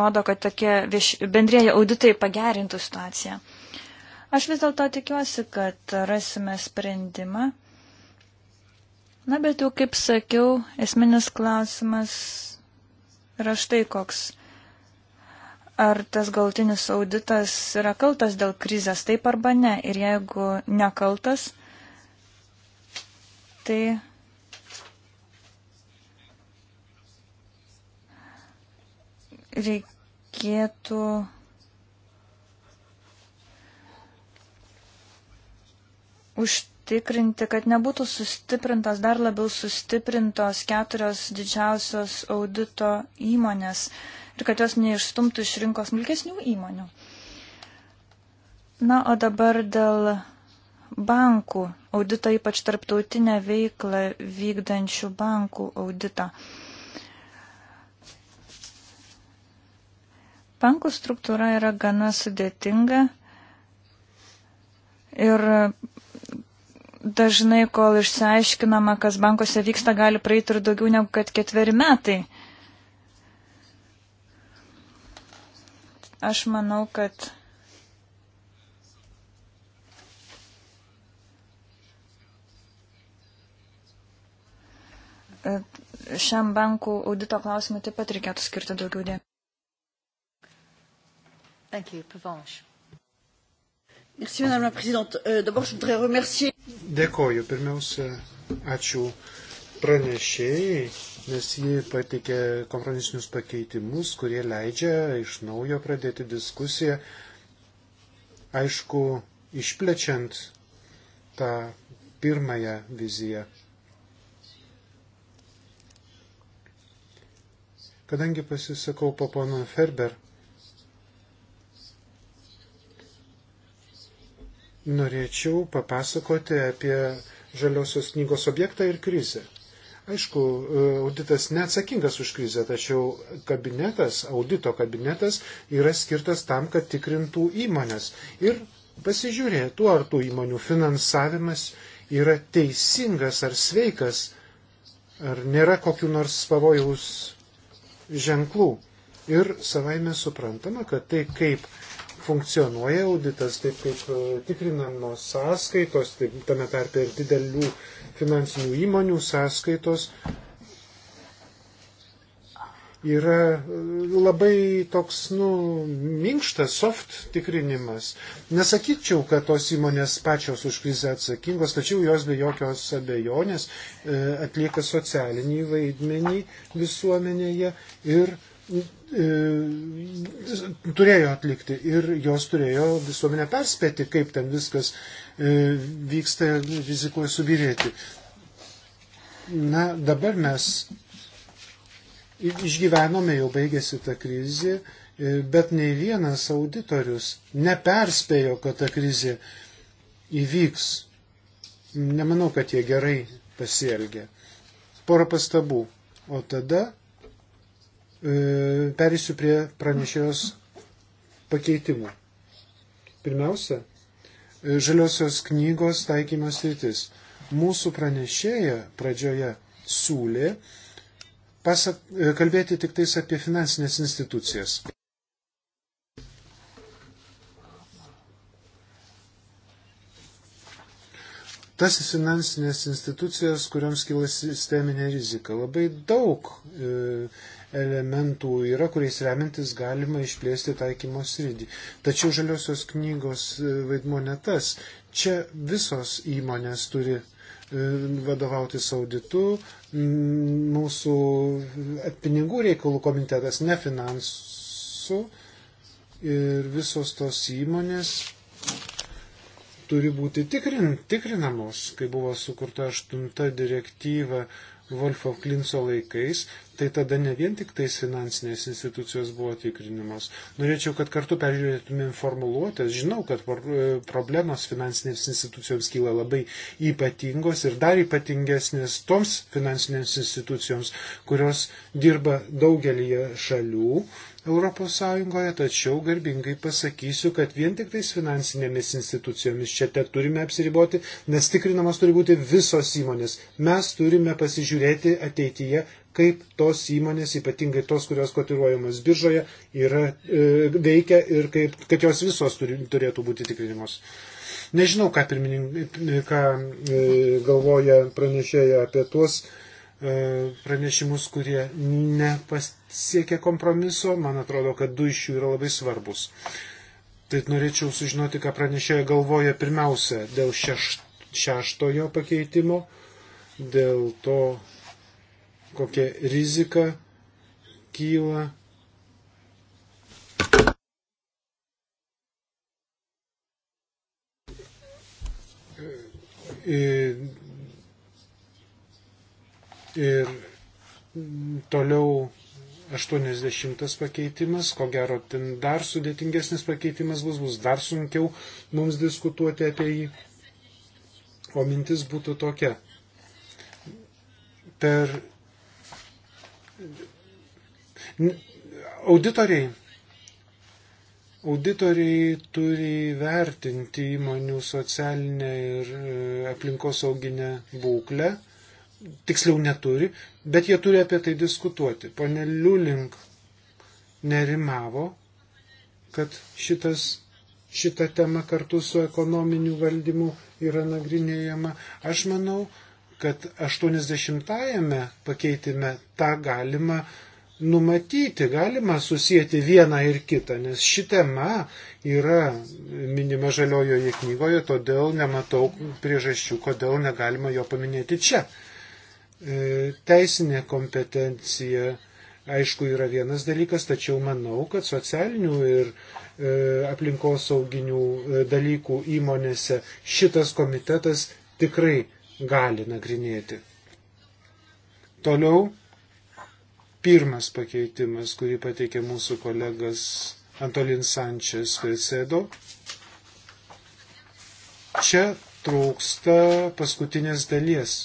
rodo, kad tokie vieš... bendrėjai auditai pagerintų situaciją. Aš vis dėlto tikiuosi, kad rasime sprendimą. Na, bet jau, kaip sakiau, esminis klausimas yra štai koks ar tas galtinis auditas yra kaltas dėl krizės, taip arba ne. Ir jeigu nekaltas, tai. Reikėtų užtikrinti, kad nebūtų sustiprintos, dar labiau sustiprintos keturios didžiausios audito įmonės. Uh, ir kad jos neišstumtų iš rinkos smulkesnių įmonių. Na, o dabar dėl bankų audito, ypač tarptautinę veiklą vykdančių bankų audito. Bankų struktūra yra gana sudėtinga ir dažnai, kol išsiaiškinama, kas bankuose vyksta, gali praeiti ir daugiau negu kad ketveri metai. Aš manau, kad šiam bankų audito klausimui taip pat reikėtų skirti daugiau dėmesio. Thank you, Pavanche. Merci, Madame la Présidente. Euh, D'abord, je voudrais remercier. Dėkoju. Pirmiausia, ačiū pranešėjai nes ji patikė kompromisinius pakeitimus, kurie leidžia iš naujo pradėti diskusiją, aišku, išplečiant tą pirmąją viziją. Kadangi pasisakau po pono Ferber, norėčiau papasakoti apie žaliosios knygos objektą ir krizę. Aišku, e, auditas neatsakingas už krizę, tačiau kabinetas, audito kabinetas yra skirtas tam, kad tikrintų įmonės ir pasižiūrėtų, ar tų įmonių finansavimas yra teisingas ar sveikas, ar nėra kokiu nors pavojaus ženklų. Ir savaime suprantama, kad tai kaip funkcionuoja auditas, taip kaip e, tikrinamos sąskaitos, taip, tame tarpe ir didelių finansinių įmonių sąskaitos, yra e, labai toks, nu, minkštas, soft tikrinimas. Nesakyčiau, kad tos įmonės pačios už krizę atsakingos, tačiau jos be jokios abejonės e, atlieka socialinį vaidmenį visuomenėje ir E, turėjo atlikti ir jos turėjo visuomenę perspėti, kaip ten viskas e, vyksta, rizikuoja subirėti. Na, dabar mes išgyvenome, jau baigėsi ta krizė, e, bet nei vienas auditorius neperspėjo, kad ta krizė įvyks. Nemanau, kad jie gerai pasielgė. Porą pastabų. O tada E, perėsiu prie pranešėjos pakeitimų. Pirmiausia, e, žaliosios knygos taikymas rytis. Mūsų pranešėja pradžioje siūlė pasak, e, kalbėti tik tais apie finansinės institucijas. tas finansinės institucijas, kuriams kyla sisteminė rizika. Labai daug e, elementų yra, kuriais remiantis galima išplėsti taikymo sridį. Tačiau žaliosios knygos e, vaidmo netas. Čia visos įmonės turi e, vadovautis auditu, mūsų pinigų reikalų komitetas, ne finansų ir visos tos įmonės turi būti tikrin, tikrinamos, kai buvo sukurta aštunta direktyva Wolfo Klinso laikais, tai tada ne vien tik tais finansinės institucijos buvo tikrinimas. Norėčiau, kad kartu peržiūrėtumėm formuluotės. Žinau, kad e, problemos finansinėms institucijoms kyla labai ypatingos ir dar ypatingesnės toms finansinėms institucijoms, kurios dirba daugelį šalių ES, tačiau garbingai pasakysiu, kad vien tik tais finansinėmis institucijomis čia te turime apsiriboti, nes tikrinamas turi būti visos įmonės. Mes turime pasižiūrėti ateityje, kaip tos įmonės, ypatingai tos, kurios kotiruojamos biržoje, yra, e, veikia ir kaip, kad jos visos turi, turėtų būti tikrinimos. Nežinau, ką, ką e, galvoja pranešėja apie tuos e, E, pranešimus, kurie nepasiekė kompromiso. Man atrodo, kad du iš jų yra labai svarbus. Tai norėčiau sužinoti, ką pranešėja galvoja pirmiausia dėl šeštojo pakeitimo, dėl to, kokia rizika kyla. Ir e, Ir toliau 80 pakeitimas, ko gero ten dar sudėtingesnis pakeitimas bus, bus dar sunkiau mums diskutuoti apie jį. O mintis būtų tokia. Per auditoriai. Auditoriai turi vertinti įmonių socialinę ir e, aplinkosauginę būklę tiksliau neturi, bet jie turi apie tai diskutuoti. Pone Liulink nerimavo, kad šitas, šita tema kartu su ekonominiu valdymu yra nagrinėjama. Aš manau, kad 80-ajame pakeitime tą galima numatyti, galima susijęti vieną ir kitą, nes ši tema yra minima žaliojoje knygoje, todėl nematau priežasčių, kodėl negalima jo paminėti čia. E, teisinė kompetencija, aišku, yra vienas dalykas, tačiau manau, kad socialinių ir e, aplinkosauginių e, dalykų įmonėse šitas komitetas tikrai gali nagrinėti. Toliau pirmas pakeitimas, kurį pateikė mūsų kolegas Antolin Sančias Kaisedo. Čia trūksta paskutinės dalies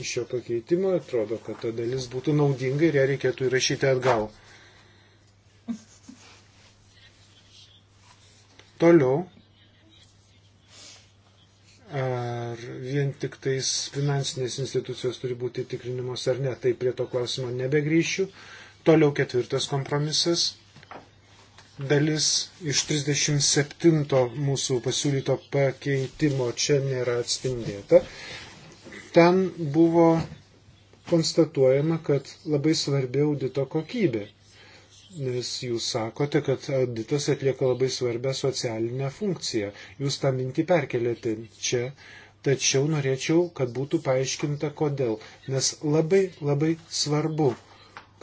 iš šio pakeitimo, atrodo, kad ta dalis būtų naudinga ir ją reikėtų įrašyti atgal. Toliau. Ar vien tik tais finansinės institucijos turi būti tikrinimos ar ne, tai prie to klausimo nebegrįšiu. Toliau ketvirtas kompromisas. Dalis iš 37 mūsų pasiūlyto pakeitimo čia nėra atspindėta ten buvo konstatuojama, kad labai svarbi audito kokybė. Nes jūs sakote, kad auditas atlieka labai svarbę socialinę funkciją. Jūs tą mintį perkelėte čia, tačiau norėčiau, kad būtų paaiškinta kodėl. Nes labai labai svarbu,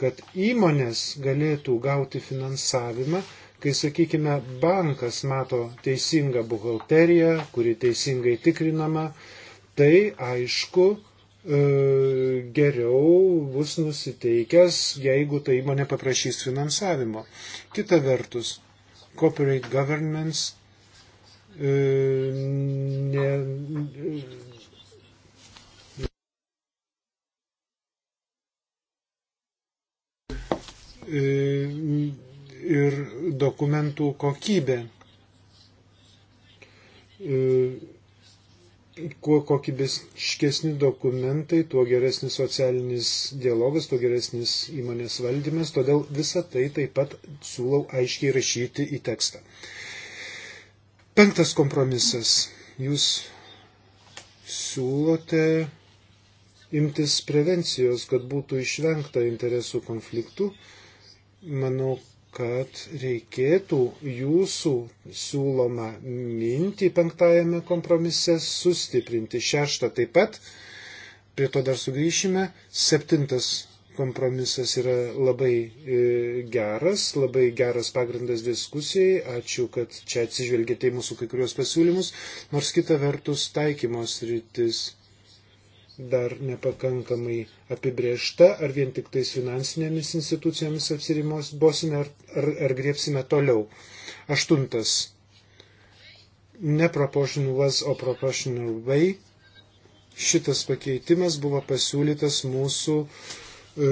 kad įmonės galėtų gauti finansavimą, kai, sakykime, bankas mato teisingą buhalteriją, kuri teisingai tikrinama, tai aišku e, geriau bus nusiteikęs, jeigu ta įmonė paprašys finansavimo. Kita vertus, corporate governments e, ne, e, ir dokumentų kokybė kuo kokybiškesni dokumentai, tuo geresnis socialinis dialogas, tuo geresnis įmonės valdymas, todėl visą tai taip pat siūlau aiškiai rašyti į tekstą. Penktas kompromisas. Jūs siūlote imtis prevencijos, kad būtų išvengta interesų konfliktų. Manau, kad reikėtų jūsų siūlomą mintį penktajame kompromise sustiprinti. Šeštą taip pat, prie to dar sugrįšime. Septintas kompromisas yra labai e, geras, labai geras pagrindas diskusijai. Ačiū, kad čia atsižvelgėte į mūsų kai kurios pasiūlymus, nors kita vertus taikymos rytis dar nepakankamai apibriešta, ar vien tik tais finansinėmis institucijomis apsirimos bosime, ar, ar, ar griepsime toliau. Aštuntas. Neproportional was or proportional way. Šitas pakeitimas buvo pasiūlytas mūsų e,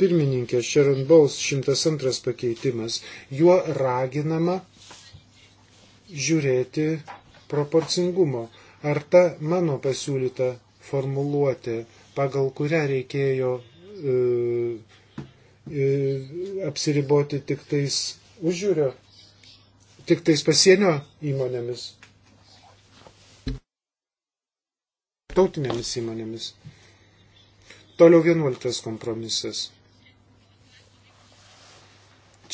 pirmininkė Sharon Bowles 102 pakeitimas. Juo raginama žiūrėti proporcingumo. Ar ta mano pasiūlyta formuluotė, pagal kurią reikėjo e, e, apsiriboti tik tais užjūrio, tik tais pasienio įmonėmis, tautinėmis įmonėmis. Toliau vienuoliktas kompromisas.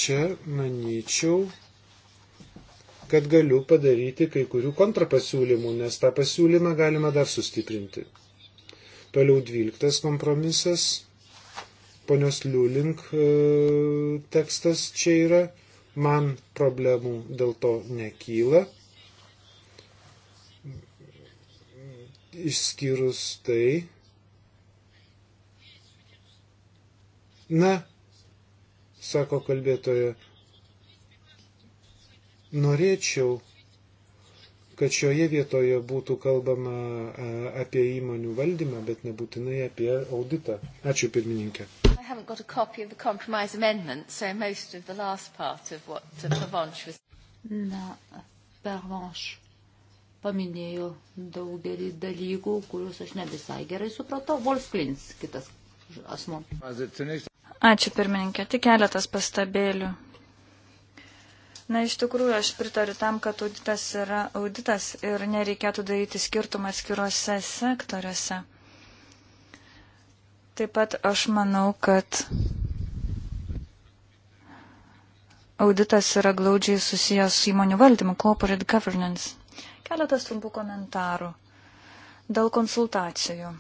Čia, manyčiau, kad galiu padaryti kai kurių kontrapasiūlymų, nes tą pasiūlymą galima dar sustiprinti. Toliau dvyliktas kompromisas, ponios Liulink e, tekstas čia yra, man problemų dėl to nekyla, išskyrus tai, na, sako kalbėtoja, Norėčiau, kad šioje vietoje būtų kalbama e, apie įmonių valdymą, bet nebūtinai apie auditą. Ačiū pirmininkė. Na, pervanš paminėjo daugelį dalykų, kuriuos aš ne visai gerai supratau. Wolf Klins, kitas asmo. Ačiū pirmininkė, tik keletas pastabėlių. Na, iš tikrųjų, aš pritariu tam, kad auditas yra auditas ir nereikėtų daryti skirtumą skiruose sektoriuose. Taip pat aš manau, kad auditas yra glaudžiai susijęs su įmonių valdymu, corporate governance. Keletas trumpų komentarų dėl konsultacijų.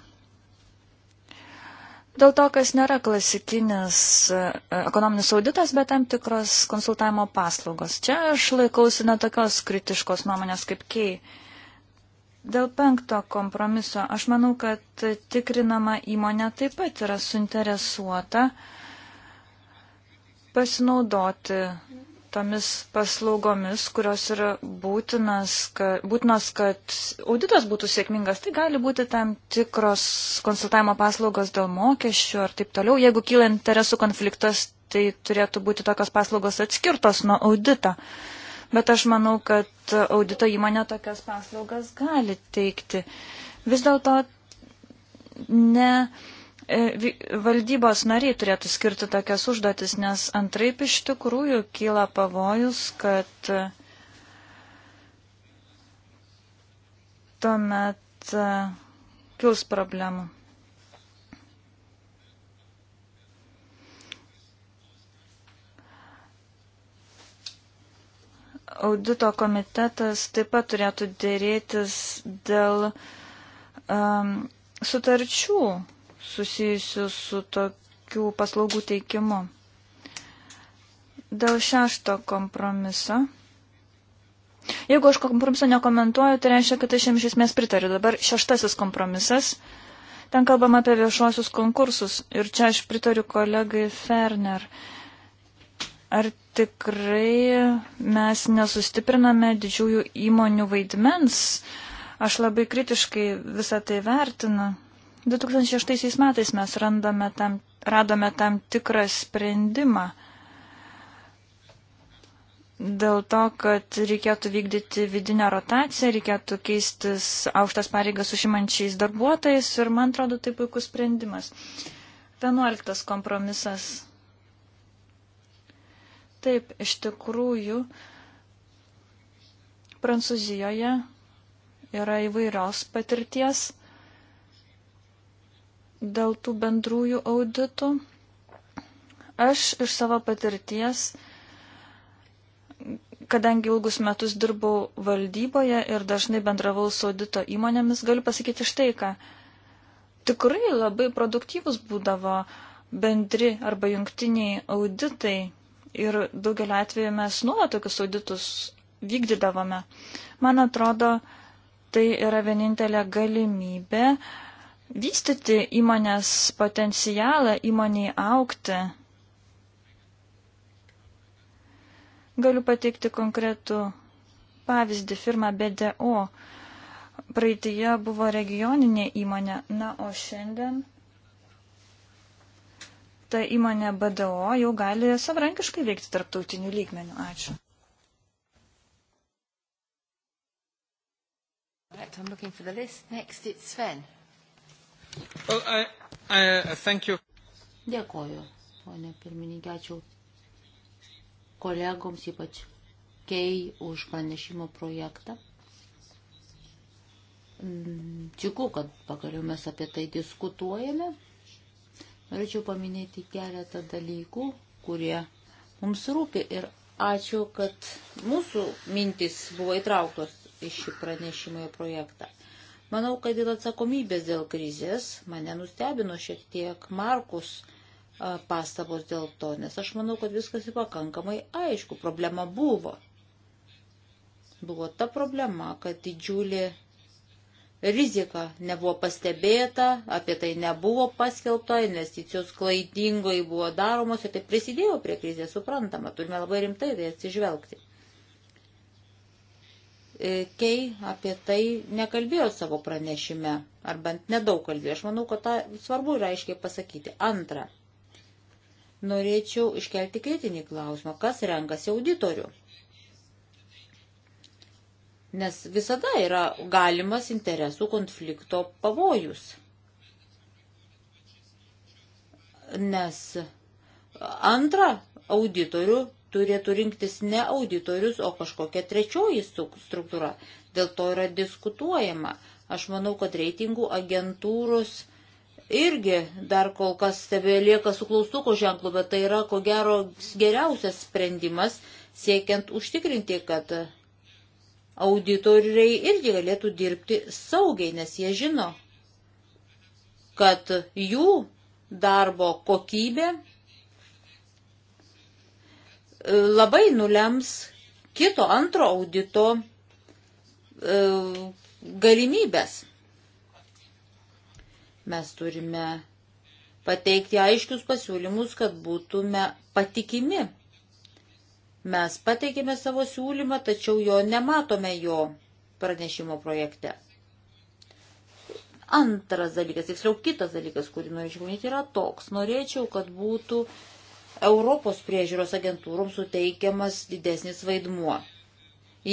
Dėl to, kas nėra klasikinis e, ekonominis auditas, bet tam tikros konsultavimo paslaugos. Čia aš laikausi netokios kritiškos nuomonės kaip kei. Dėl penkto kompromiso aš manau, kad tikrinama įmonė taip pat yra suinteresuota pasinaudoti tomis paslaugomis, kurios yra būtinas, kad, būtinos, kad auditas būtų sėkmingas. Tai gali būti tam tikros konsultavimo paslaugos dėl mokesčių ar taip toliau. Jeigu kyla interesų konfliktas, tai turėtų būti tokios paslaugos atskirtos nuo audito. Bet aš manau, kad audito įmonė tokias paslaugas gali teikti. Vis dėlto ne E, valdybos nariai turėtų skirti tokias užduotis, nes antraip iš tikrųjų kyla pavojus, kad e, tuomet e, kils problemų. Audito komitetas taip pat turėtų dėrėtis dėl um, sutarčių susijusių su tokių paslaugų teikimu. Dėl šešto kompromiso. Jeigu aš kompromiso nekomentuoju, tai reiškia, kad aš jam iš esmės pritariu. Dabar šeštasis kompromisas. Ten kalbam apie viešuosius konkursus. Ir čia aš pritariu kolegai Ferner. Ar tikrai mes nesustipriname didžiųjų įmonių vaidmens? Aš labai kritiškai visą tai vertinu. 2006 metais mes randame tam, radome tam tikrą sprendimą dėl to, kad reikėtų vykdyti vidinę rotaciją, reikėtų keistis aukštas pareigas užimančiais darbuotojais ir man atrodo tai puikus sprendimas. 11 kompromisas. Taip, iš tikrųjų, Prancūzijoje yra įvairios patirties dėl tų bendrųjų auditų. Aš iš savo patirties, kadangi ilgus metus dirbau valdyboje ir dažnai bendravau su audito įmonėmis, galiu pasakyti štai ką. Tikrai labai produktyvus būdavo bendri arba jungtiniai auditai ir daugelį atveju mes nuolat tokius auditus vykdydavome. Man atrodo, tai yra vienintelė galimybė uh, vystyti įmonės potencialą, įmoniai aukti. Galiu pateikti konkretų pavyzdį firmą BDO. Praeitie buvo regioninė įmonė, na, o šiandien ta įmonė BDO jau gali savrankiškai veikti tarptautinių lygmenių. Ačiū. Right, I'm looking for the list. Next, it's Sven. Well, I, I, thank you. Dėkoju, ponė pirmininkė, ačiū kolegoms, ypač Kei, už pranešimo projektą. Mm, džiugu, kad pagaliau mes apie tai diskutuojame. Norėčiau paminėti keletą dalykų, kurie mums rūpi ir ačiū, kad mūsų mintis buvo įtrauktos į šį pranešimojo projektą. Manau, kad dėl atsakomybės dėl krizės mane nustebino šiek tiek Markus pastabos dėl to, nes aš manau, kad viskas yra pakankamai aišku. Problema buvo. Buvo ta problema, kad didžiulė rizika nebuvo pastebėta, apie tai nebuvo paskelbta, investicijos klaidingai buvo daromos ir tai prisidėjo prie krizės, suprantama, turime labai rimtai tai atsižvelgti. E, Kei apie tai nekalbėjo savo pranešime, ar bent nedaug kalbėjo. Aš manau, kad tą svarbu yra aiškiai pasakyti. Antra, norėčiau iškelti kritinį klausimą, kas renkasi auditorių. Nes visada yra galimas interesų konflikto pavojus. Nes antra, auditorių turėtų rinktis ne auditorius, o kažkokia trečioji struktūra. Dėl to yra diskutuojama. Aš manau, kad reitingų agentūros irgi dar kol kas tebelieka su klaustuko ženklu, bet tai yra ko gero geriausias sprendimas siekiant užtikrinti, kad auditoriai irgi galėtų dirbti saugiai, nes jie žino, kad jų darbo kokybė labai nulems kito antro audito e, galimybės. Mes turime pateikti aiškius pasiūlymus, kad būtume patikimi. Mes pateikėme savo siūlymą, tačiau jo nematome jo pranešimo projekte. Antras dalykas, tiksliau kitas dalykas, kurį norėčiau minėti, yra toks. Norėčiau, kad būtų Europos priežiūros agentūroms suteikiamas didesnis vaidmuo.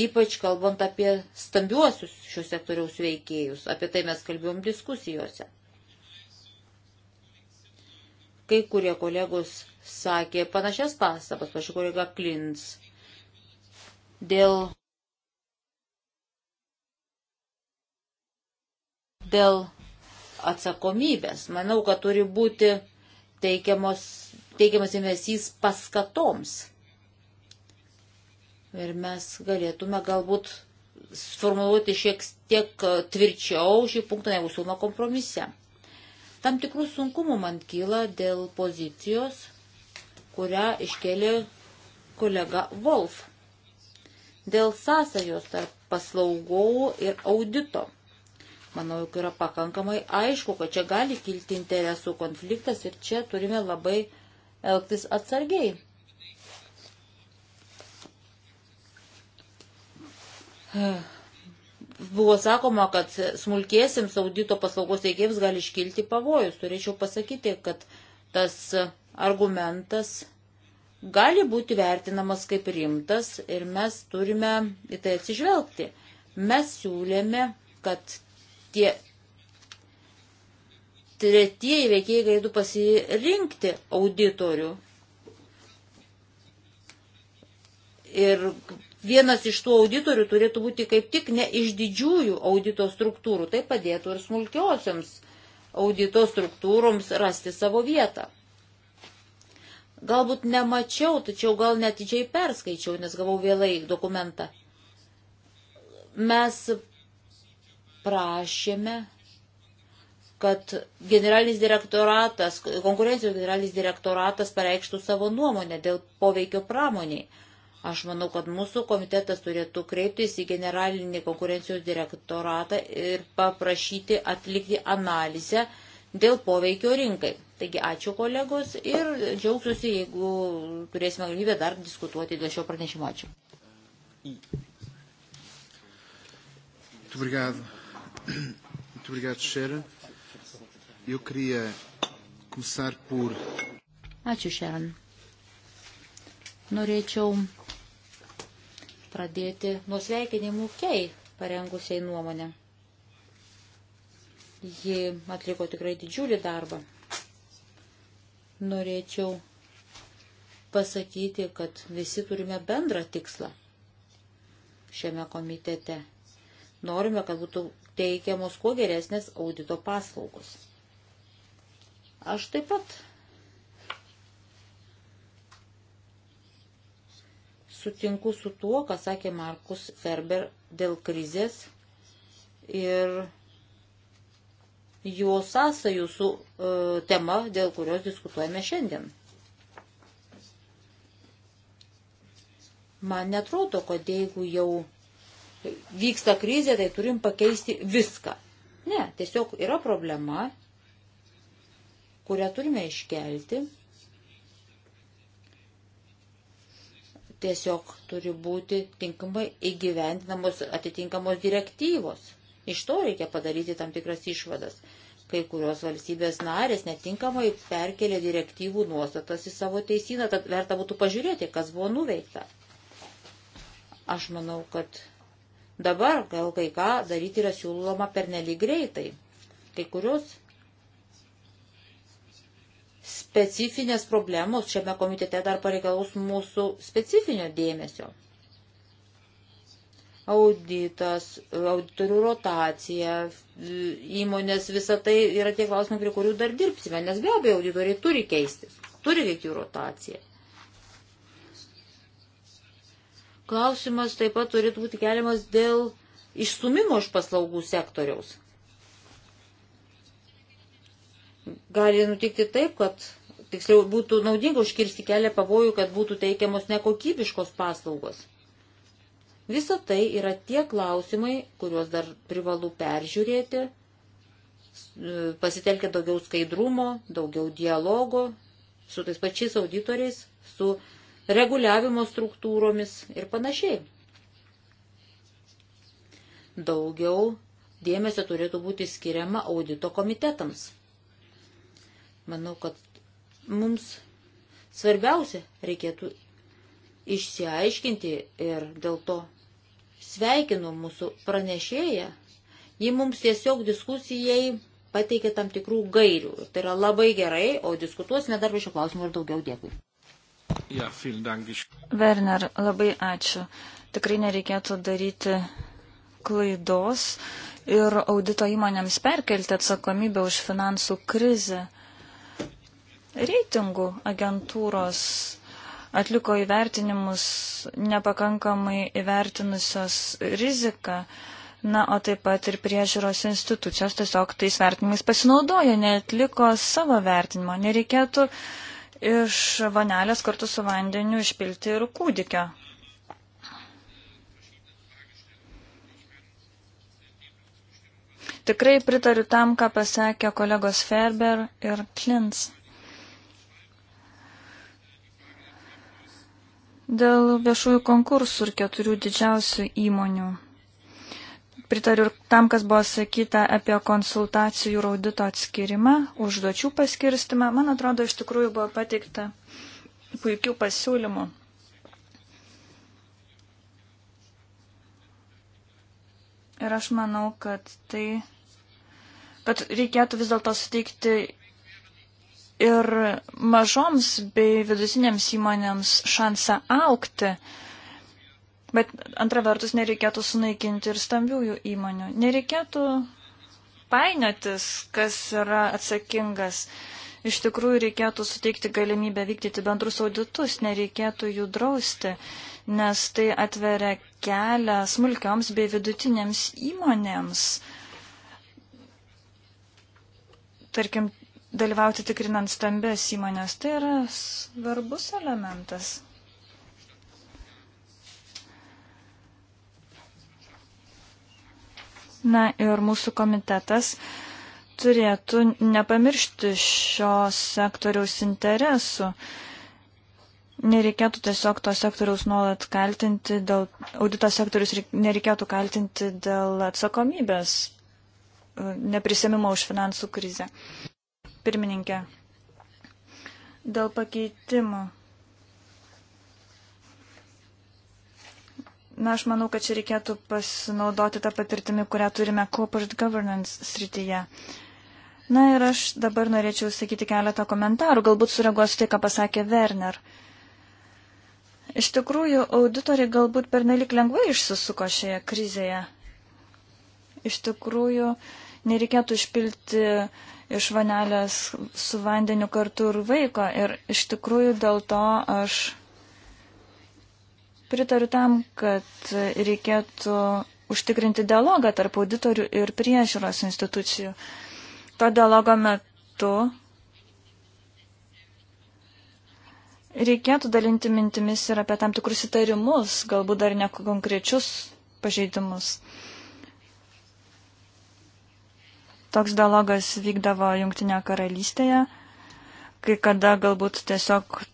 Ypač kalbant apie stambiuosius šio sektoriaus veikėjus, apie tai mes kalbėjom diskusijose. Kai kurie kolegos sakė panašias pastabas, paši kolega Klins, dėl, dėl atsakomybės. Manau, kad turi būti teikiamas dėmesys paskatoms. Ir mes galėtume galbūt sformuluoti šiek tiek tvirčiau šį punktą negu siūloma kompromise. Tam tikrų sunkumų man kyla dėl pozicijos, kurią iškėlė kolega Wolf. Dėl sąsajos tarp paslaugų ir audito. Manau, jog yra pakankamai aišku, kad čia gali kilti interesų konfliktas ir čia turime labai elgtis atsargiai. Buvo sakoma, kad smulkėsiams audito paslaugos teikėjams gali iškilti pavojus. Turėčiau pasakyti, kad tas argumentas gali būti vertinamas kaip rimtas ir mes turime į tai atsižvelgti. Mes siūlėme, kad tie tretieji veikėjai galėtų pasirinkti auditorių. Ir vienas iš tų auditorių turėtų būti kaip tik ne iš didžiųjų audito struktūrų. Tai padėtų ir smulkiosiams audito struktūroms rasti savo vietą. Galbūt nemačiau, tačiau gal netidžiai perskaičiau, nes gavau vėlai dokumentą. Mes prašėme, kad generalinis direktoratas, konkurencijos generalinis direktoratas pareikštų savo nuomonę dėl poveikio pramoniai. Aš manau, kad mūsų komitetas turėtų kreiptis į generalinį konkurencijos direktoratą ir paprašyti atlikti analizę dėl poveikio rinkai. Taigi ačiū kolegos ir džiaugsiuosi, jeigu turėsime galimybę dar diskutuoti dėl šio pranešimo. Ačiū. Obrigado. Muito obrigado, Sharon. Eu queria começar por. Ačiū, Sharon. Norėčiau pradėti nuo sveikinimų kei parengusiai nuomonę. Ji atliko tikrai didžiulį darbą. Norėčiau pasakyti, kad visi turime bendrą tikslą šiame komitete. Norime, kad būtų teikiamos kuo geresnės audito paslaugos. Aš taip pat sutinku su tuo, ką sakė Markus Ferber dėl krizės ir jo sąsajų su e, tema, dėl kurios diskutuojame šiandien. Man netrodo, kad jeigu jau vyksta krizė, tai turim pakeisti viską. Ne, tiesiog yra problema, kurią turime iškelti. Tiesiog turi būti tinkamai įgyvendinamos atitinkamos direktyvos. Iš to reikia padaryti tam tikras išvadas. Kai kurios valstybės narės netinkamai perkelė direktyvų nuostatas į savo teisiną, tad verta būtų pažiūrėti, kas buvo nuveikta. Aš manau, kad Dabar gal kai ką daryti yra siūloma pernelyg greitai. Kai kurios specifinės problemos šiame komitete dar pareikalaus mūsų specifinio dėmesio. Auditas, auditorių rotacija, įmonės, visa tai yra tie klausimai, prie kurių dar dirbsime, nes be abejo auditoriai turi keistis, turi veikti rotaciją. Klausimas taip pat turėtų būti keliamas dėl išsumimo iš paslaugų sektoriaus. Gali nutikti taip, kad tiksliau būtų naudinga užkirsti kelią pavojų, kad būtų teikiamos nekokybiškos paslaugos. Visa tai yra tie klausimai, kuriuos dar privalu peržiūrėti, pasitelkia daugiau skaidrumo, daugiau dialogo su tais pačiais auditoriais, su reguliavimo struktūromis ir panašiai. Daugiau dėmesio turėtų būti skiriama audito komitetams. Manau, kad mums svarbiausia reikėtų išsiaiškinti ir dėl to sveikinu mūsų pranešėją. Ji mums tiesiog diskusijai pateikė tam tikrų gairių. Tai yra labai gerai, o diskutuosime dar šio klausimu ir daugiau. Dėkui. Ja, Werner, labai ačiū. Tikrai nereikėtų daryti klaidos ir audito įmonėms perkelti atsakomybę už finansų krizę. Reitingų agentūros atliko įvertinimus nepakankamai įvertinusios riziką, na, o taip pat ir priežiūros institucijos tiesiog tais vertinimais pasinaudoja, netliko savo vertinimo. Nereikėtų uh, iš vanelės kartu su vandeniu išpilti ir kūdikio. Tikrai pritariu tam, ką pasakė kolegos Ferber ir Klins. Dėl viešųjų konkursų ir keturių didžiausių įmonių Pritariu tam, kas buvo sakyta apie konsultacijų ir audito atskirimą, užduočių paskirstimą. Man atrodo, iš tikrųjų buvo pateikta puikių pasiūlymų. Ir aš manau, kad tai, kad reikėtų vis dėlto suteikti ir mažoms bei vidutinėms įmonėms šansą aukti. Uh, Bet antra vertus nereikėtų sunaikinti ir stambiųjų įmonių. Nereikėtų painiotis, kas yra atsakingas. Iš tikrųjų reikėtų suteikti galimybę vykdyti bendrus auditus, nereikėtų jų drausti, nes tai atveria kelią smulkioms bei vidutinėms įmonėms. Tarkim, dalyvauti tikrinant stambės įmonės, tai yra svarbus elementas. Na ir mūsų komitetas turėtų nepamiršti šio sektoriaus interesų. Nereikėtų tiesiog to sektoriaus nuolat kaltinti dėl, audito sektorius nereikėtų kaltinti dėl atsakomybės e, neprisėmimo už finansų krizę. Pirmininkė, dėl pakeitimų Na, aš manau, kad čia reikėtų pasinaudoti tą patirtimį, kurią turime corporate governance srityje. Na ir aš dabar norėčiau sakyti keletą komentarų, galbūt sureaguosiu tai, ką pasakė Werner. Iš tikrųjų, auditoriai galbūt pernelik lengvai išsisuko šioje krizėje. Iš tikrųjų, nereikėtų išpilti iš vanelės su vandeniu kartu ir vaiko. Ir iš tikrųjų dėl to aš Pritariu tam, kad reikėtų užtikrinti dialogą tarp auditorių ir priežiūros institucijų. To dialogo metu reikėtų dalinti mintimis ir apie tam tikrus įtarimus, galbūt dar ne konkrečius pažeidimus. Toks dialogas vykdavo Junktinėje karalystėje, kai kada galbūt tiesiog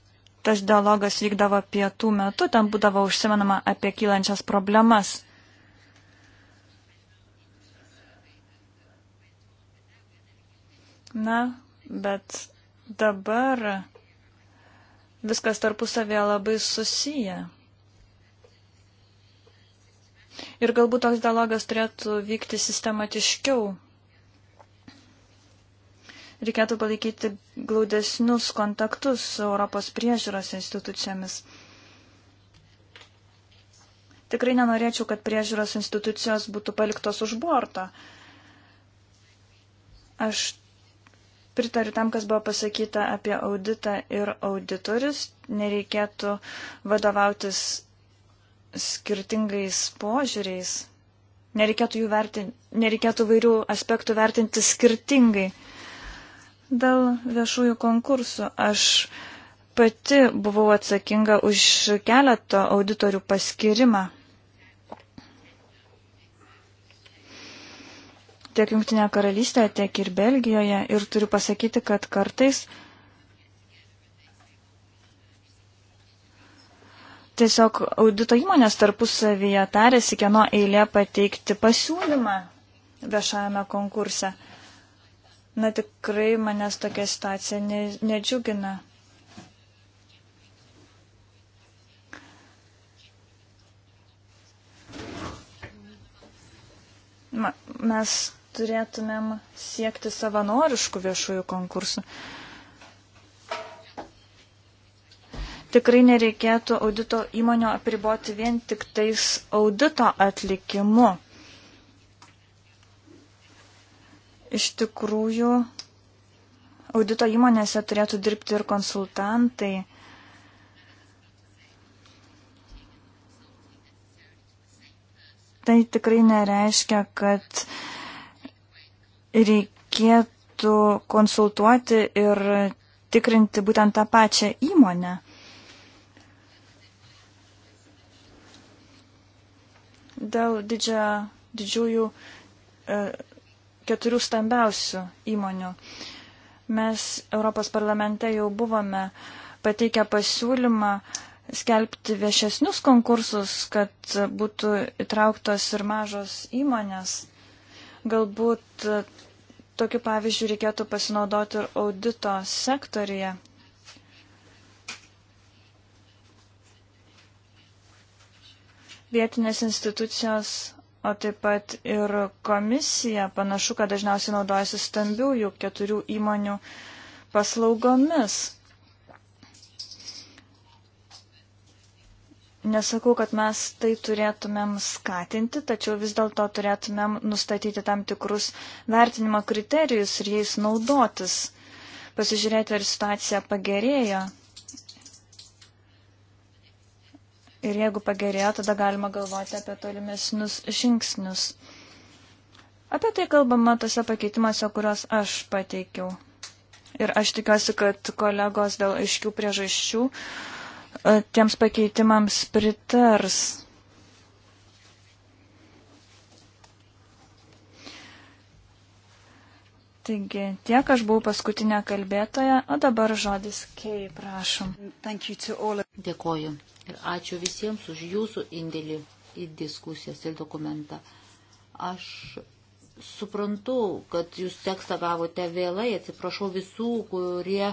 tas dialogas vykdavo pietų metu, ten būdavo užsimenama apie kylančias problemas. Na, bet dabar viskas tarpusavėje labai susiję. Ir galbūt toks dialogas turėtų vykti sistematiškiau reikėtų palaikyti glaudesnius kontaktus su Europos priežiūros institucijomis. Tikrai nenorėčiau, kad priežiūros institucijos būtų paliktos už borto. Aš pritariu tam, kas buvo pasakyta apie auditą ir auditorius. Nereikėtų vadovautis skirtingais požiūriais. Nereikėtų, jų vertin... Nereikėtų vairių aspektų vertinti skirtingai. Dėl viešųjų konkursų aš pati buvau atsakinga už keletą auditorių paskirimą. Tiek Junktinėje karalystėje, tiek ir Belgijoje. Ir turiu pasakyti, kad kartais tiesiog audito įmonės tarpusavyje tarėsi, kieno eilė pateikti pasiūlymą viešajame konkurse. Na tikrai manęs tokia situacija ne, nedžiugina. mes turėtumėm siekti savanoriškų viešųjų konkursų. Tikrai nereikėtų audito įmonio apriboti vien tik tais audito atlikimu. Iš tikrųjų, audito įmonėse turėtų dirbti ir konsultantai. Tai tikrai nereiškia, kad reikėtų konsultuoti ir tikrinti būtent tą pačią įmonę. Dėl didžia, didžiųjų e, keturių stambiausių įmonių. Mes Europos parlamente jau buvome pateikę pasiūlymą skelbti viešesnius konkursus, kad būtų įtrauktos ir mažos įmonės. Galbūt tokiu pavyzdžiu reikėtų pasinaudoti ir audito sektorija. Vietinės institucijos o taip pat ir komisija panašu, kad dažniausiai naudojasi stambiųjų keturių įmonių paslaugomis. Nesakau, kad mes tai turėtumėm skatinti, tačiau vis dėlto turėtumėm nustatyti tam tikrus vertinimo kriterijus ir jais naudotis, pasižiūrėti, ar situacija pagerėjo. Ir jeigu pagerėjo, tada galima galvoti apie tolimesnius žingsnius. Apie tai kalbama tose pakeitimuose, kuriuos aš pateikiau. Ir aš tikiuosi, kad kolegos dėl aiškių priežasčių e, tiems pakeitimams pritars. Taigi tiek, aš buvau paskutinė kalbėtoja, o dabar žodis Kei, prašom. Dėkoju ir ačiū visiems už jūsų indėlį į diskusijas ir dokumentą. Aš suprantu, kad jūs tekstą gavote vėlai, atsiprašau visų, kurie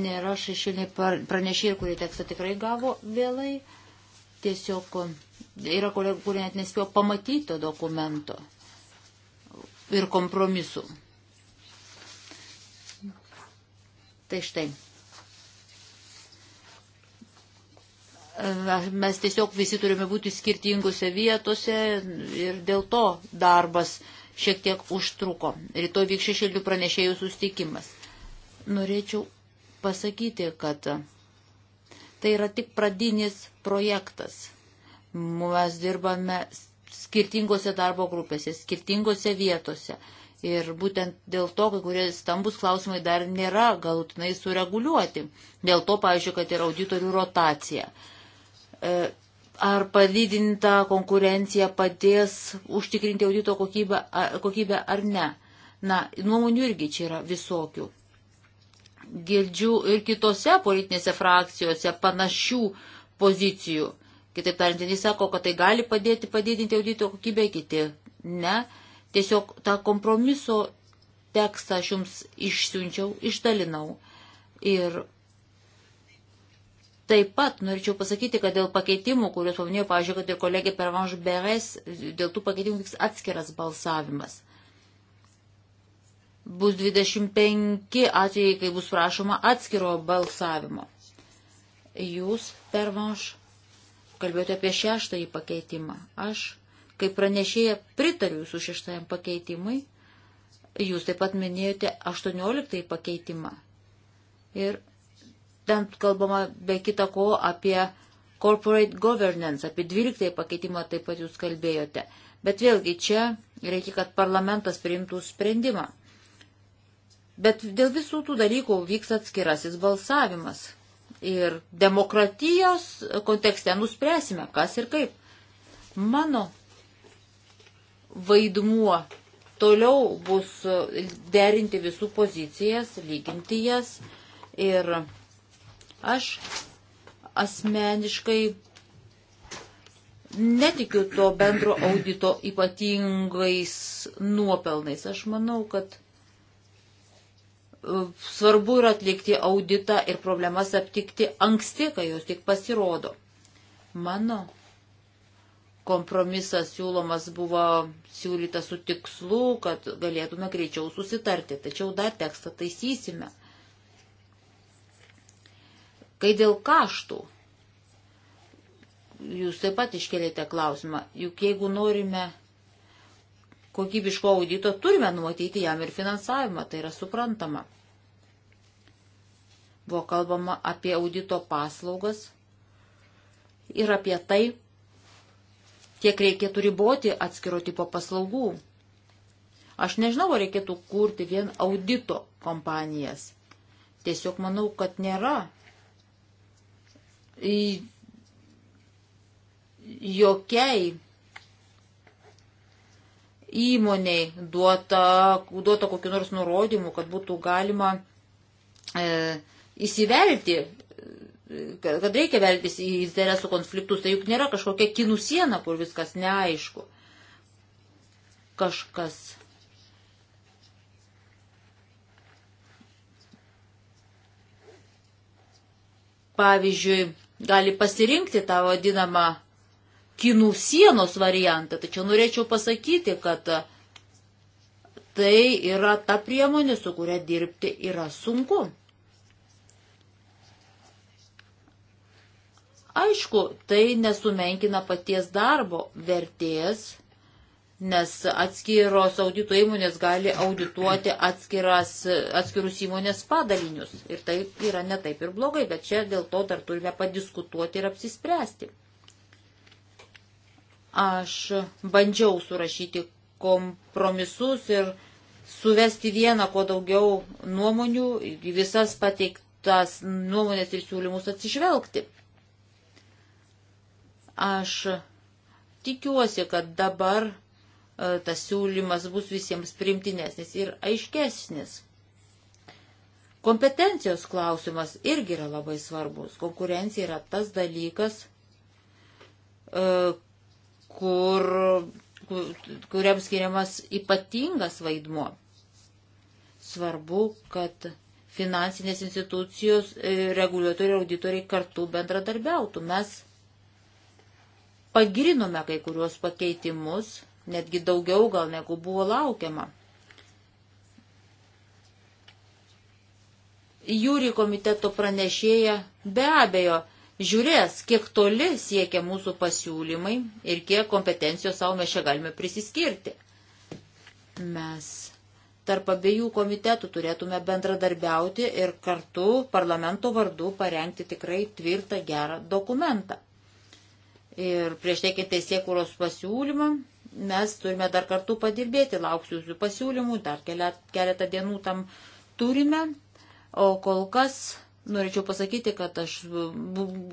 nėra šešiniai pranešėjai, kurie tekstą tikrai gavo vėlai. Tiesiog yra kolegų, kurie net nespėjo pamatyti to dokumento ir kompromisų. Tai štai. Mes tiesiog visi turime būti skirtingose vietose ir dėl to darbas šiek tiek užtruko. Rytoj vyks šešėlių pranešėjų sustikimas. Norėčiau pasakyti, kad tai yra tik pradinis projektas. Mes dirbame skirtingose darbo grupėse, skirtingose vietose. Ir būtent dėl to, kai kurie stambus klausimai dar nėra galutinai sureguliuoti. Dėl to, pavyzdžiui, kad yra auditorių rotacija. E, ar padidinta konkurencija padės užtikrinti audito kokybę, kokybę ar ne? Na, nuomonių irgi čia yra visokių. Girdžiu ir kitose politinėse frakcijose panašių pozicijų. Kitaip tariant, vieni sako, kad tai gali padėti padidinti audito kokybę, kiti ne. Tiesiog tą kompromiso tekstą aš jums išsiunčiau, išdalinau. Ir taip pat norėčiau pasakyti, kad dėl pakeitimų, kuriuos paminėjau, pavyzdžiui, kad ir kolegė Pervanš Beres, dėl tų pakeitimų vyks atskiras balsavimas. Bus 25 atvejai, kai bus prašoma atskiro balsavimo. Jūs, Pervanš, kalbėjote apie šeštąjį pakeitimą. Aš Kaip pranešėja pritariu jūsų šeštajam pakeitimui, jūs taip pat minėjote 18 pakeitimą. Ir ten kalbama be kita ko apie corporate governance, apie 12 pakeitimą taip pat jūs kalbėjote. Bet vėlgi čia reikia, kad parlamentas priimtų sprendimą. Bet dėl visų tų dalykų vyks atskirasis balsavimas. Ir demokratijos kontekste nuspręsime, kas ir kaip. Mano vaidmuo toliau bus e, derinti visų pozicijas, lyginti jas. Ir aš asmeniškai netikiu to bendro audito ypatingais nuopelnais. Aš manau, kad e, svarbu yra atlikti auditą ir problemas aptikti anksti, kai jos tik pasirodo. Mano kompromisas siūlomas buvo siūlytas su tikslu, kad galėtume greičiau susitarti, tačiau dar tekstą taisysime. Kai dėl kaštų, jūs taip pat iškelėte klausimą, juk jeigu norime kokybiško audito, turime numatyti jam ir finansavimą, tai yra suprantama. Buvo kalbama apie audito paslaugas ir apie tai, kiek reikėtų riboti atskiro tipo paslaugų. Aš nežinau, ar reikėtų kurti vien audito kompanijas. Tiesiog manau, kad nėra jokiai įmoniai duota, duota kokiu nors nurodymu, kad būtų galima e, įsivelti kad reikia veltis į interesų konfliktus, tai juk nėra kažkokia kinų siena, kur viskas neaišku. Kažkas. Pavyzdžiui, gali pasirinkti tą vadinamą kinų sienos variantą, tačiau norėčiau pasakyti, kad tai yra ta priemonė, su kuria dirbti yra sunku. Aišku, tai nesumenkina paties darbo vertės, nes atskiros audito įmonės gali audituoti atskiras, atskirus įmonės padalinius. Ir tai yra netaip ir blogai, bet čia dėl to dar turime padiskutuoti ir apsispręsti. Aš bandžiau surašyti kompromisus ir suvesti vieną, kuo daugiau nuomonių, visas pateiktas nuomonės ir siūlymus atsižvelgti. Aš tikiuosi, kad dabar e, tas siūlymas bus visiems primtinesnis ir aiškesnis. Kompetencijos klausimas irgi yra labai svarbus. Konkurencija yra tas dalykas, e, kur, kur, kuriam skiriamas ypatingas vaidmuo. Svarbu, kad finansinės institucijos, e, reguliuotojai ir auditoriai kartu bendradarbiautų. Mes pagirinome kai kuriuos pakeitimus, netgi daugiau gal negu buvo laukiama. Jūri komiteto pranešėja be abejo žiūrės, kiek toli siekia mūsų pasiūlymai ir kiek kompetencijos savo mes čia galime prisiskirti. Mes tarp abiejų komitetų turėtume bendradarbiauti ir kartu parlamento vardu parengti tikrai tvirtą gerą dokumentą. Ir prieš teikiant teisėkūros pasiūlymą mes turime dar kartu padirbėti, lauksiu jūsų pasiūlymų, dar keletą dienų tam turime. O kol kas norėčiau pasakyti, kad aš,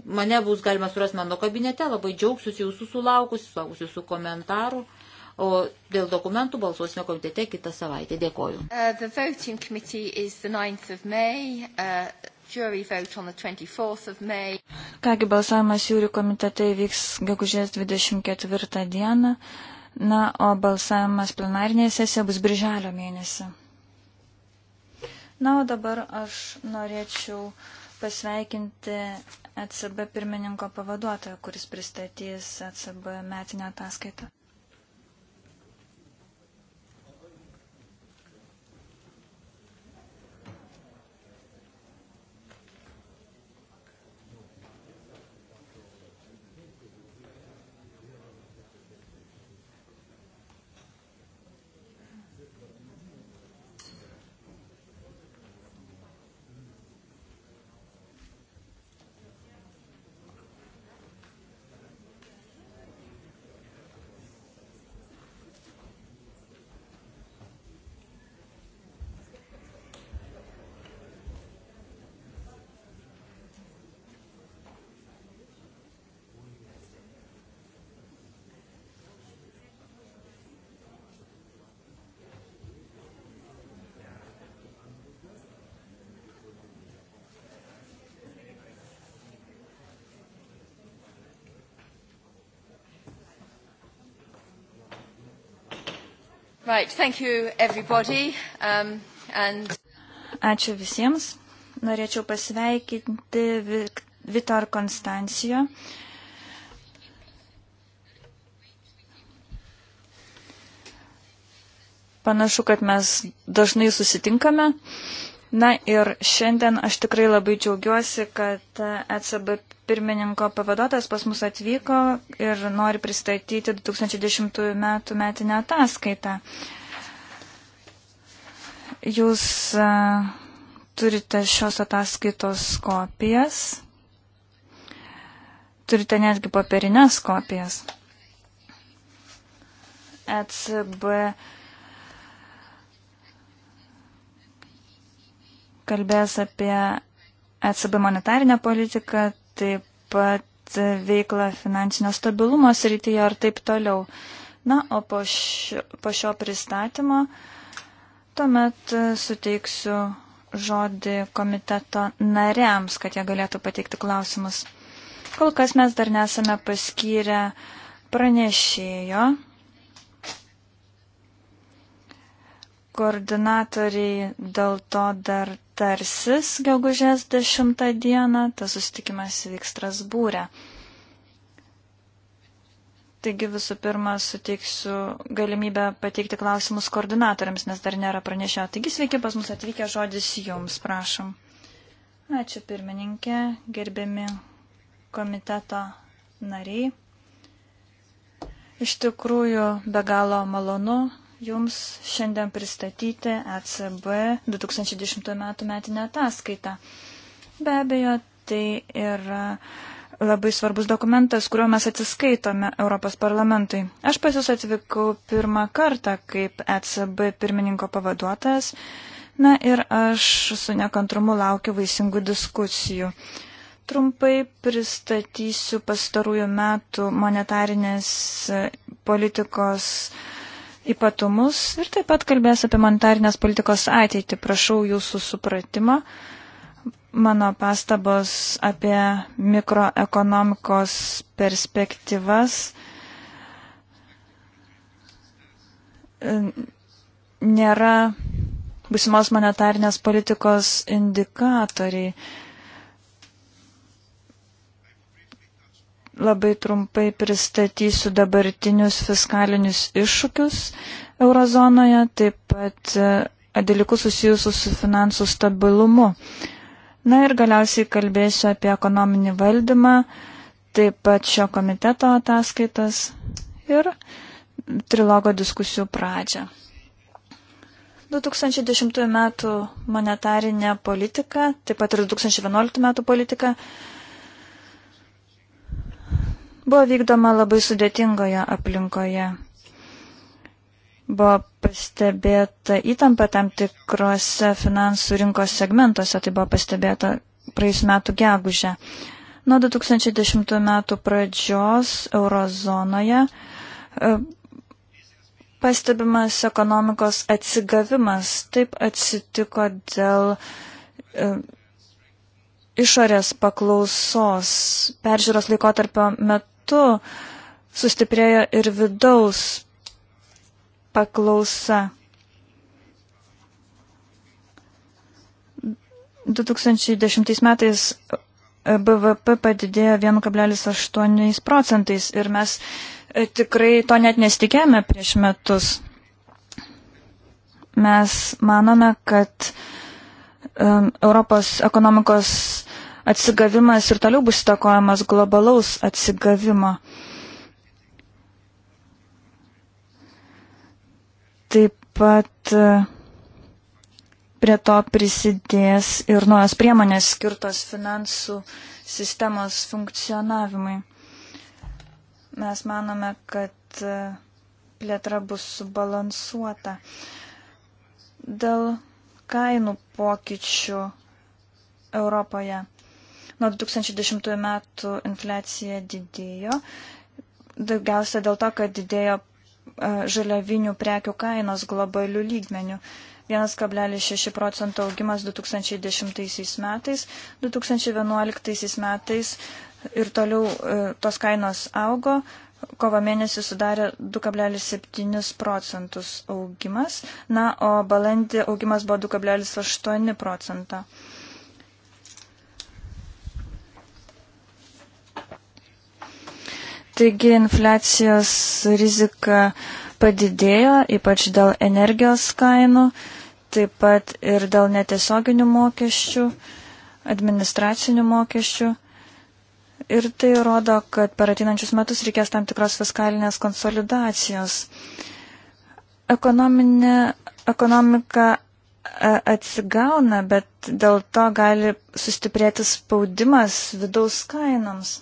mane bus galima surasti mano kabinete, labai džiaugsiuosi jūsų sulaukusi, sulaukusi jūsų komentarų. O dėl dokumentų balsuosime komitete kitą savaitę. Dėkoju. Uh, Kągi balsavimas jūrių komitete įvyks gegužės 24 dieną, na, o balsavimas plenarinėje sesijoje bus birželio mėnesį. Na, o dabar aš norėčiau pasveikinti ECB pirmininko pavaduotoją, kuris pristatys ECB metinę ataskaitą. Right, thank you everybody. Um, and... Ačiū visiems. Norėčiau pasveikinti Vitor Konstancijo. Panašu, kad mes dažnai susitinkame. Uh, Na ir šiandien aš tikrai labai džiaugiuosi, kad ECB pirmininko pavaduotas pas mus atvyko ir nori pristatyti 2010 metų metinę ataskaitą. Jūs e, turite šios ataskaitos kopijas, turite netgi popierinės kopijas. ECB kalbės apie ECB monetarinę politiką, taip pat veiklą finansinio stabilumo srityje ir taip toliau. Na, o po šio, po šio pristatymo tuomet e, suteiksiu žodį komiteto nariams, kad jie galėtų pateikti klausimus. Kol kas mes dar nesame paskyrę pranešėjo Koordinatoriai dėl to dar tarsis gegužės 10 dieną, tas susitikimas vyks Strasbūrė. Taigi visų pirma suteiksiu galimybę pateikti klausimus koordinatoriams, nes dar nėra pranešę. Taigi sveiki pas mus atvykę žodis jums, prašom. Ačiū pirmininkė, gerbiami komiteto nariai. Iš tikrųjų, be galo malonu Jums šiandien pristatyti ECB 2010 m. metinę ataskaitą. Be abejo, tai yra labai svarbus dokumentas, kuriuo mes atsiskaitome Europos parlamentui. Aš pas jūs atvykau pirmą kartą kaip ECB pirmininko pavaduotojas. Na ir aš su nekantrumu laukiu vaisingų diskusijų. Trumpai pristatysiu pastarųjų metų monetarinės politikos uh, ypatumus ir taip pat kalbės apie monetarinės politikos ateitį. Prašau jūsų supratimą. Mano pastabos apie mikroekonomikos perspektyvas nėra būsimos monetarinės politikos indikatoriai. Labai trumpai pristatysiu dabartinius fiskalinius iššūkius eurozonoje, taip pat e, dalykus susijusius su finansų stabilumu. Na ir galiausiai kalbėsiu apie ekonominį valdymą, taip pat šio komiteto ataskaitas ir trilogo diskusijų pradžią. 2010 m. monetarinė politika, taip pat ir 2011 m. politika buvo vykdoma labai sudėtingoje aplinkoje. Buvo pastebėta įtampa tam tikrose finansų rinkos segmentuose, tai buvo pastebėta praeis metų gegužę. Nuo 2010 metų pradžios eurozonoje e, pastebimas ekonomikos atsigavimas. Taip atsitiko dėl e, išorės paklausos peržiūros laikotarpio metu metu sustiprėjo ir vidaus paklausa. 2010 metais BVP padidėjo 1,8 procentais ir mes e, tikrai to net nesitikėjome prieš metus. Mes manome, kad um, Europos ekonomikos atsigavimas ir toliau bus įtakojamas globalaus atsigavimo. Taip pat e, prie to prisidės ir nuos priemonės skirtos finansų sistemos funkcionavimui. Mes manome, kad e, plėtra bus subalansuota. Dėl kainų pokyčių Europoje. Nuo 2010 metų infliacija didėjo. Daugiausia dėl to, kad didėjo e, žaliavinių prekių kainos globalių lygmenių. 1,6 procento augimas 2010 metais, 2011 metais ir toliau e, tos kainos augo, kovo mėnesį sudarė 2,7 procentus augimas, na, o balandį augimas buvo 2,8 procento. Taigi infliacijos rizika padidėjo, ypač dėl energijos kainų, taip pat ir dėl netiesioginių mokesčių, administracinių mokesčių. Ir tai rodo, kad per ateinančius metus reikės tam tikros fiskalinės konsolidacijos. Ekonominė, ekonomika e, atsigauna, bet dėl to gali sustiprėti spaudimas vidaus kainoms.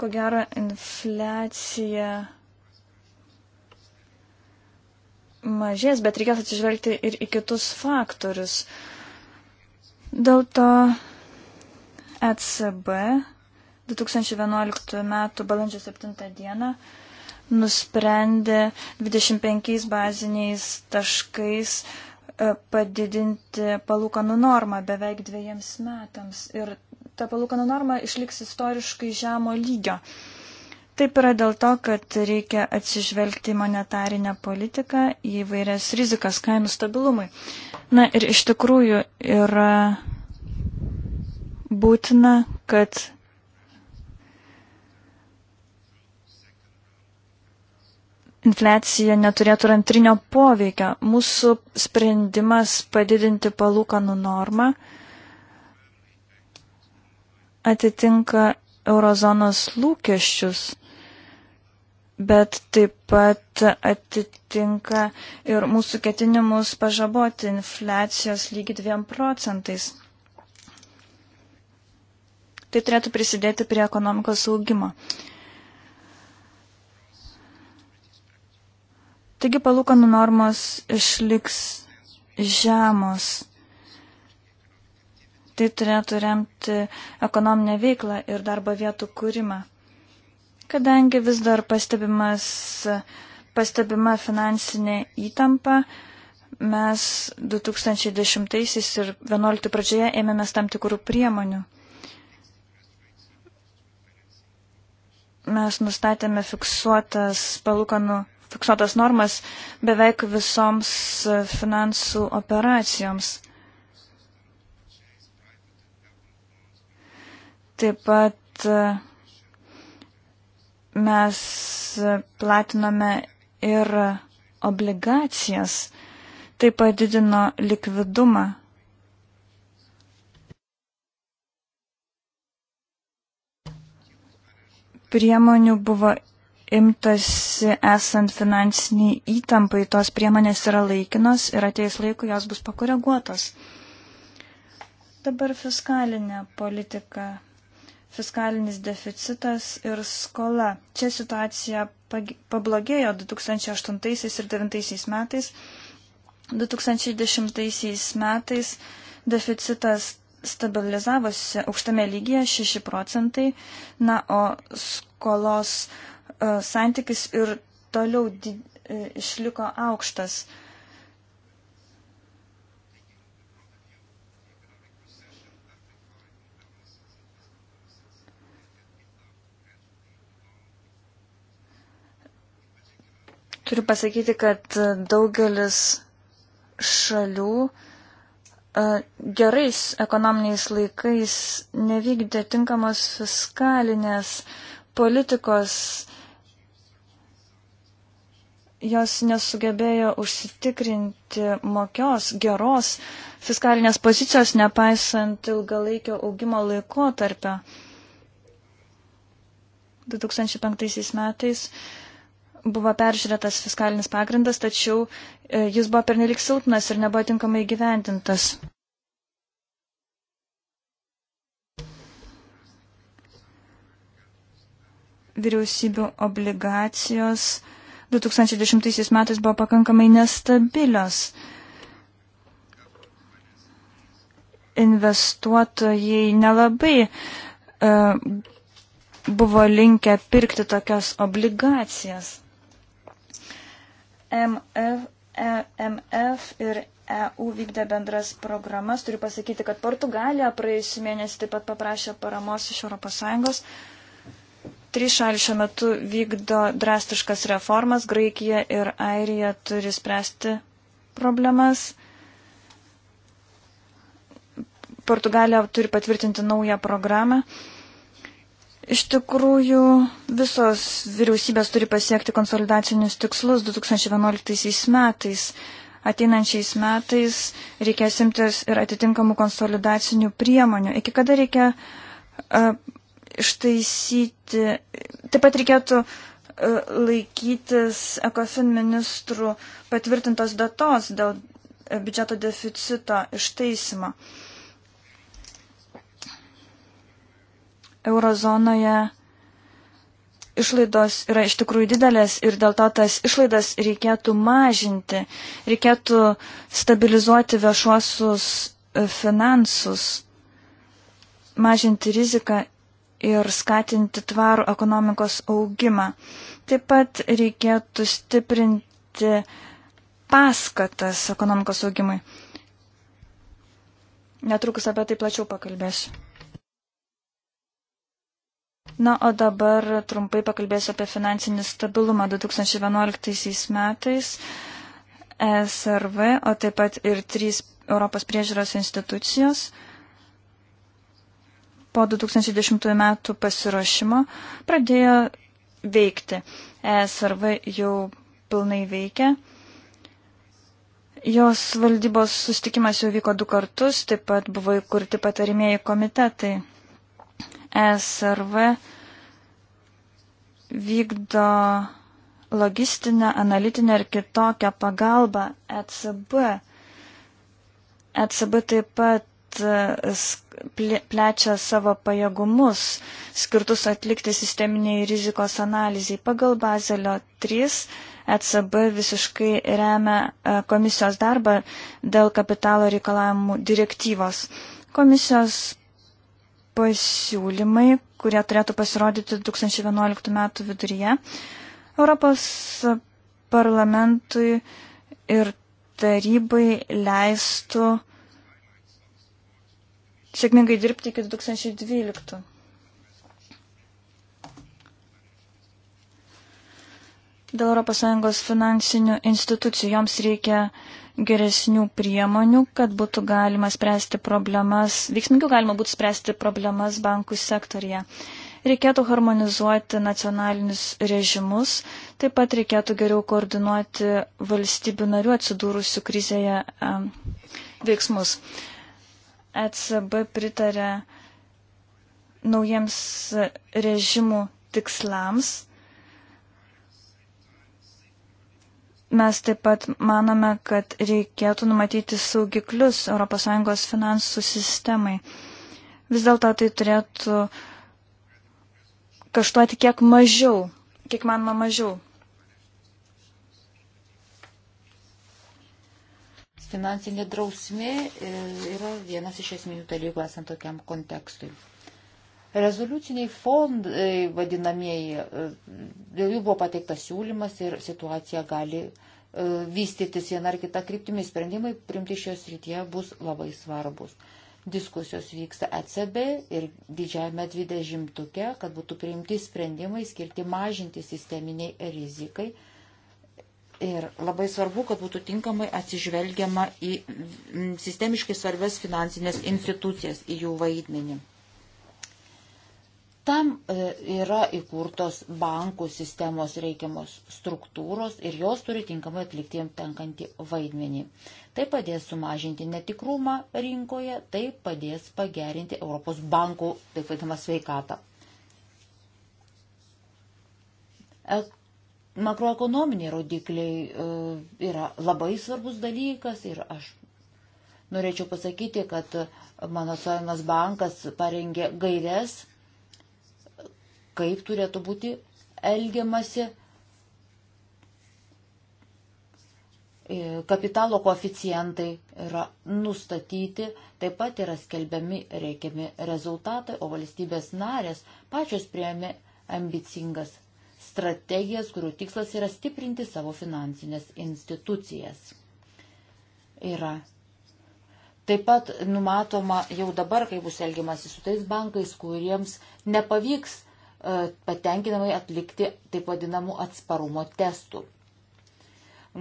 Ko gero, infliacija mažės, bet reikės atsižvelgti ir į kitus faktorius. Dėl to ECB 2011 m. balandžio 7 d. nusprendė 25 baziniais taškais e, padidinti palūkanų normą beveik dviejams metams. Ir ta palūkanų norma išliks istoriškai žemo lygio. Taip yra dėl to, kad reikia atsižvelgti į monetarinę politiką, į vairias rizikas kainų stabilumui. Na ir iš tikrųjų yra būtina, kad infliacija neturėtų antrinio poveikio. Mūsų sprendimas padidinti palūkanų normą atitinka eurozonos lūkesčius, bet taip pat atitinka ir mūsų ketinimus pažaboti infliacijos lygį 2 procentais. Tai turėtų prisidėti prie ekonomikos augimo. Taigi palūkanų normos išliks žemos. Tai turėtų remti ekonominę veiklą ir darbo vietų kūrimą. Kadangi vis dar pastebimas, pastebima finansinė įtampa, mes 2010 ir 2011 pradžioje ėmėmės tam tikrų priemonių. Mes nustatėme fiksuotas palūkanų fiksuotas normas beveik visoms finansų operacijoms. Taip pat e, mes platinome ir obligacijas. Tai padidino likvidumą. Priemonių buvo imtasi esant finansiniai įtampai, tos priemonės yra laikinos ir ateis laiku jos bus pakoreguotos. Dabar fiskalinė politika fiskalinis deficitas ir skola. Čia situacija pablogėjo 2008 ir 2009 metais. 2010 metais deficitas stabilizavosi aukštame lygyje 6 procentai, na, o skolos uh, santykis ir toliau did, uh, e, išliko aukštas. Uh, Turiu pasakyti, kad daugelis šalių e, gerais ekonominiais laikais nevykdė tinkamos fiskalinės politikos, jos nesugebėjo užsitikrinti mokios, geros fiskalinės pozicijos, nepaisant ilgalaikio augimo laikotarpio. 2005 metais buvo peržiūrėtas fiskalinis pagrindas, tačiau e, jis buvo pernelik silpnas ir nebuvo tinkamai gyventintas. Vyriausybių obligacijos 2010 metais buvo pakankamai nestabilios. Investuotojai nelabai uh, buvo linkę pirkti tokias obligacijas. MF, EMF ir EU vykdė bendras programas. Turiu pasakyti, kad Portugalija praėjusį mėnesį taip pat paprašė paramos iš ES. Trys šalis šiuo metu vykdo drastiškas reformas. Graikija ir Airija turi spręsti problemas. Portugalija turi patvirtinti naują programą. Uh, Iš tikrųjų, visos vyriausybės turi pasiekti konsolidacinius tikslus 2011 metais. Ateinančiais metais reikės imtis ir atitinkamų konsolidacinių priemonių. Iki kada reikia uh, ištaisyti. Taip pat reikėtų uh, laikytis ekofin ministrų patvirtintos datos dėl e, biudžeto deficito ištaisimo. Uh, eurozonoje išlaidos yra iš tikrųjų didelės ir dėl to tas išlaidas reikėtų mažinti, reikėtų stabilizuoti viešuosius e, finansus, mažinti riziką ir skatinti tvarų ekonomikos augimą. Taip pat reikėtų stiprinti paskatas ekonomikos augimui. Netrukus apie tai plačiau pakalbėsiu. Na, o dabar trumpai pakalbėsiu apie finansinį stabilumą 2011 metais. ESRV, o taip pat ir trys Europos priežiūros institucijos po 2010 metų pasiruošimo pradėjo veikti. ESRV jau pilnai veikia. Jos valdybos sustikimas jau vyko du kartus, taip pat buvo įkurti patarimėjai komitetai. ESRV vykdo logistinę, analitinę ir kitokią pagalbą ECB. ECB taip pat e, plečia savo pajėgumus skirtus atlikti sisteminiai rizikos analizai. Pagal Bazelio 3 ECB visiškai remia e, komisijos darbą dėl kapitalo reikalavimų direktyvos. Komisijos pasiūlymai, kurie turėtų pasirodyti 2011 metų viduryje. Europos parlamentui ir tarybai leistų sėkmingai dirbti iki 2012. Dėl ES finansinių institucijų joms reikia uh, geresnių priemonių, kad būtų galima spręsti problemas, veiksmingiau galima būtų spręsti problemas bankų sektorija. Reikėtų harmonizuoti nacionalinius režimus, taip pat reikėtų geriau koordinuoti valstybių narių atsidūrusių krizėje e, veiksmus. ECB pritarė naujiems režimų tikslams Mes taip pat manome, kad reikėtų numatyti saugiklius ES finansų sistemai. Vis dėlto tai turėtų kaštuoti kiek mažiau, kiek manoma mažiau. Finansinė drausmė e, yra vienas iš esminių dalykų esant tokiam kontekstui. Rezoliuciniai fondai vadinamieji, e, dėl jų buvo pateiktas siūlymas ir situacija gali e, vystytis viena ar kita kryptimi. Sprendimai primti šios rytyje bus labai svarbus. Diskusijos vyksta ECB ir didžiajame 20-tuke, kad būtų priimti sprendimai skirti mažinti sisteminiai rizikai. Ir labai svarbu, kad būtų tinkamai atsižvelgiama į sistemiškai svarbias finansinės institucijas, į jų vaidmenį. Tam e, yra įkurtos bankų sistemos reikiamos struktūros ir jos turi tinkamai atlikti jiems tenkantį vaidmenį. Tai padės sumažinti netikrumą rinkoje, tai padės pagerinti Europos bankų, taip vadinamą, sveikatą. E, makroekonominiai rodikliai e, yra labai svarbus dalykas ir aš norėčiau pasakyti, kad mano sojimas bankas parengė gairias kaip turėtų būti elgiamasi e, kapitalo koeficientai yra nustatyti, taip pat yra skelbiami reikiami rezultatai, o valstybės narės pačios prieėmė ambicingas strategijas, kurių tikslas yra stiprinti savo finansinės institucijas. Yra Taip pat numatoma jau dabar, kai bus elgiamasi su tais bankais, kuriems nepavyks E, patenkinamai atlikti taip vadinamų atsparumo testų.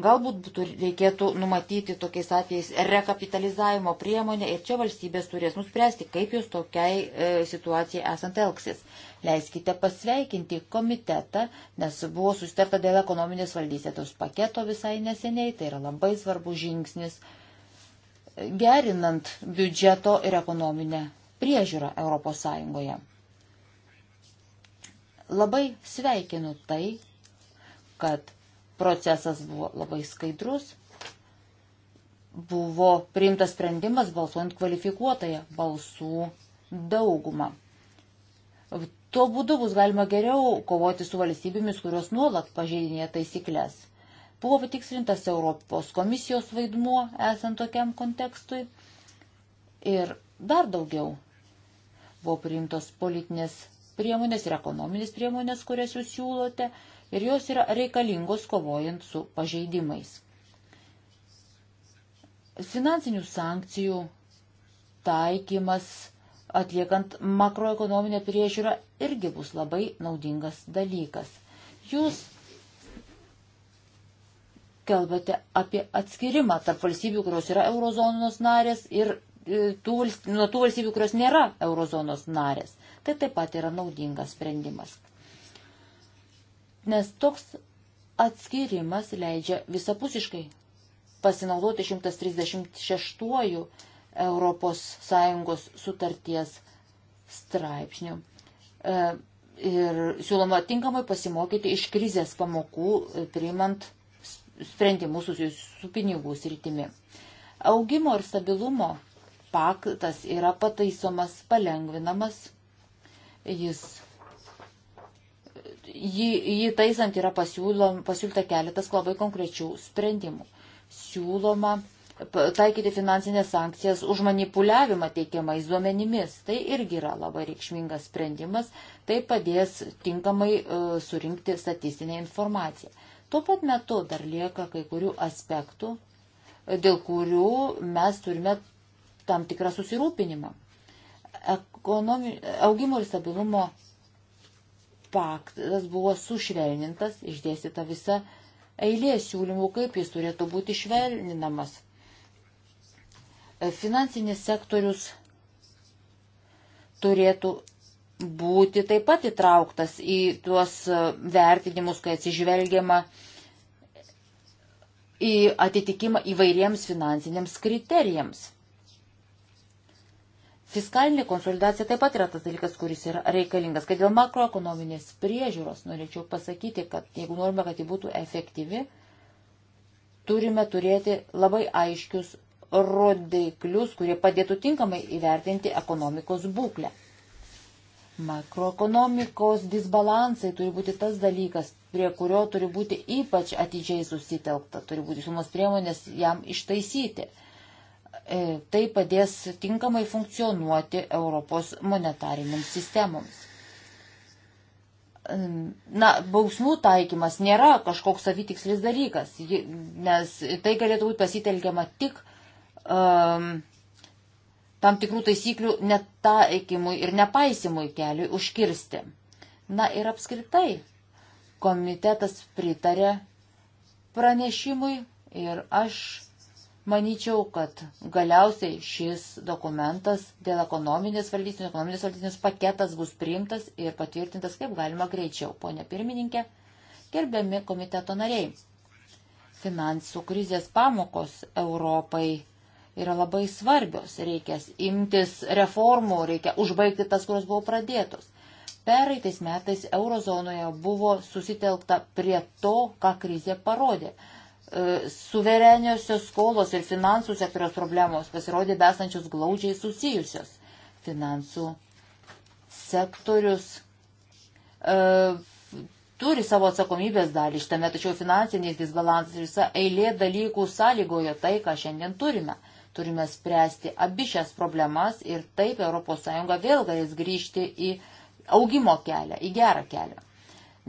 Galbūt būtų, reikėtų numatyti tokiais atvejais rekapitalizavimo priemonę ir čia valstybės turės nuspręsti, kaip jūs tokiai e, situacijai esant elgsis. Leiskite pasveikinti komitetą, nes buvo sustarta dėl ekonominės valdysėtos paketo visai neseniai, tai yra labai svarbus žingsnis gerinant biudžeto ir ekonominę priežiūrą Europos Sąjungoje. Labai sveikinu tai, kad procesas buvo labai skaidrus, buvo priimtas sprendimas balsuojant kvalifikuotąją balsų daugumą. Tuo būdu bus galima geriau kovoti su valstybėmis, kurios nuolat pažeidinėja taisyklės. Buvo patikslintas Europos komisijos vaidmuo esant tokiam kontekstui. Ir dar daugiau buvo priimtos politinės priemonės ir ekonominės priemonės, kurias jūs siūlote, ir jos yra reikalingos kovojant su pažeidimais. Finansinių sankcijų taikymas atliekant makroekonominę priežiūrą irgi bus labai naudingas dalykas. Jūs kalbate apie atskirimą tarp valstybių, kurios yra eurozonos narės ir e, tų, nuo tų valstybių, kurios nėra eurozonos narės. Tai taip pat yra naudingas sprendimas. Nes toks atskirimas leidžia visapusiškai pasinaudoti 136 Europos Sąjungos sutarties straipsnių. E, ir siūloma tinkamai pasimokyti iš krizės pamokų, e, priimant sprendimus susijusius su pinigų sritimi. Augimo ir stabilumo paktas yra pataisomas, palengvinamas Jis jį, jį taisant yra pasiūlom, pasiūlyta keletas labai konkrečių sprendimų. Siūloma taikyti finansinės sankcijas už manipuliavimą teikiamais duomenimis. Tai irgi yra labai reikšmingas sprendimas, tai padės tinkamai e, surinkti statistinę informaciją. Tuo pat metu dar lieka kai kurių aspektų, dėl kurių mes turime tam tikrą susirūpinimą. E Ekonomi, augimo ir stabilumo paktas buvo sušvelnintas, išdėstyta visa eilė siūlymų, kaip jis turėtų būti švelninamas. Finansinis sektorius turėtų būti taip pat įtrauktas į tuos vertinimus, kai atsižvelgiama į atitikimą įvairiems finansiniams kriterijams. Fiskalinė konsolidacija taip pat yra tas dalykas, kuris yra reikalingas. Kad dėl makroekonominės priežiūros norėčiau pasakyti, kad jeigu norime, kad ji būtų efektyvi, turime turėti labai aiškius rodiklius, kurie padėtų tinkamai įvertinti ekonomikos būklę. Makroekonomikos disbalansai turi būti tas dalykas, prie kurio turi būti ypač atidžiai susitelkta, turi būti sumos priemonės jam ištaisyti. E, tai padės tinkamai funkcionuoti Europos monetariniams sistemoms. Na, bausmų taikymas nėra kažkoks savitikslis dalykas, nes tai galėtų būti pasitelkiama tik um, tam tikrų taisyklių netaikymui ir nepaisimui keliui užkirsti. Na ir apskritai, komitetas pritarė pranešimui ir aš Maničiau, kad galiausiai šis dokumentas dėl ekonominės valdysinės, ekonominės valdysinės paketas bus priimtas ir patvirtintas kaip galima greičiau. Pone pirmininkė, gerbiami komiteto nariai, finansų krizės pamokos Europai yra labai svarbios. Reikia imtis reformų, reikia užbaigti tas, kurios buvo pradėtos. Pereitais metais eurozonoje buvo susitelkta prie to, ką krizė parodė. E, suvereniosios skolos ir finansų sektoriaus problemos pasirodė besančios glaudžiai susijusios. Finansų sektorius e, turi savo atsakomybės dalį šitame, tačiau finansinis disbalansas ir visa eilė dalykų sąlygojo tai, ką šiandien turime. Turime spręsti abi šias problemas ir taip ES vėl galės grįžti į augimo kelią, į gerą kelią.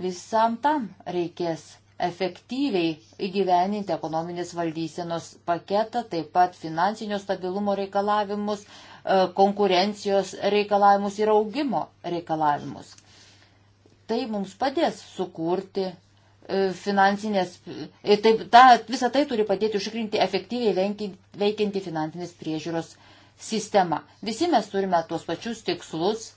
Visam tam reikės efektyviai įgyveninti ekonominės valdysenos paketą, taip pat finansinio stabilumo reikalavimus, e, konkurencijos reikalavimus ir augimo reikalavimus. Tai mums padės sukurti e, finansinės, e, taip, ta, visą tai turi padėti užtikrinti efektyviai veikianti finansinės priežiūros sistema. Visi mes turime tuos pačius tikslus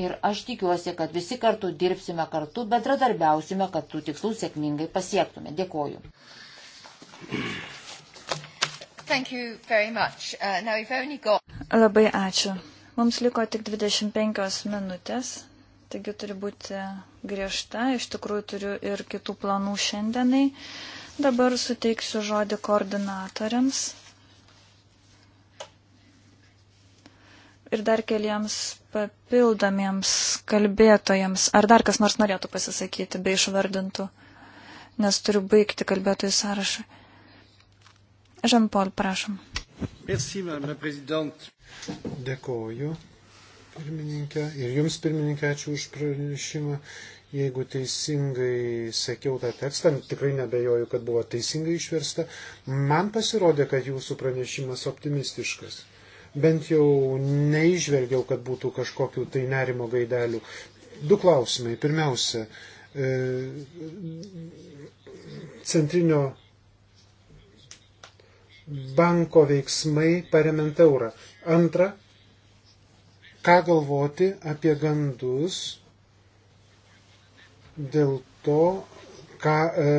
Ir aš tikiuosi, kad visi kartu dirbsime kartu, bendradarbiausime, kad tų tikslų sėkmingai pasiektume. Dėkoju. Uh, got... Labai ačiū. Mums liko tik 25 minutės, taigi turi būti griežta, iš tikrųjų turiu ir kitų planų šiandienai. Dabar suteiksiu žodį koordinatoriams. ir dar keliems papildomiems kalbėtojams. Ar dar kas nors norėtų pasisakyti bei išvardintų, nes turiu baigti kalbėtojų sąrašą. Žanpol, prašom. Merci, madame prezident. Dėkoju, pirmininkė. Ir jums, pirmininkė, ačiū už pranešimą. Jeigu teisingai sekiau tą tekstą, tikrai nebejoju, kad buvo teisingai išversta, man pasirodė, kad jūsų pranešimas optimistiškas bent jau neižvelgiau, kad būtų kažkokių tai nerimo gaidelių. Du klausimai. Pirmiausia, e, centrinio banko veiksmai paremant eurą. Antra, ką galvoti apie gandus dėl to, ką, e,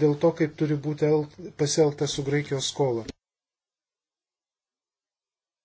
dėl to kaip turi būti pasielgta su Graikijos skola.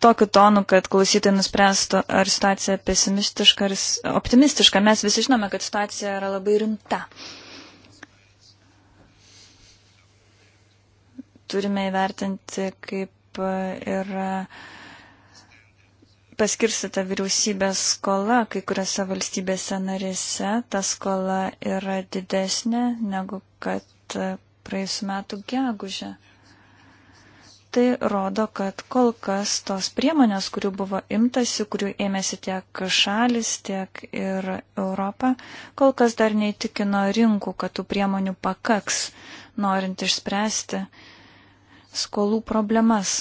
tokiu tonu, kad klausytojai nuspręstų, ar situacija pesimistiška ar optimistiška. Mes visi žinome, kad situacija yra labai rimta. Turime įvertinti, kaip yra e, e, paskirstyta vyriausybės skola, kai kuriuose valstybėse narėse ta skola yra didesnė negu kad e, praėjusiu metu gegužė. Tai rodo, kad kol kas tos priemonės, kurių buvo imtasi, kurių ėmėsi tiek šalis, tiek ir Europa, kol kas dar neįtikino rinkų, kad tų priemonių pakaks, norint išspręsti skolų problemas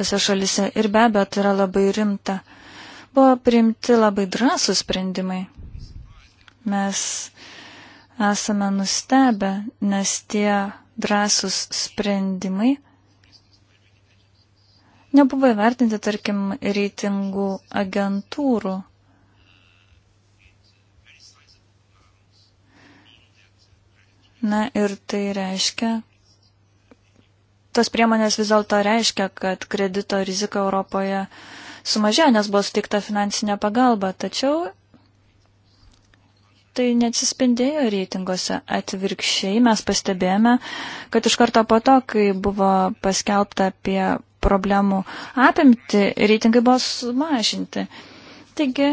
tose šalise. Ir be abejo, tai yra labai rimta. Buvo priimti labai drąsų sprendimai. Mes esame nustebę, nes tie drąsūs sprendimai nebuvo įvertinti, tarkim, reitingų agentūrų. Na ir tai reiškia, tos priemonės vis dėlto reiškia, kad kredito rizika Europoje sumažėjo, nes buvo suteikta finansinė pagalba, tačiau tai neatsispindėjo reitinguose. Atvirkščiai mes pastebėjome, kad iš karto po to, kai buvo paskelbta apie problemų apimti, reitingai buvo sumažinti. Taigi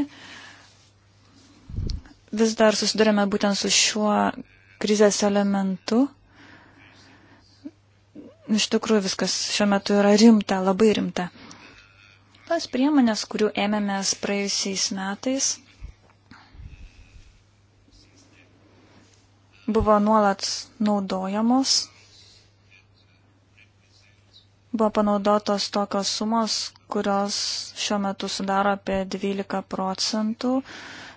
vis dar susidurėme būtent su šiuo krizės elementu. Iš tikrųjų viskas šiuo metu yra rimta, labai rimta. Tos priemonės, kurių ėmėmės praėjusiais metais, buvo nuolat naudojamos buvo panaudotos tokios sumos, kurios šiuo metu sudaro apie 12 procentų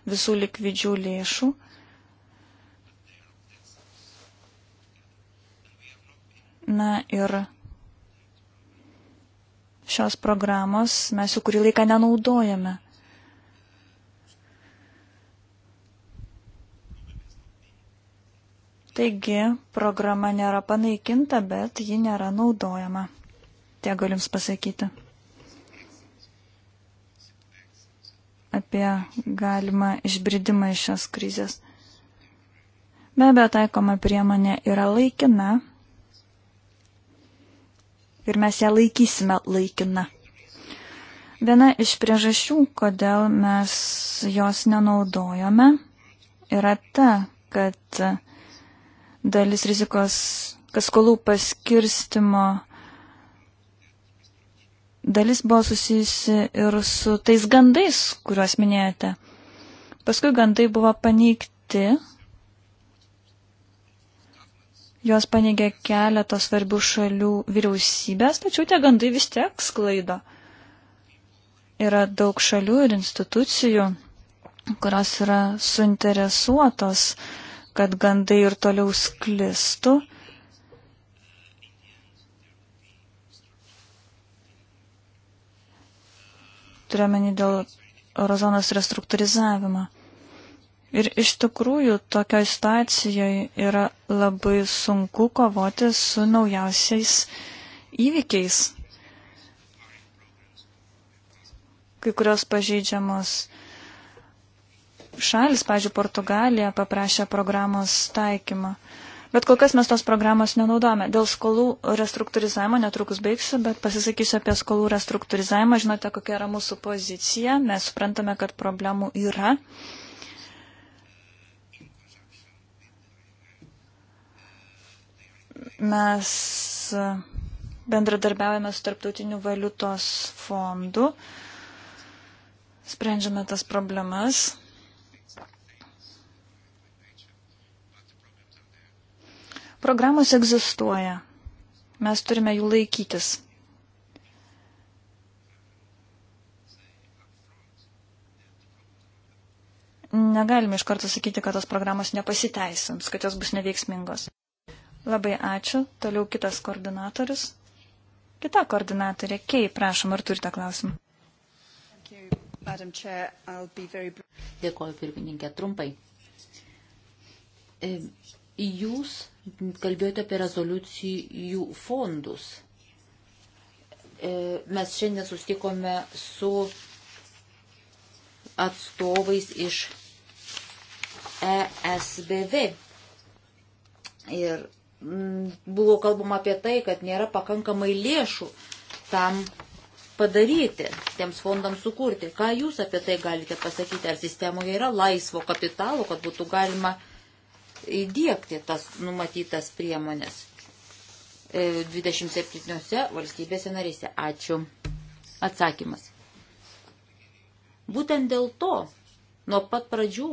visų likvidžių lėšų. Na ir šios programos mes jau kurį laiką nenaudojame. Taigi, programa nėra panaikinta, bet ji nėra naudojama. Tie galiu Jums pasakyti. Apie galimą išbridimą iš šios krizės. Be abejo, taikoma priemonė yra laikina. Ir mes ją laikysime laikina. Viena iš priežasčių, kodėl mes jos nenaudojome, yra ta, kad dalis rizikos, kad skolų paskirstimo dalis buvo susijusi ir su tais gandais, kuriuos minėjote. Paskui gandai buvo paneigti. Jos paneigė keletą svarbių šalių vyriausybės, tačiau tie gandai vis tiek sklaido. Yra daug šalių ir institucijų, kurios yra suinteresuotos, kad gandai ir toliau sklistų turiuomenį dėl eurozonos restruktūrizavimo. Ir iš tikrųjų tokioj situacijoje yra labai sunku kovoti su naujausiais įvykiais. Kai kurios pažeidžiamos šalis, pažiūrėjau, Portugalija paprašė programos taikymą. Bet kol kas mes tos programos nenaudojame. Dėl skolų restruktūrizavimo netrukus baigsiu, bet pasisakysiu apie skolų restruktūrizavimą. Žinote, kokia yra mūsų pozicija. Mes suprantame, kad problemų yra. Mes bendradarbiaujame su tarptautiniu valiutos fondu, sprendžiame tas problemas. Programos egzistuoja. Mes turime jų laikytis. Negalime iš karto sakyti, kad tos programos nepasiteisins, kad jos bus neveiksmingos. Labai ačiū. Toliau kitas koordinatorius. Kita koordinatorė, Kei, prašom, ar turite klausimą? Dėkuoju, pirmininkė, trumpai. E, jūs kalbėjote apie rezoliucijų fondus. E, mes šiandien sustikome su atstovais iš ESBV. Ir mm, buvo kalbama apie tai, kad nėra pakankamai lėšų tam padaryti, tiems fondams sukurti. Ką jūs apie tai galite pasakyti? Ar sistemoje yra laisvo kapitalo, kad būtų galima uh, įdėkti tas numatytas priemonės 27 e, valstybėse narėse. Ačiū. Atsakymas. Būtent dėl to nuo pat pradžių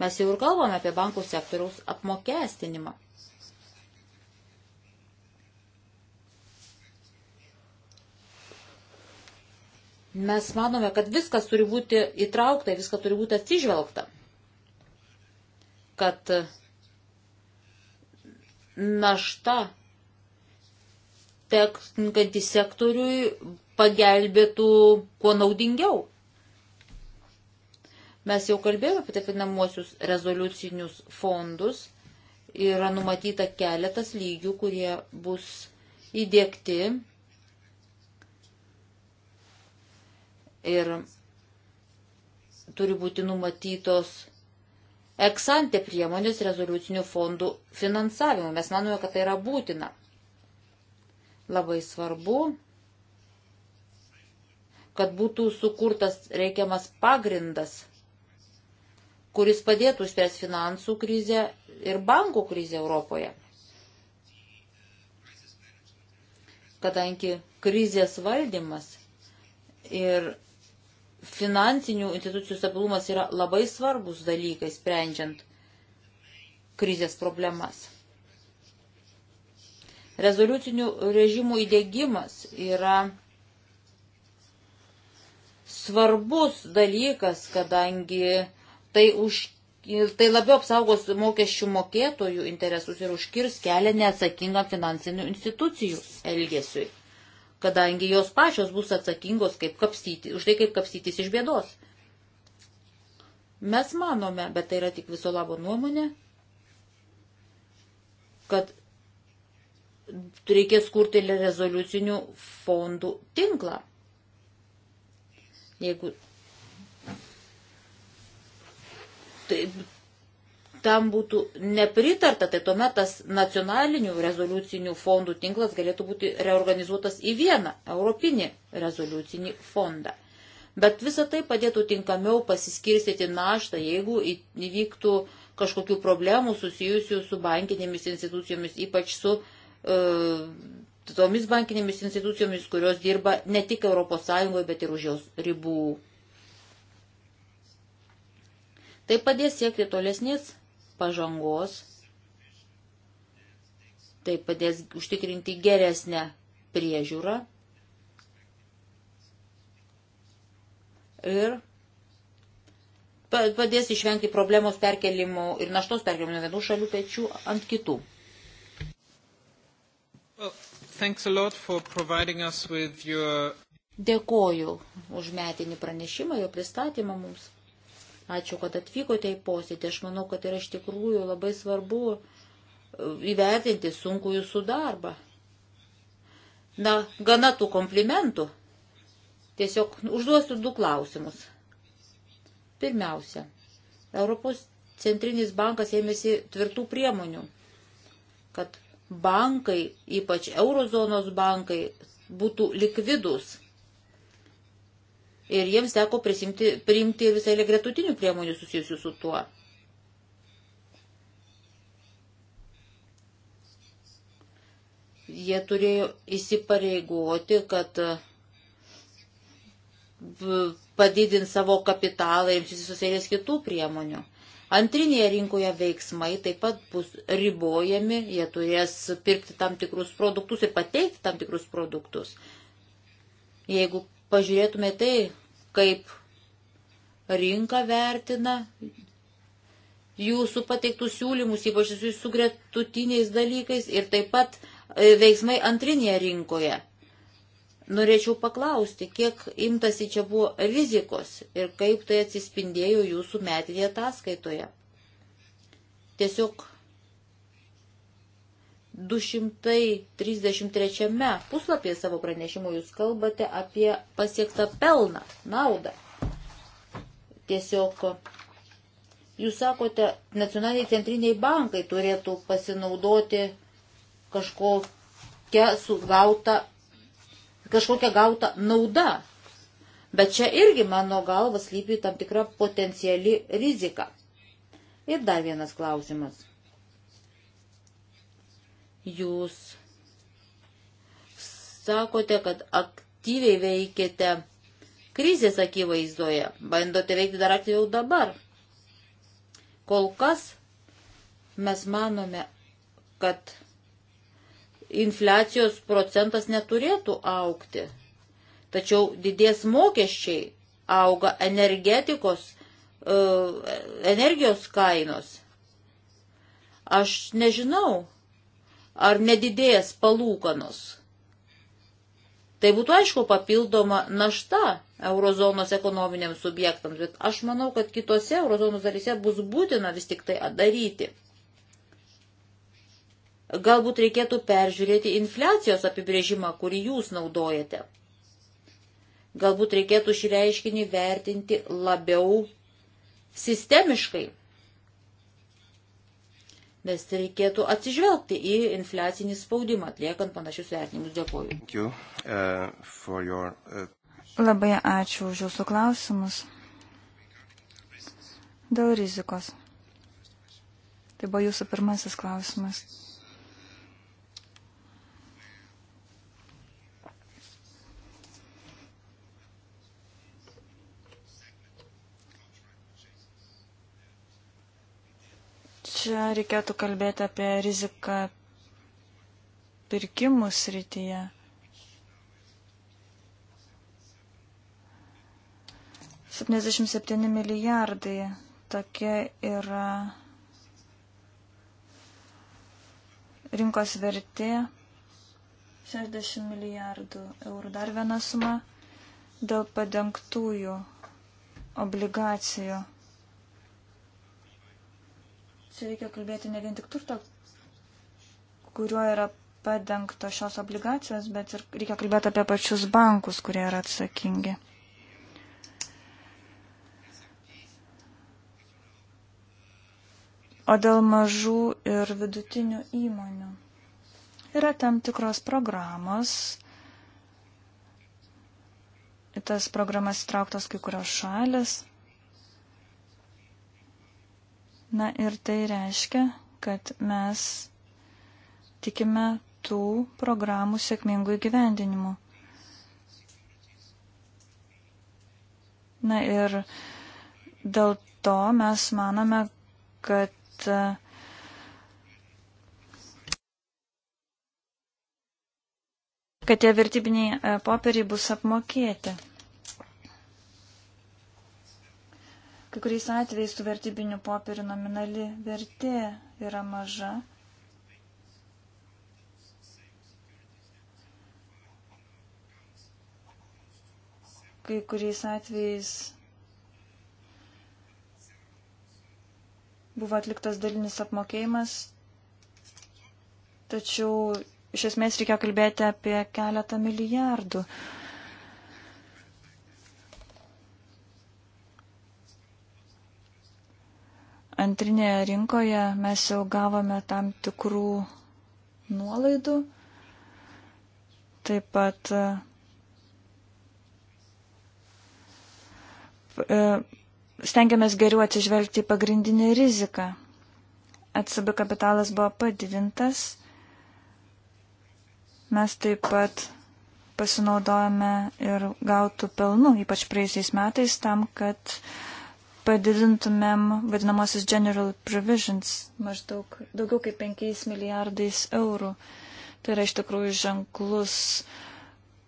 mes jau ir kalbame apie bankų sektoriaus apmokestinimą. Mes manome, kad viskas turi būti įtraukta, viskas turi būti atsižvelgta kad našta tenkantį sektoriui pagelbėtų kuo naudingiau. Mes jau kalbėjome apie taip vadinamuosius rezoliucinius fondus. Yra numatyta keletas lygių, kurie bus įdėkti. Ir turi būti numatytos eksantė priemonės rezoliucinių fondų finansavimo. Mes manome, kad tai yra būtina. Labai svarbu, kad būtų sukurtas reikiamas pagrindas, kuris padėtų spręsti finansų krizę ir bankų krizę Europoje. Kadangi krizės valdymas ir finansinių institucijų stabilumas yra labai svarbus dalykai, sprendžiant krizės problemas. Rezoliucinių režimų įdėgymas yra svarbus dalykas, kadangi tai, už, tai labiau apsaugos mokesčių mokėtojų interesus ir užkirs kelią neatsakingam finansinių institucijų elgesiui kadangi jos pačios bus atsakingos kaip kapstyti, už tai, kaip kapstytis iš bėdos. Mes manome, bet tai yra tik viso labo nuomonė, kad reikės kurti rezoliucinių fondų tinklą. Jeigu Taip, tam būtų nepritarta, tai tuomet tas nacionalinių rezoliucinių fondų tinklas galėtų būti reorganizuotas į vieną europinį rezoliucinį fondą. Bet visa tai padėtų tinkamiau pasiskirstyti naštą, jeigu įvyktų kažkokių problemų susijusių su bankinėmis institucijomis, ypač su e, tomis bankinėmis institucijomis, kurios dirba ne tik ES, bet ir už jos ribų. Tai padės siekti tolesnės pažangos. Tai padės užtikrinti geresnę priežiūrą. Ir padės išvengti problemos perkelimo ir naštos perkelimo vienų šalių pečių ant kitų. Well, your... Dėkoju už metinį pranešimą, jo pristatymą mums. Ačiū, kad atvykote į posėdį. Aš manau, kad yra iš tikrųjų labai svarbu e, įvertinti sunku jūsų darbą. Na, gana tų komplimentų. Tiesiog užduosiu du klausimus. Pirmiausia, Europos centrinis bankas ėmėsi tvirtų priemonių, kad bankai, ypač eurozonos bankai, būtų likvidus ir jiems teko prisimti, priimti ir visai gretutinių priemonių susijusių su tuo. Jie turėjo įsipareigoti, kad padidint savo kapitalą ir imsis visos eilės kitų priemonių. Antrinėje rinkoje veiksmai taip pat bus ribojami, jie turės pirkti tam tikrus produktus ir pateikti tam tikrus produktus. Jeigu pažiūrėtume tai, kaip rinka vertina jūsų pateiktus siūlymus, ypač su gretutiniais dalykais ir taip pat e, veiksmai antrinėje rinkoje. Norėčiau paklausti, kiek imtasi čia buvo rizikos ir kaip tai atsispindėjo jūsų metinėje ataskaitoje. Tiesiog 233 puslapyje savo pranešimo jūs kalbate apie pasiektą pelną, naudą. Tiesiog jūs sakote, nacionaliniai centriniai bankai turėtų pasinaudoti kažkokią sugautą, kažkokią gautą naudą. Bet čia irgi mano galvas lypi tam tikra potenciali rizika. Ir dar vienas klausimas. Jūs sakote, kad aktyviai veikėte krizės akivaizdoje, bandote veikti dar aktyviau dabar. Kol kas mes manome, kad infliacijos procentas neturėtų aukti, tačiau didės mokesčiai auga energetikos, e, energijos kainos. Aš nežinau, ar nedidės palūkanos. Tai būtų aišku papildoma našta eurozonos ekonominiams subjektams, bet aš manau, kad kitose eurozonos dalyse bus būtina vis tik tai daryti. Galbūt reikėtų peržiūrėti infliacijos apibrėžimą, kurį jūs naudojate. Galbūt reikėtų šį reiškinį vertinti labiau sistemiškai nes tai reikėtų atsižvelgti į infliacinį spaudimą, atliekant panašius vertinimus. Dėkuoju. You, uh, your, uh... Labai ačiū už Jūsų klausimus. Dėl rizikos. Tai buvo Jūsų pirmasis klausimas. Čia reikėtų kalbėti apie riziką pirkimų srityje. Septyniasdešimt septyni milijardai tokia yra rinkos vertė 60 milijardų eurų. Dar viena suma dėl padengtųjų obligacijų čia reikia kalbėti ne vien tik turto, kuriuo yra padengto šios obligacijos, bet ir reikia kalbėti apie pačius bankus, kurie yra atsakingi. O dėl mažų ir vidutinių įmonių yra tam tikros programos. Į tas programas įtrauktos kai kurios šalis. Na ir tai reiškia, kad mes tikime tų programų sėkmingų įgyvendinimu. Na ir dėl to mes manome, kad kad tie vertybiniai e, popieriai bus apmokėti. Kai kuriais atvejais tų vertybinių popierių nominali vertė yra maža. Kai kuriais atvejais buvo atliktas dalinis apmokėjimas, tačiau iš esmės reikia kalbėti apie keletą milijardų. Uh, antrinėje rinkoje mes jau gavome tam tikrų nuolaidų. Taip pat e, stengiamės geriau atsižvelgti į pagrindinį riziką. ECB kapitalas buvo padidintas. Mes taip pat pasinaudojame ir gautų pelnų, ypač praeisiais metais, tam, kad uh, padidintumėm vadinamosius general provisions maždaug daugiau kaip 5 milijardais eurų. Tai yra iš tikrųjų ženklus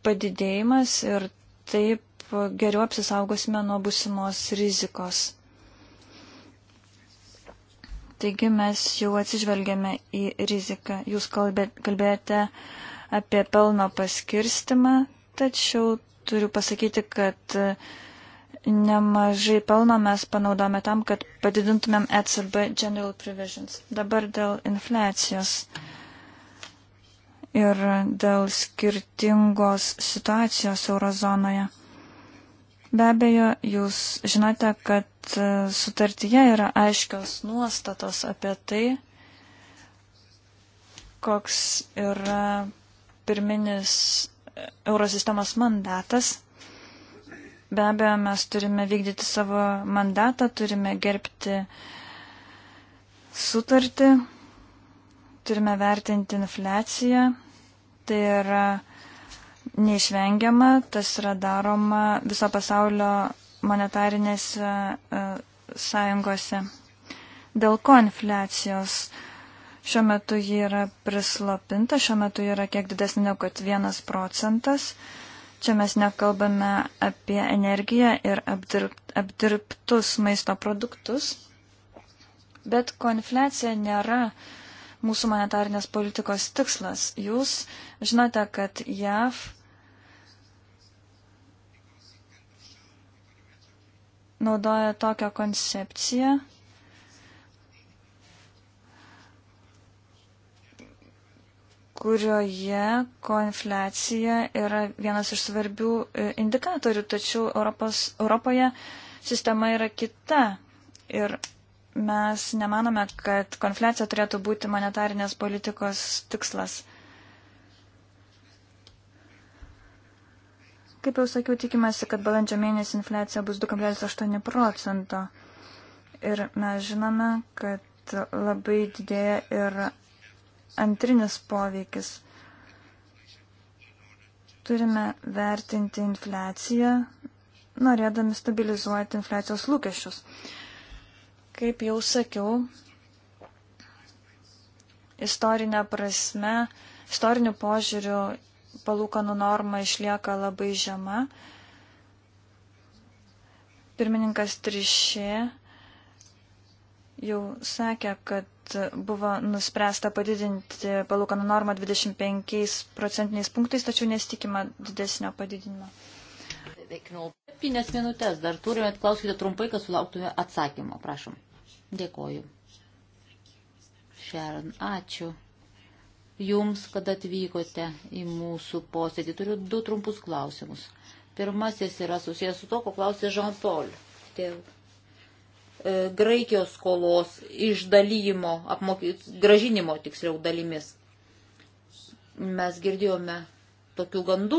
padidėjimas ir taip geriau apsisaugosime nuo busimos rizikos. Taigi mes jau atsižvelgėme į riziką. Jūs kalbėjote apie pelno paskirstimą, tačiau turiu pasakyti, kad nemažai pelno mes panaudome tam, kad padidintumėm ECB general provisions. Dabar dėl infliacijos ir dėl skirtingos situacijos eurozonoje. Be abejo, jūs žinote, kad e, sutartyje yra aiškios nuostatos apie tai, koks yra pirminis e, eurosistemos mandatas Be abejo, mes turime vykdyti savo mandatą, turime gerbti sutartį, turime vertinti infliaciją. Tai yra neišvengiama, tas yra daroma viso pasaulio monetarinėse e, sąjungose. Dėl ko infliacijos? Šiuo metu ji yra prislopinta, šiuo metu yra kiek didesnė negu kad vienas procentas. Uh, Čia mes nekalbame apie energiją ir apdirbtus maisto produktus, bet konfliacija nėra mūsų monetarinės politikos tikslas. Jūs žinote, kad JAV naudoja tokią koncepciją, kurioje konfliacija yra vienas iš svarbių e, indikatorių, tačiau Europos, Europoje sistema yra kita. Ir mes nemanome, kad konfliacija turėtų būti monetarinės politikos tikslas. Kaip jau sakiau, tikimasi, kad balandžio mėnesį infliacija bus 2,8 procento. Ir mes žinome, kad labai didėja ir antrinis poveikis. Turime vertinti infliaciją, norėdami stabilizuoti infliacijos lūkesčius. Kaip jau sakiau, istorinė prasme, istorinių požiūrių palūkanų norma išlieka labai žema. Pirmininkas Trišė jau sakė, kad buvo nuspręsta padidinti palūkanų normą 25 procentiniais punktais, tačiau nesitikima didesnio padidinimo. Pinės minutės dar turime, klauskite trumpai, kad sulauktume atsakymo, prašom. Dėkoju. Šeran, ačiū Jums, kad atvykote į mūsų posėdį. Turiu du trumpus klausimus. Pirmasis yra susijęs su to, ko klausė Jean Paul. Tėvų E, Graikijos skolos išdalymo, apmoky, gražinimo tiksliau dalimis. Mes girdėjome tokių gandų,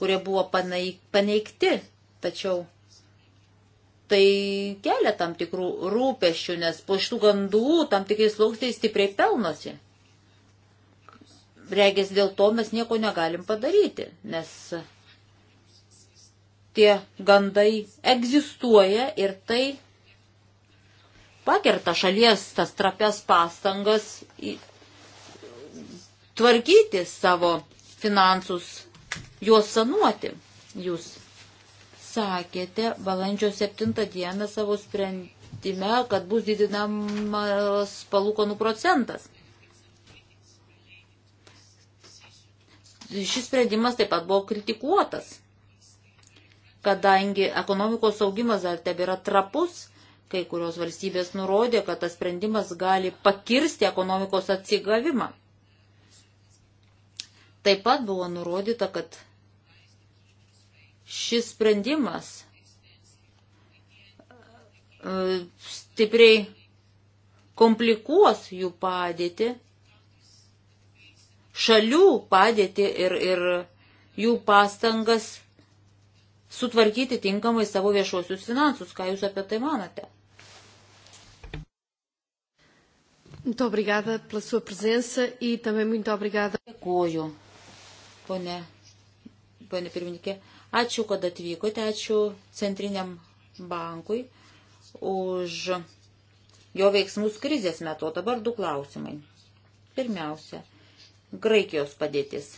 kurie buvo paneigti, tačiau tai kelia tam tikrų rūpeščių, nes po šitų gandų tam tikrais laukstais stipriai pelnosi. Regis dėl to mes nieko negalim padaryti, nes tie gandai egzistuoja ir tai pakerta šalies tas trapes pastangas tvarkyti savo finansus, juos sanuoti. Jūs sakėte balandžio 7 dieną savo sprendime, kad bus didinamas palūkonų procentas. Šis sprendimas taip pat buvo kritikuotas, kadangi ekonomikos augimas dar tebėra trapus Kai kurios valstybės nurodė, kad tas sprendimas gali pakirsti ekonomikos atsigavimą. Taip pat buvo nurodyta, kad šis sprendimas e, stipriai komplikuos jų padėtį, šalių padėtį ir, ir jų pastangas sutvarkyti tinkamai savo viešuosius finansus. Ką Jūs apie tai manote? Muito obrigada pela sua presença e também muito obrigada. Dėkoju, ponė, ponė pirmininkė. Ačiū, kad atvykote, ačiū Centriniam bankui už jo veiksmus krizės metu. O dabar du klausimai. Pirmiausia, Graikijos padėtis.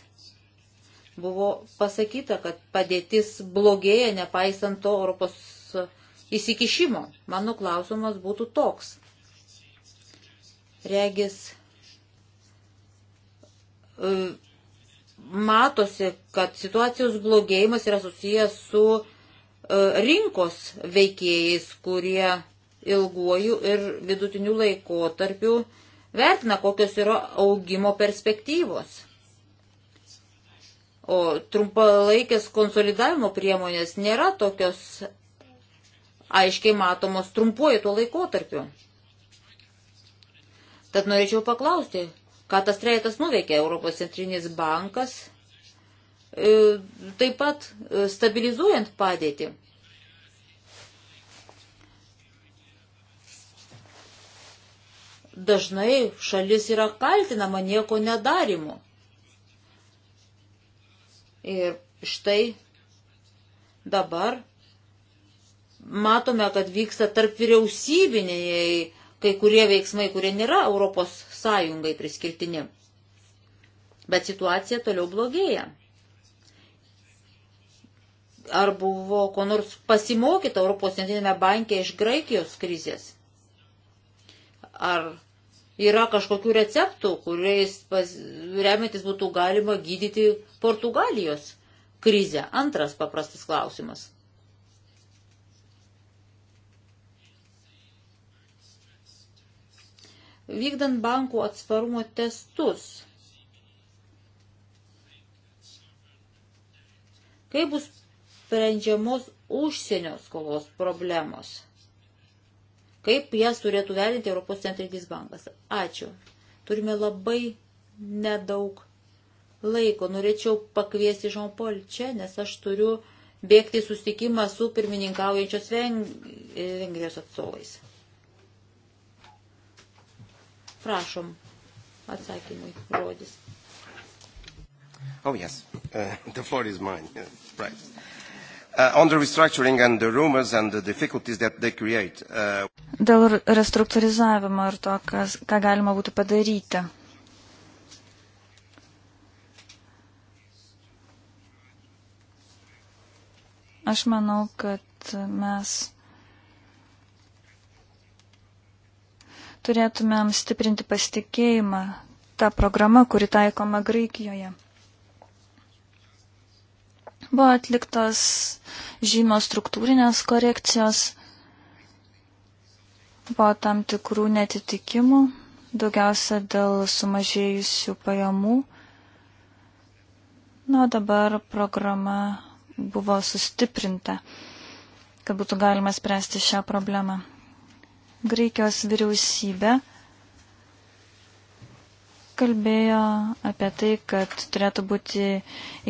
Buvo pasakyta, kad padėtis blogėja nepaisant to Europos įsikišimo. Mano klausimas būtų toks regis e, matosi, kad situacijos blogėjimas yra susijęs su e, rinkos veikėjais, kurie ilguoju ir vidutiniu laikotarpiu vertina, kokios yra augimo perspektyvos. O trumpalaikės konsolidavimo priemonės nėra tokios aiškiai matomos trumpuoju tuo laikotarpiu. Tad norėčiau paklausti, ką tas trejetas nuveikė Europos centrinis bankas, e, taip pat e, stabilizuojant padėtį. Dažnai šalis yra kaltinama nieko nedarimu. Ir štai dabar matome, kad vyksta tarp vyriausybiniai kai kurie veiksmai, kurie nėra Europos Sąjungai priskirtini. Bet situacija toliau blogėja. Ar buvo ko nors pasimokyta Europos centrinėme banke iš Graikijos krizės? Ar yra kažkokių receptų, kuriais remiantis būtų galima gydyti Portugalijos krizę? Antras paprastas klausimas. Vykdant bankų atsparumo testus, kaip bus sprendžiamos užsienio skolos problemos, kaip jas turėtų vertinti Europos centrinis bankas. Ačiū. Turime labai nedaug laiko. Norėčiau pakviesti Žompol čia, nes aš turiu bėgti susitikimą su pirmininkaujančios Vengrijos atstovais. Prašom atsakymui žodis. Oh, yes. Uh, <laughs> the floor is mine. Yeah, right. Uh, on the restructuring and the rumors and the difficulties that they create. Uh... Dėl restruktūrizavimo ir to, kas, ką galima būtų padaryti. Aš manau, kad mes turėtumėm stiprinti pasitikėjimą tą programą, kuri taikoma Graikijoje. Buvo atliktos žymios struktūrinės korekcijos, buvo tam tikrų netitikimų, daugiausia dėl sumažėjusių pajamų. Na, nu, dabar programa buvo sustiprinta, kad būtų galima spręsti šią problemą. Graikijos vyriausybė kalbėjo apie tai, kad turėtų būti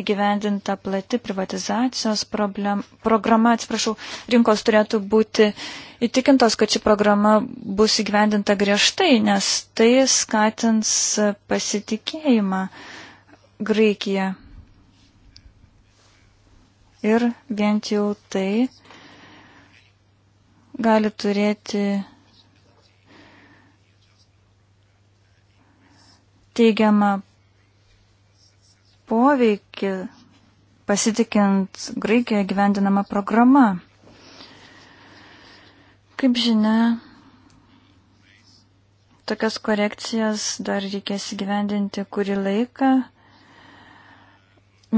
įgyvendinta plati privatizacijos problem, programa, atsiprašau, rinkos turėtų būti įtikintos, kad ši programa bus įgyvendinta griežtai, nes tai skatins pasitikėjimą Graikiją. Ir bent jau tai gali turėti teigiamą poveikį pasitikint Graikijoje gyvendinama programa. Kaip žinia, tokias korekcijas dar reikės įgyvendinti kurį laiką.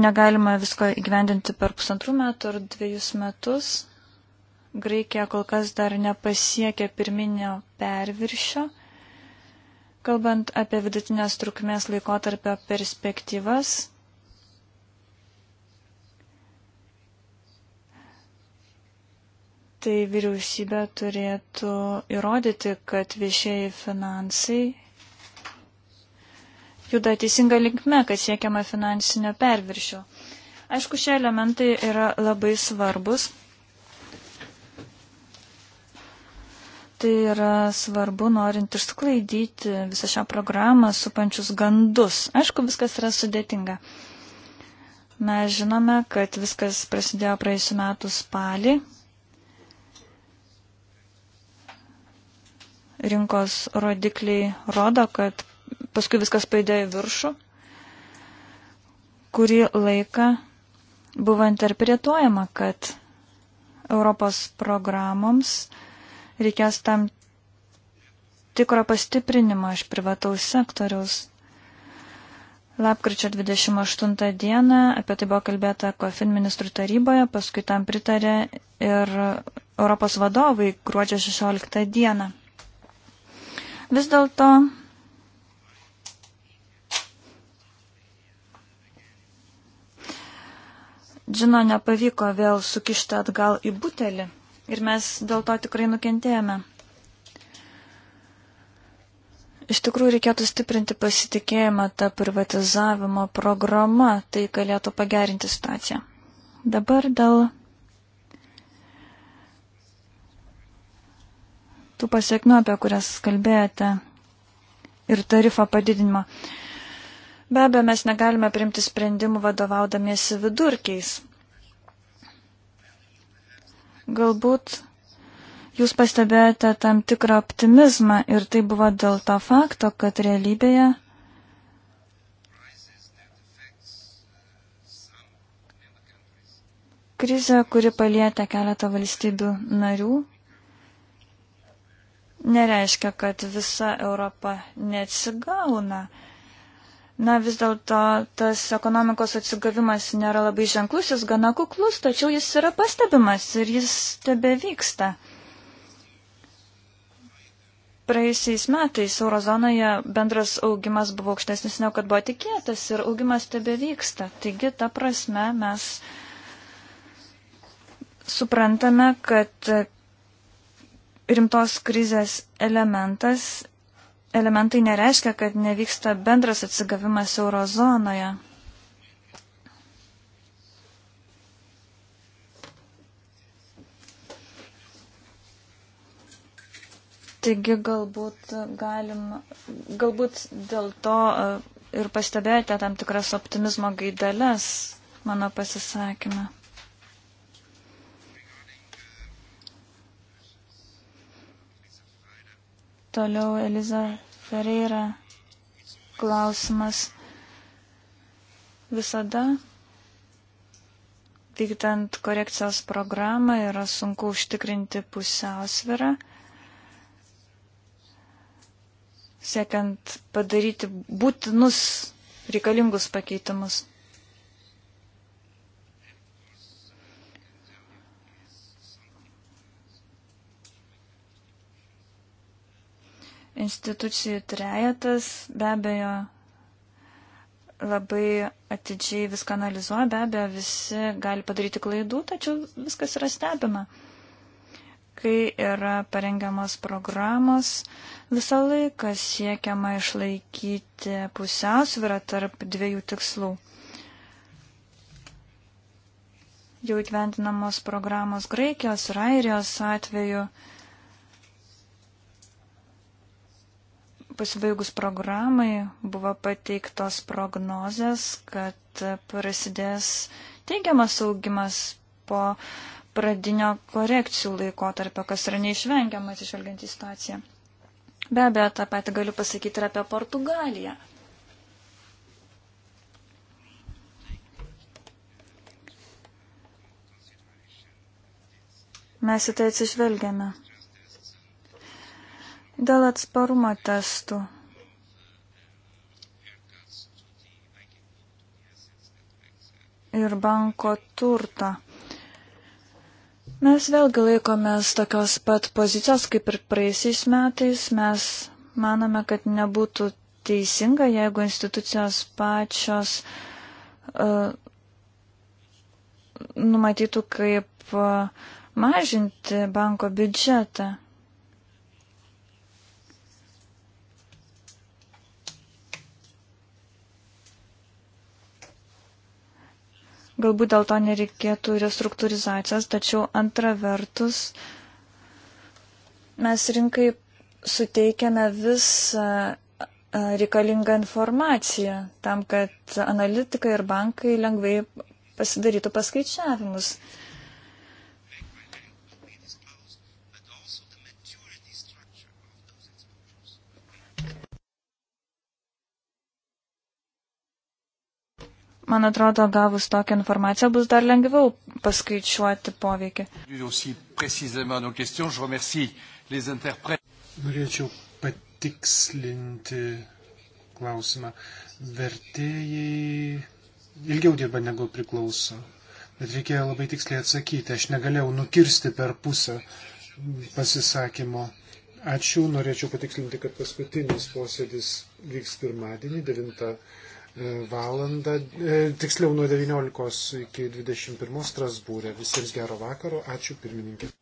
Negalima visko įgyvendinti per pusantrų metų ar dviejus metus. Graikija kol kas dar nepasiekė pirminio perviršio. Kalbant apie vidutinės trukmės laikotarpio perspektyvas, tai vyriausybė turėtų įrodyti, kad viešieji finansai juda teisinga linkme, kad siekiama finansinio perviršio. Aišku, šie elementai yra labai svarbus, Tai yra svarbu, norint išsklaidyti visą šią programą supančius gandus. Aišku, viskas yra sudėtinga. Mes žinome, kad viskas prasidėjo praėjusiu metu spalį. Rinkos rodikliai rodo, kad paskui viskas paėdėjo į viršų. Kurį laiką buvo interpretuojama, kad Europos programoms reikės tam tikro pastiprinimo iš privataus sektoriaus. Lapkričio 28 dieną apie tai buvo kalbėta COFIN ministrų taryboje, paskui tam pritarė ir Europos vadovai gruodžio 16 dieną. Vis dėlto Džino nepavyko vėl sukišti atgal į butelį. Ir mes dėl to tikrai nukentėjome. Iš tikrųjų reikėtų stiprinti pasitikėjimą tą privatizavimo programą, tai galėtų pagerinti situaciją. Dabar dėl tų pasiekmių, apie kurias kalbėjote, ir tarifo padidinimo. Be abejo, mes negalime priimti sprendimų vadovaudamiesi vidurkiais. Galbūt jūs pastebėjote tam tikrą optimizmą ir tai buvo dėl to fakto, kad realybėje krizė, kuri palietė keletą valstybių narių, nereiškia, kad visa Europa neatsigauna. Na vis dėlto tas ekonomikos atsigavimas nėra labai ženklus, jis gana kuklus, tačiau jis yra pastebimas ir jis tebe vyksta. Praėjusiais metais eurozonoje bendras augimas buvo aukštesnis, negu kad buvo tikėtas ir augimas tebe vyksta. Taigi, ta prasme, mes suprantame, kad rimtos krizės elementas elementai nereiškia, kad nevyksta bendras atsigavimas eurozonoje. Taigi galbūt galim, galbūt dėl to e, ir pastebėjote tam tikras optimizmo gaideles mano pasisakymą. Toliau Eliza Ferreira klausimas. Visada vykdant korekcijos programą yra sunku užtikrinti pusiausvirą, siekiant padaryti būtinus reikalingus pakeitimus. institucijų trejetas be abejo labai atidžiai viską analizuoja, be abejo visi gali padaryti klaidų, tačiau viskas yra stebima. Kai yra parengiamos programos, visą laiką siekiama išlaikyti pusiausvyrą tarp dviejų tikslų. Jau įgyvendinamos programos Graikijos ir Airijos atveju Pasibaigus programai buvo pateiktos prognozes, kad prasidės teigiamas augimas po pradinio korekcijų laikotarpio, kas yra neišvengiama atsižvelgiant į situaciją. Be abejo, tą patį galiu pasakyti ir apie Portugaliją. Mes į tai atsižvelgiame. Dėl atsparumo testų. Ir banko turto. Mes vėlgi laikomės tokios pat pozicijos kaip ir praeisiais metais. Mes manome, kad nebūtų teisinga, jeigu institucijos pačios uh, numatytų, kaip uh, mažinti banko biudžetą. Galbūt dėl to nereikėtų restruktūrizacijos, tačiau antra vertus mes rinkai suteikiame visą reikalingą informaciją tam, kad analitikai ir bankai lengvai pasidarytų paskaičiavimus. Uh, Man atrodo, gavus tokią informaciją bus dar lengviau paskaičiuoti poveikį. Norėčiau patikslinti klausimą. Vertėjai ilgiau dirba negu priklauso, bet reikėjo labai tiksliai atsakyti. Aš negalėjau nukirsti per pusę pasisakymo. Ačiū, norėčiau patikslinti, kad paskutinis posėdis vyks pirmadienį 9 valandą, e, tiksliau nuo 19 iki 21 Strasbūrė. Visiems gero vakaro, ačiū pirmininkė.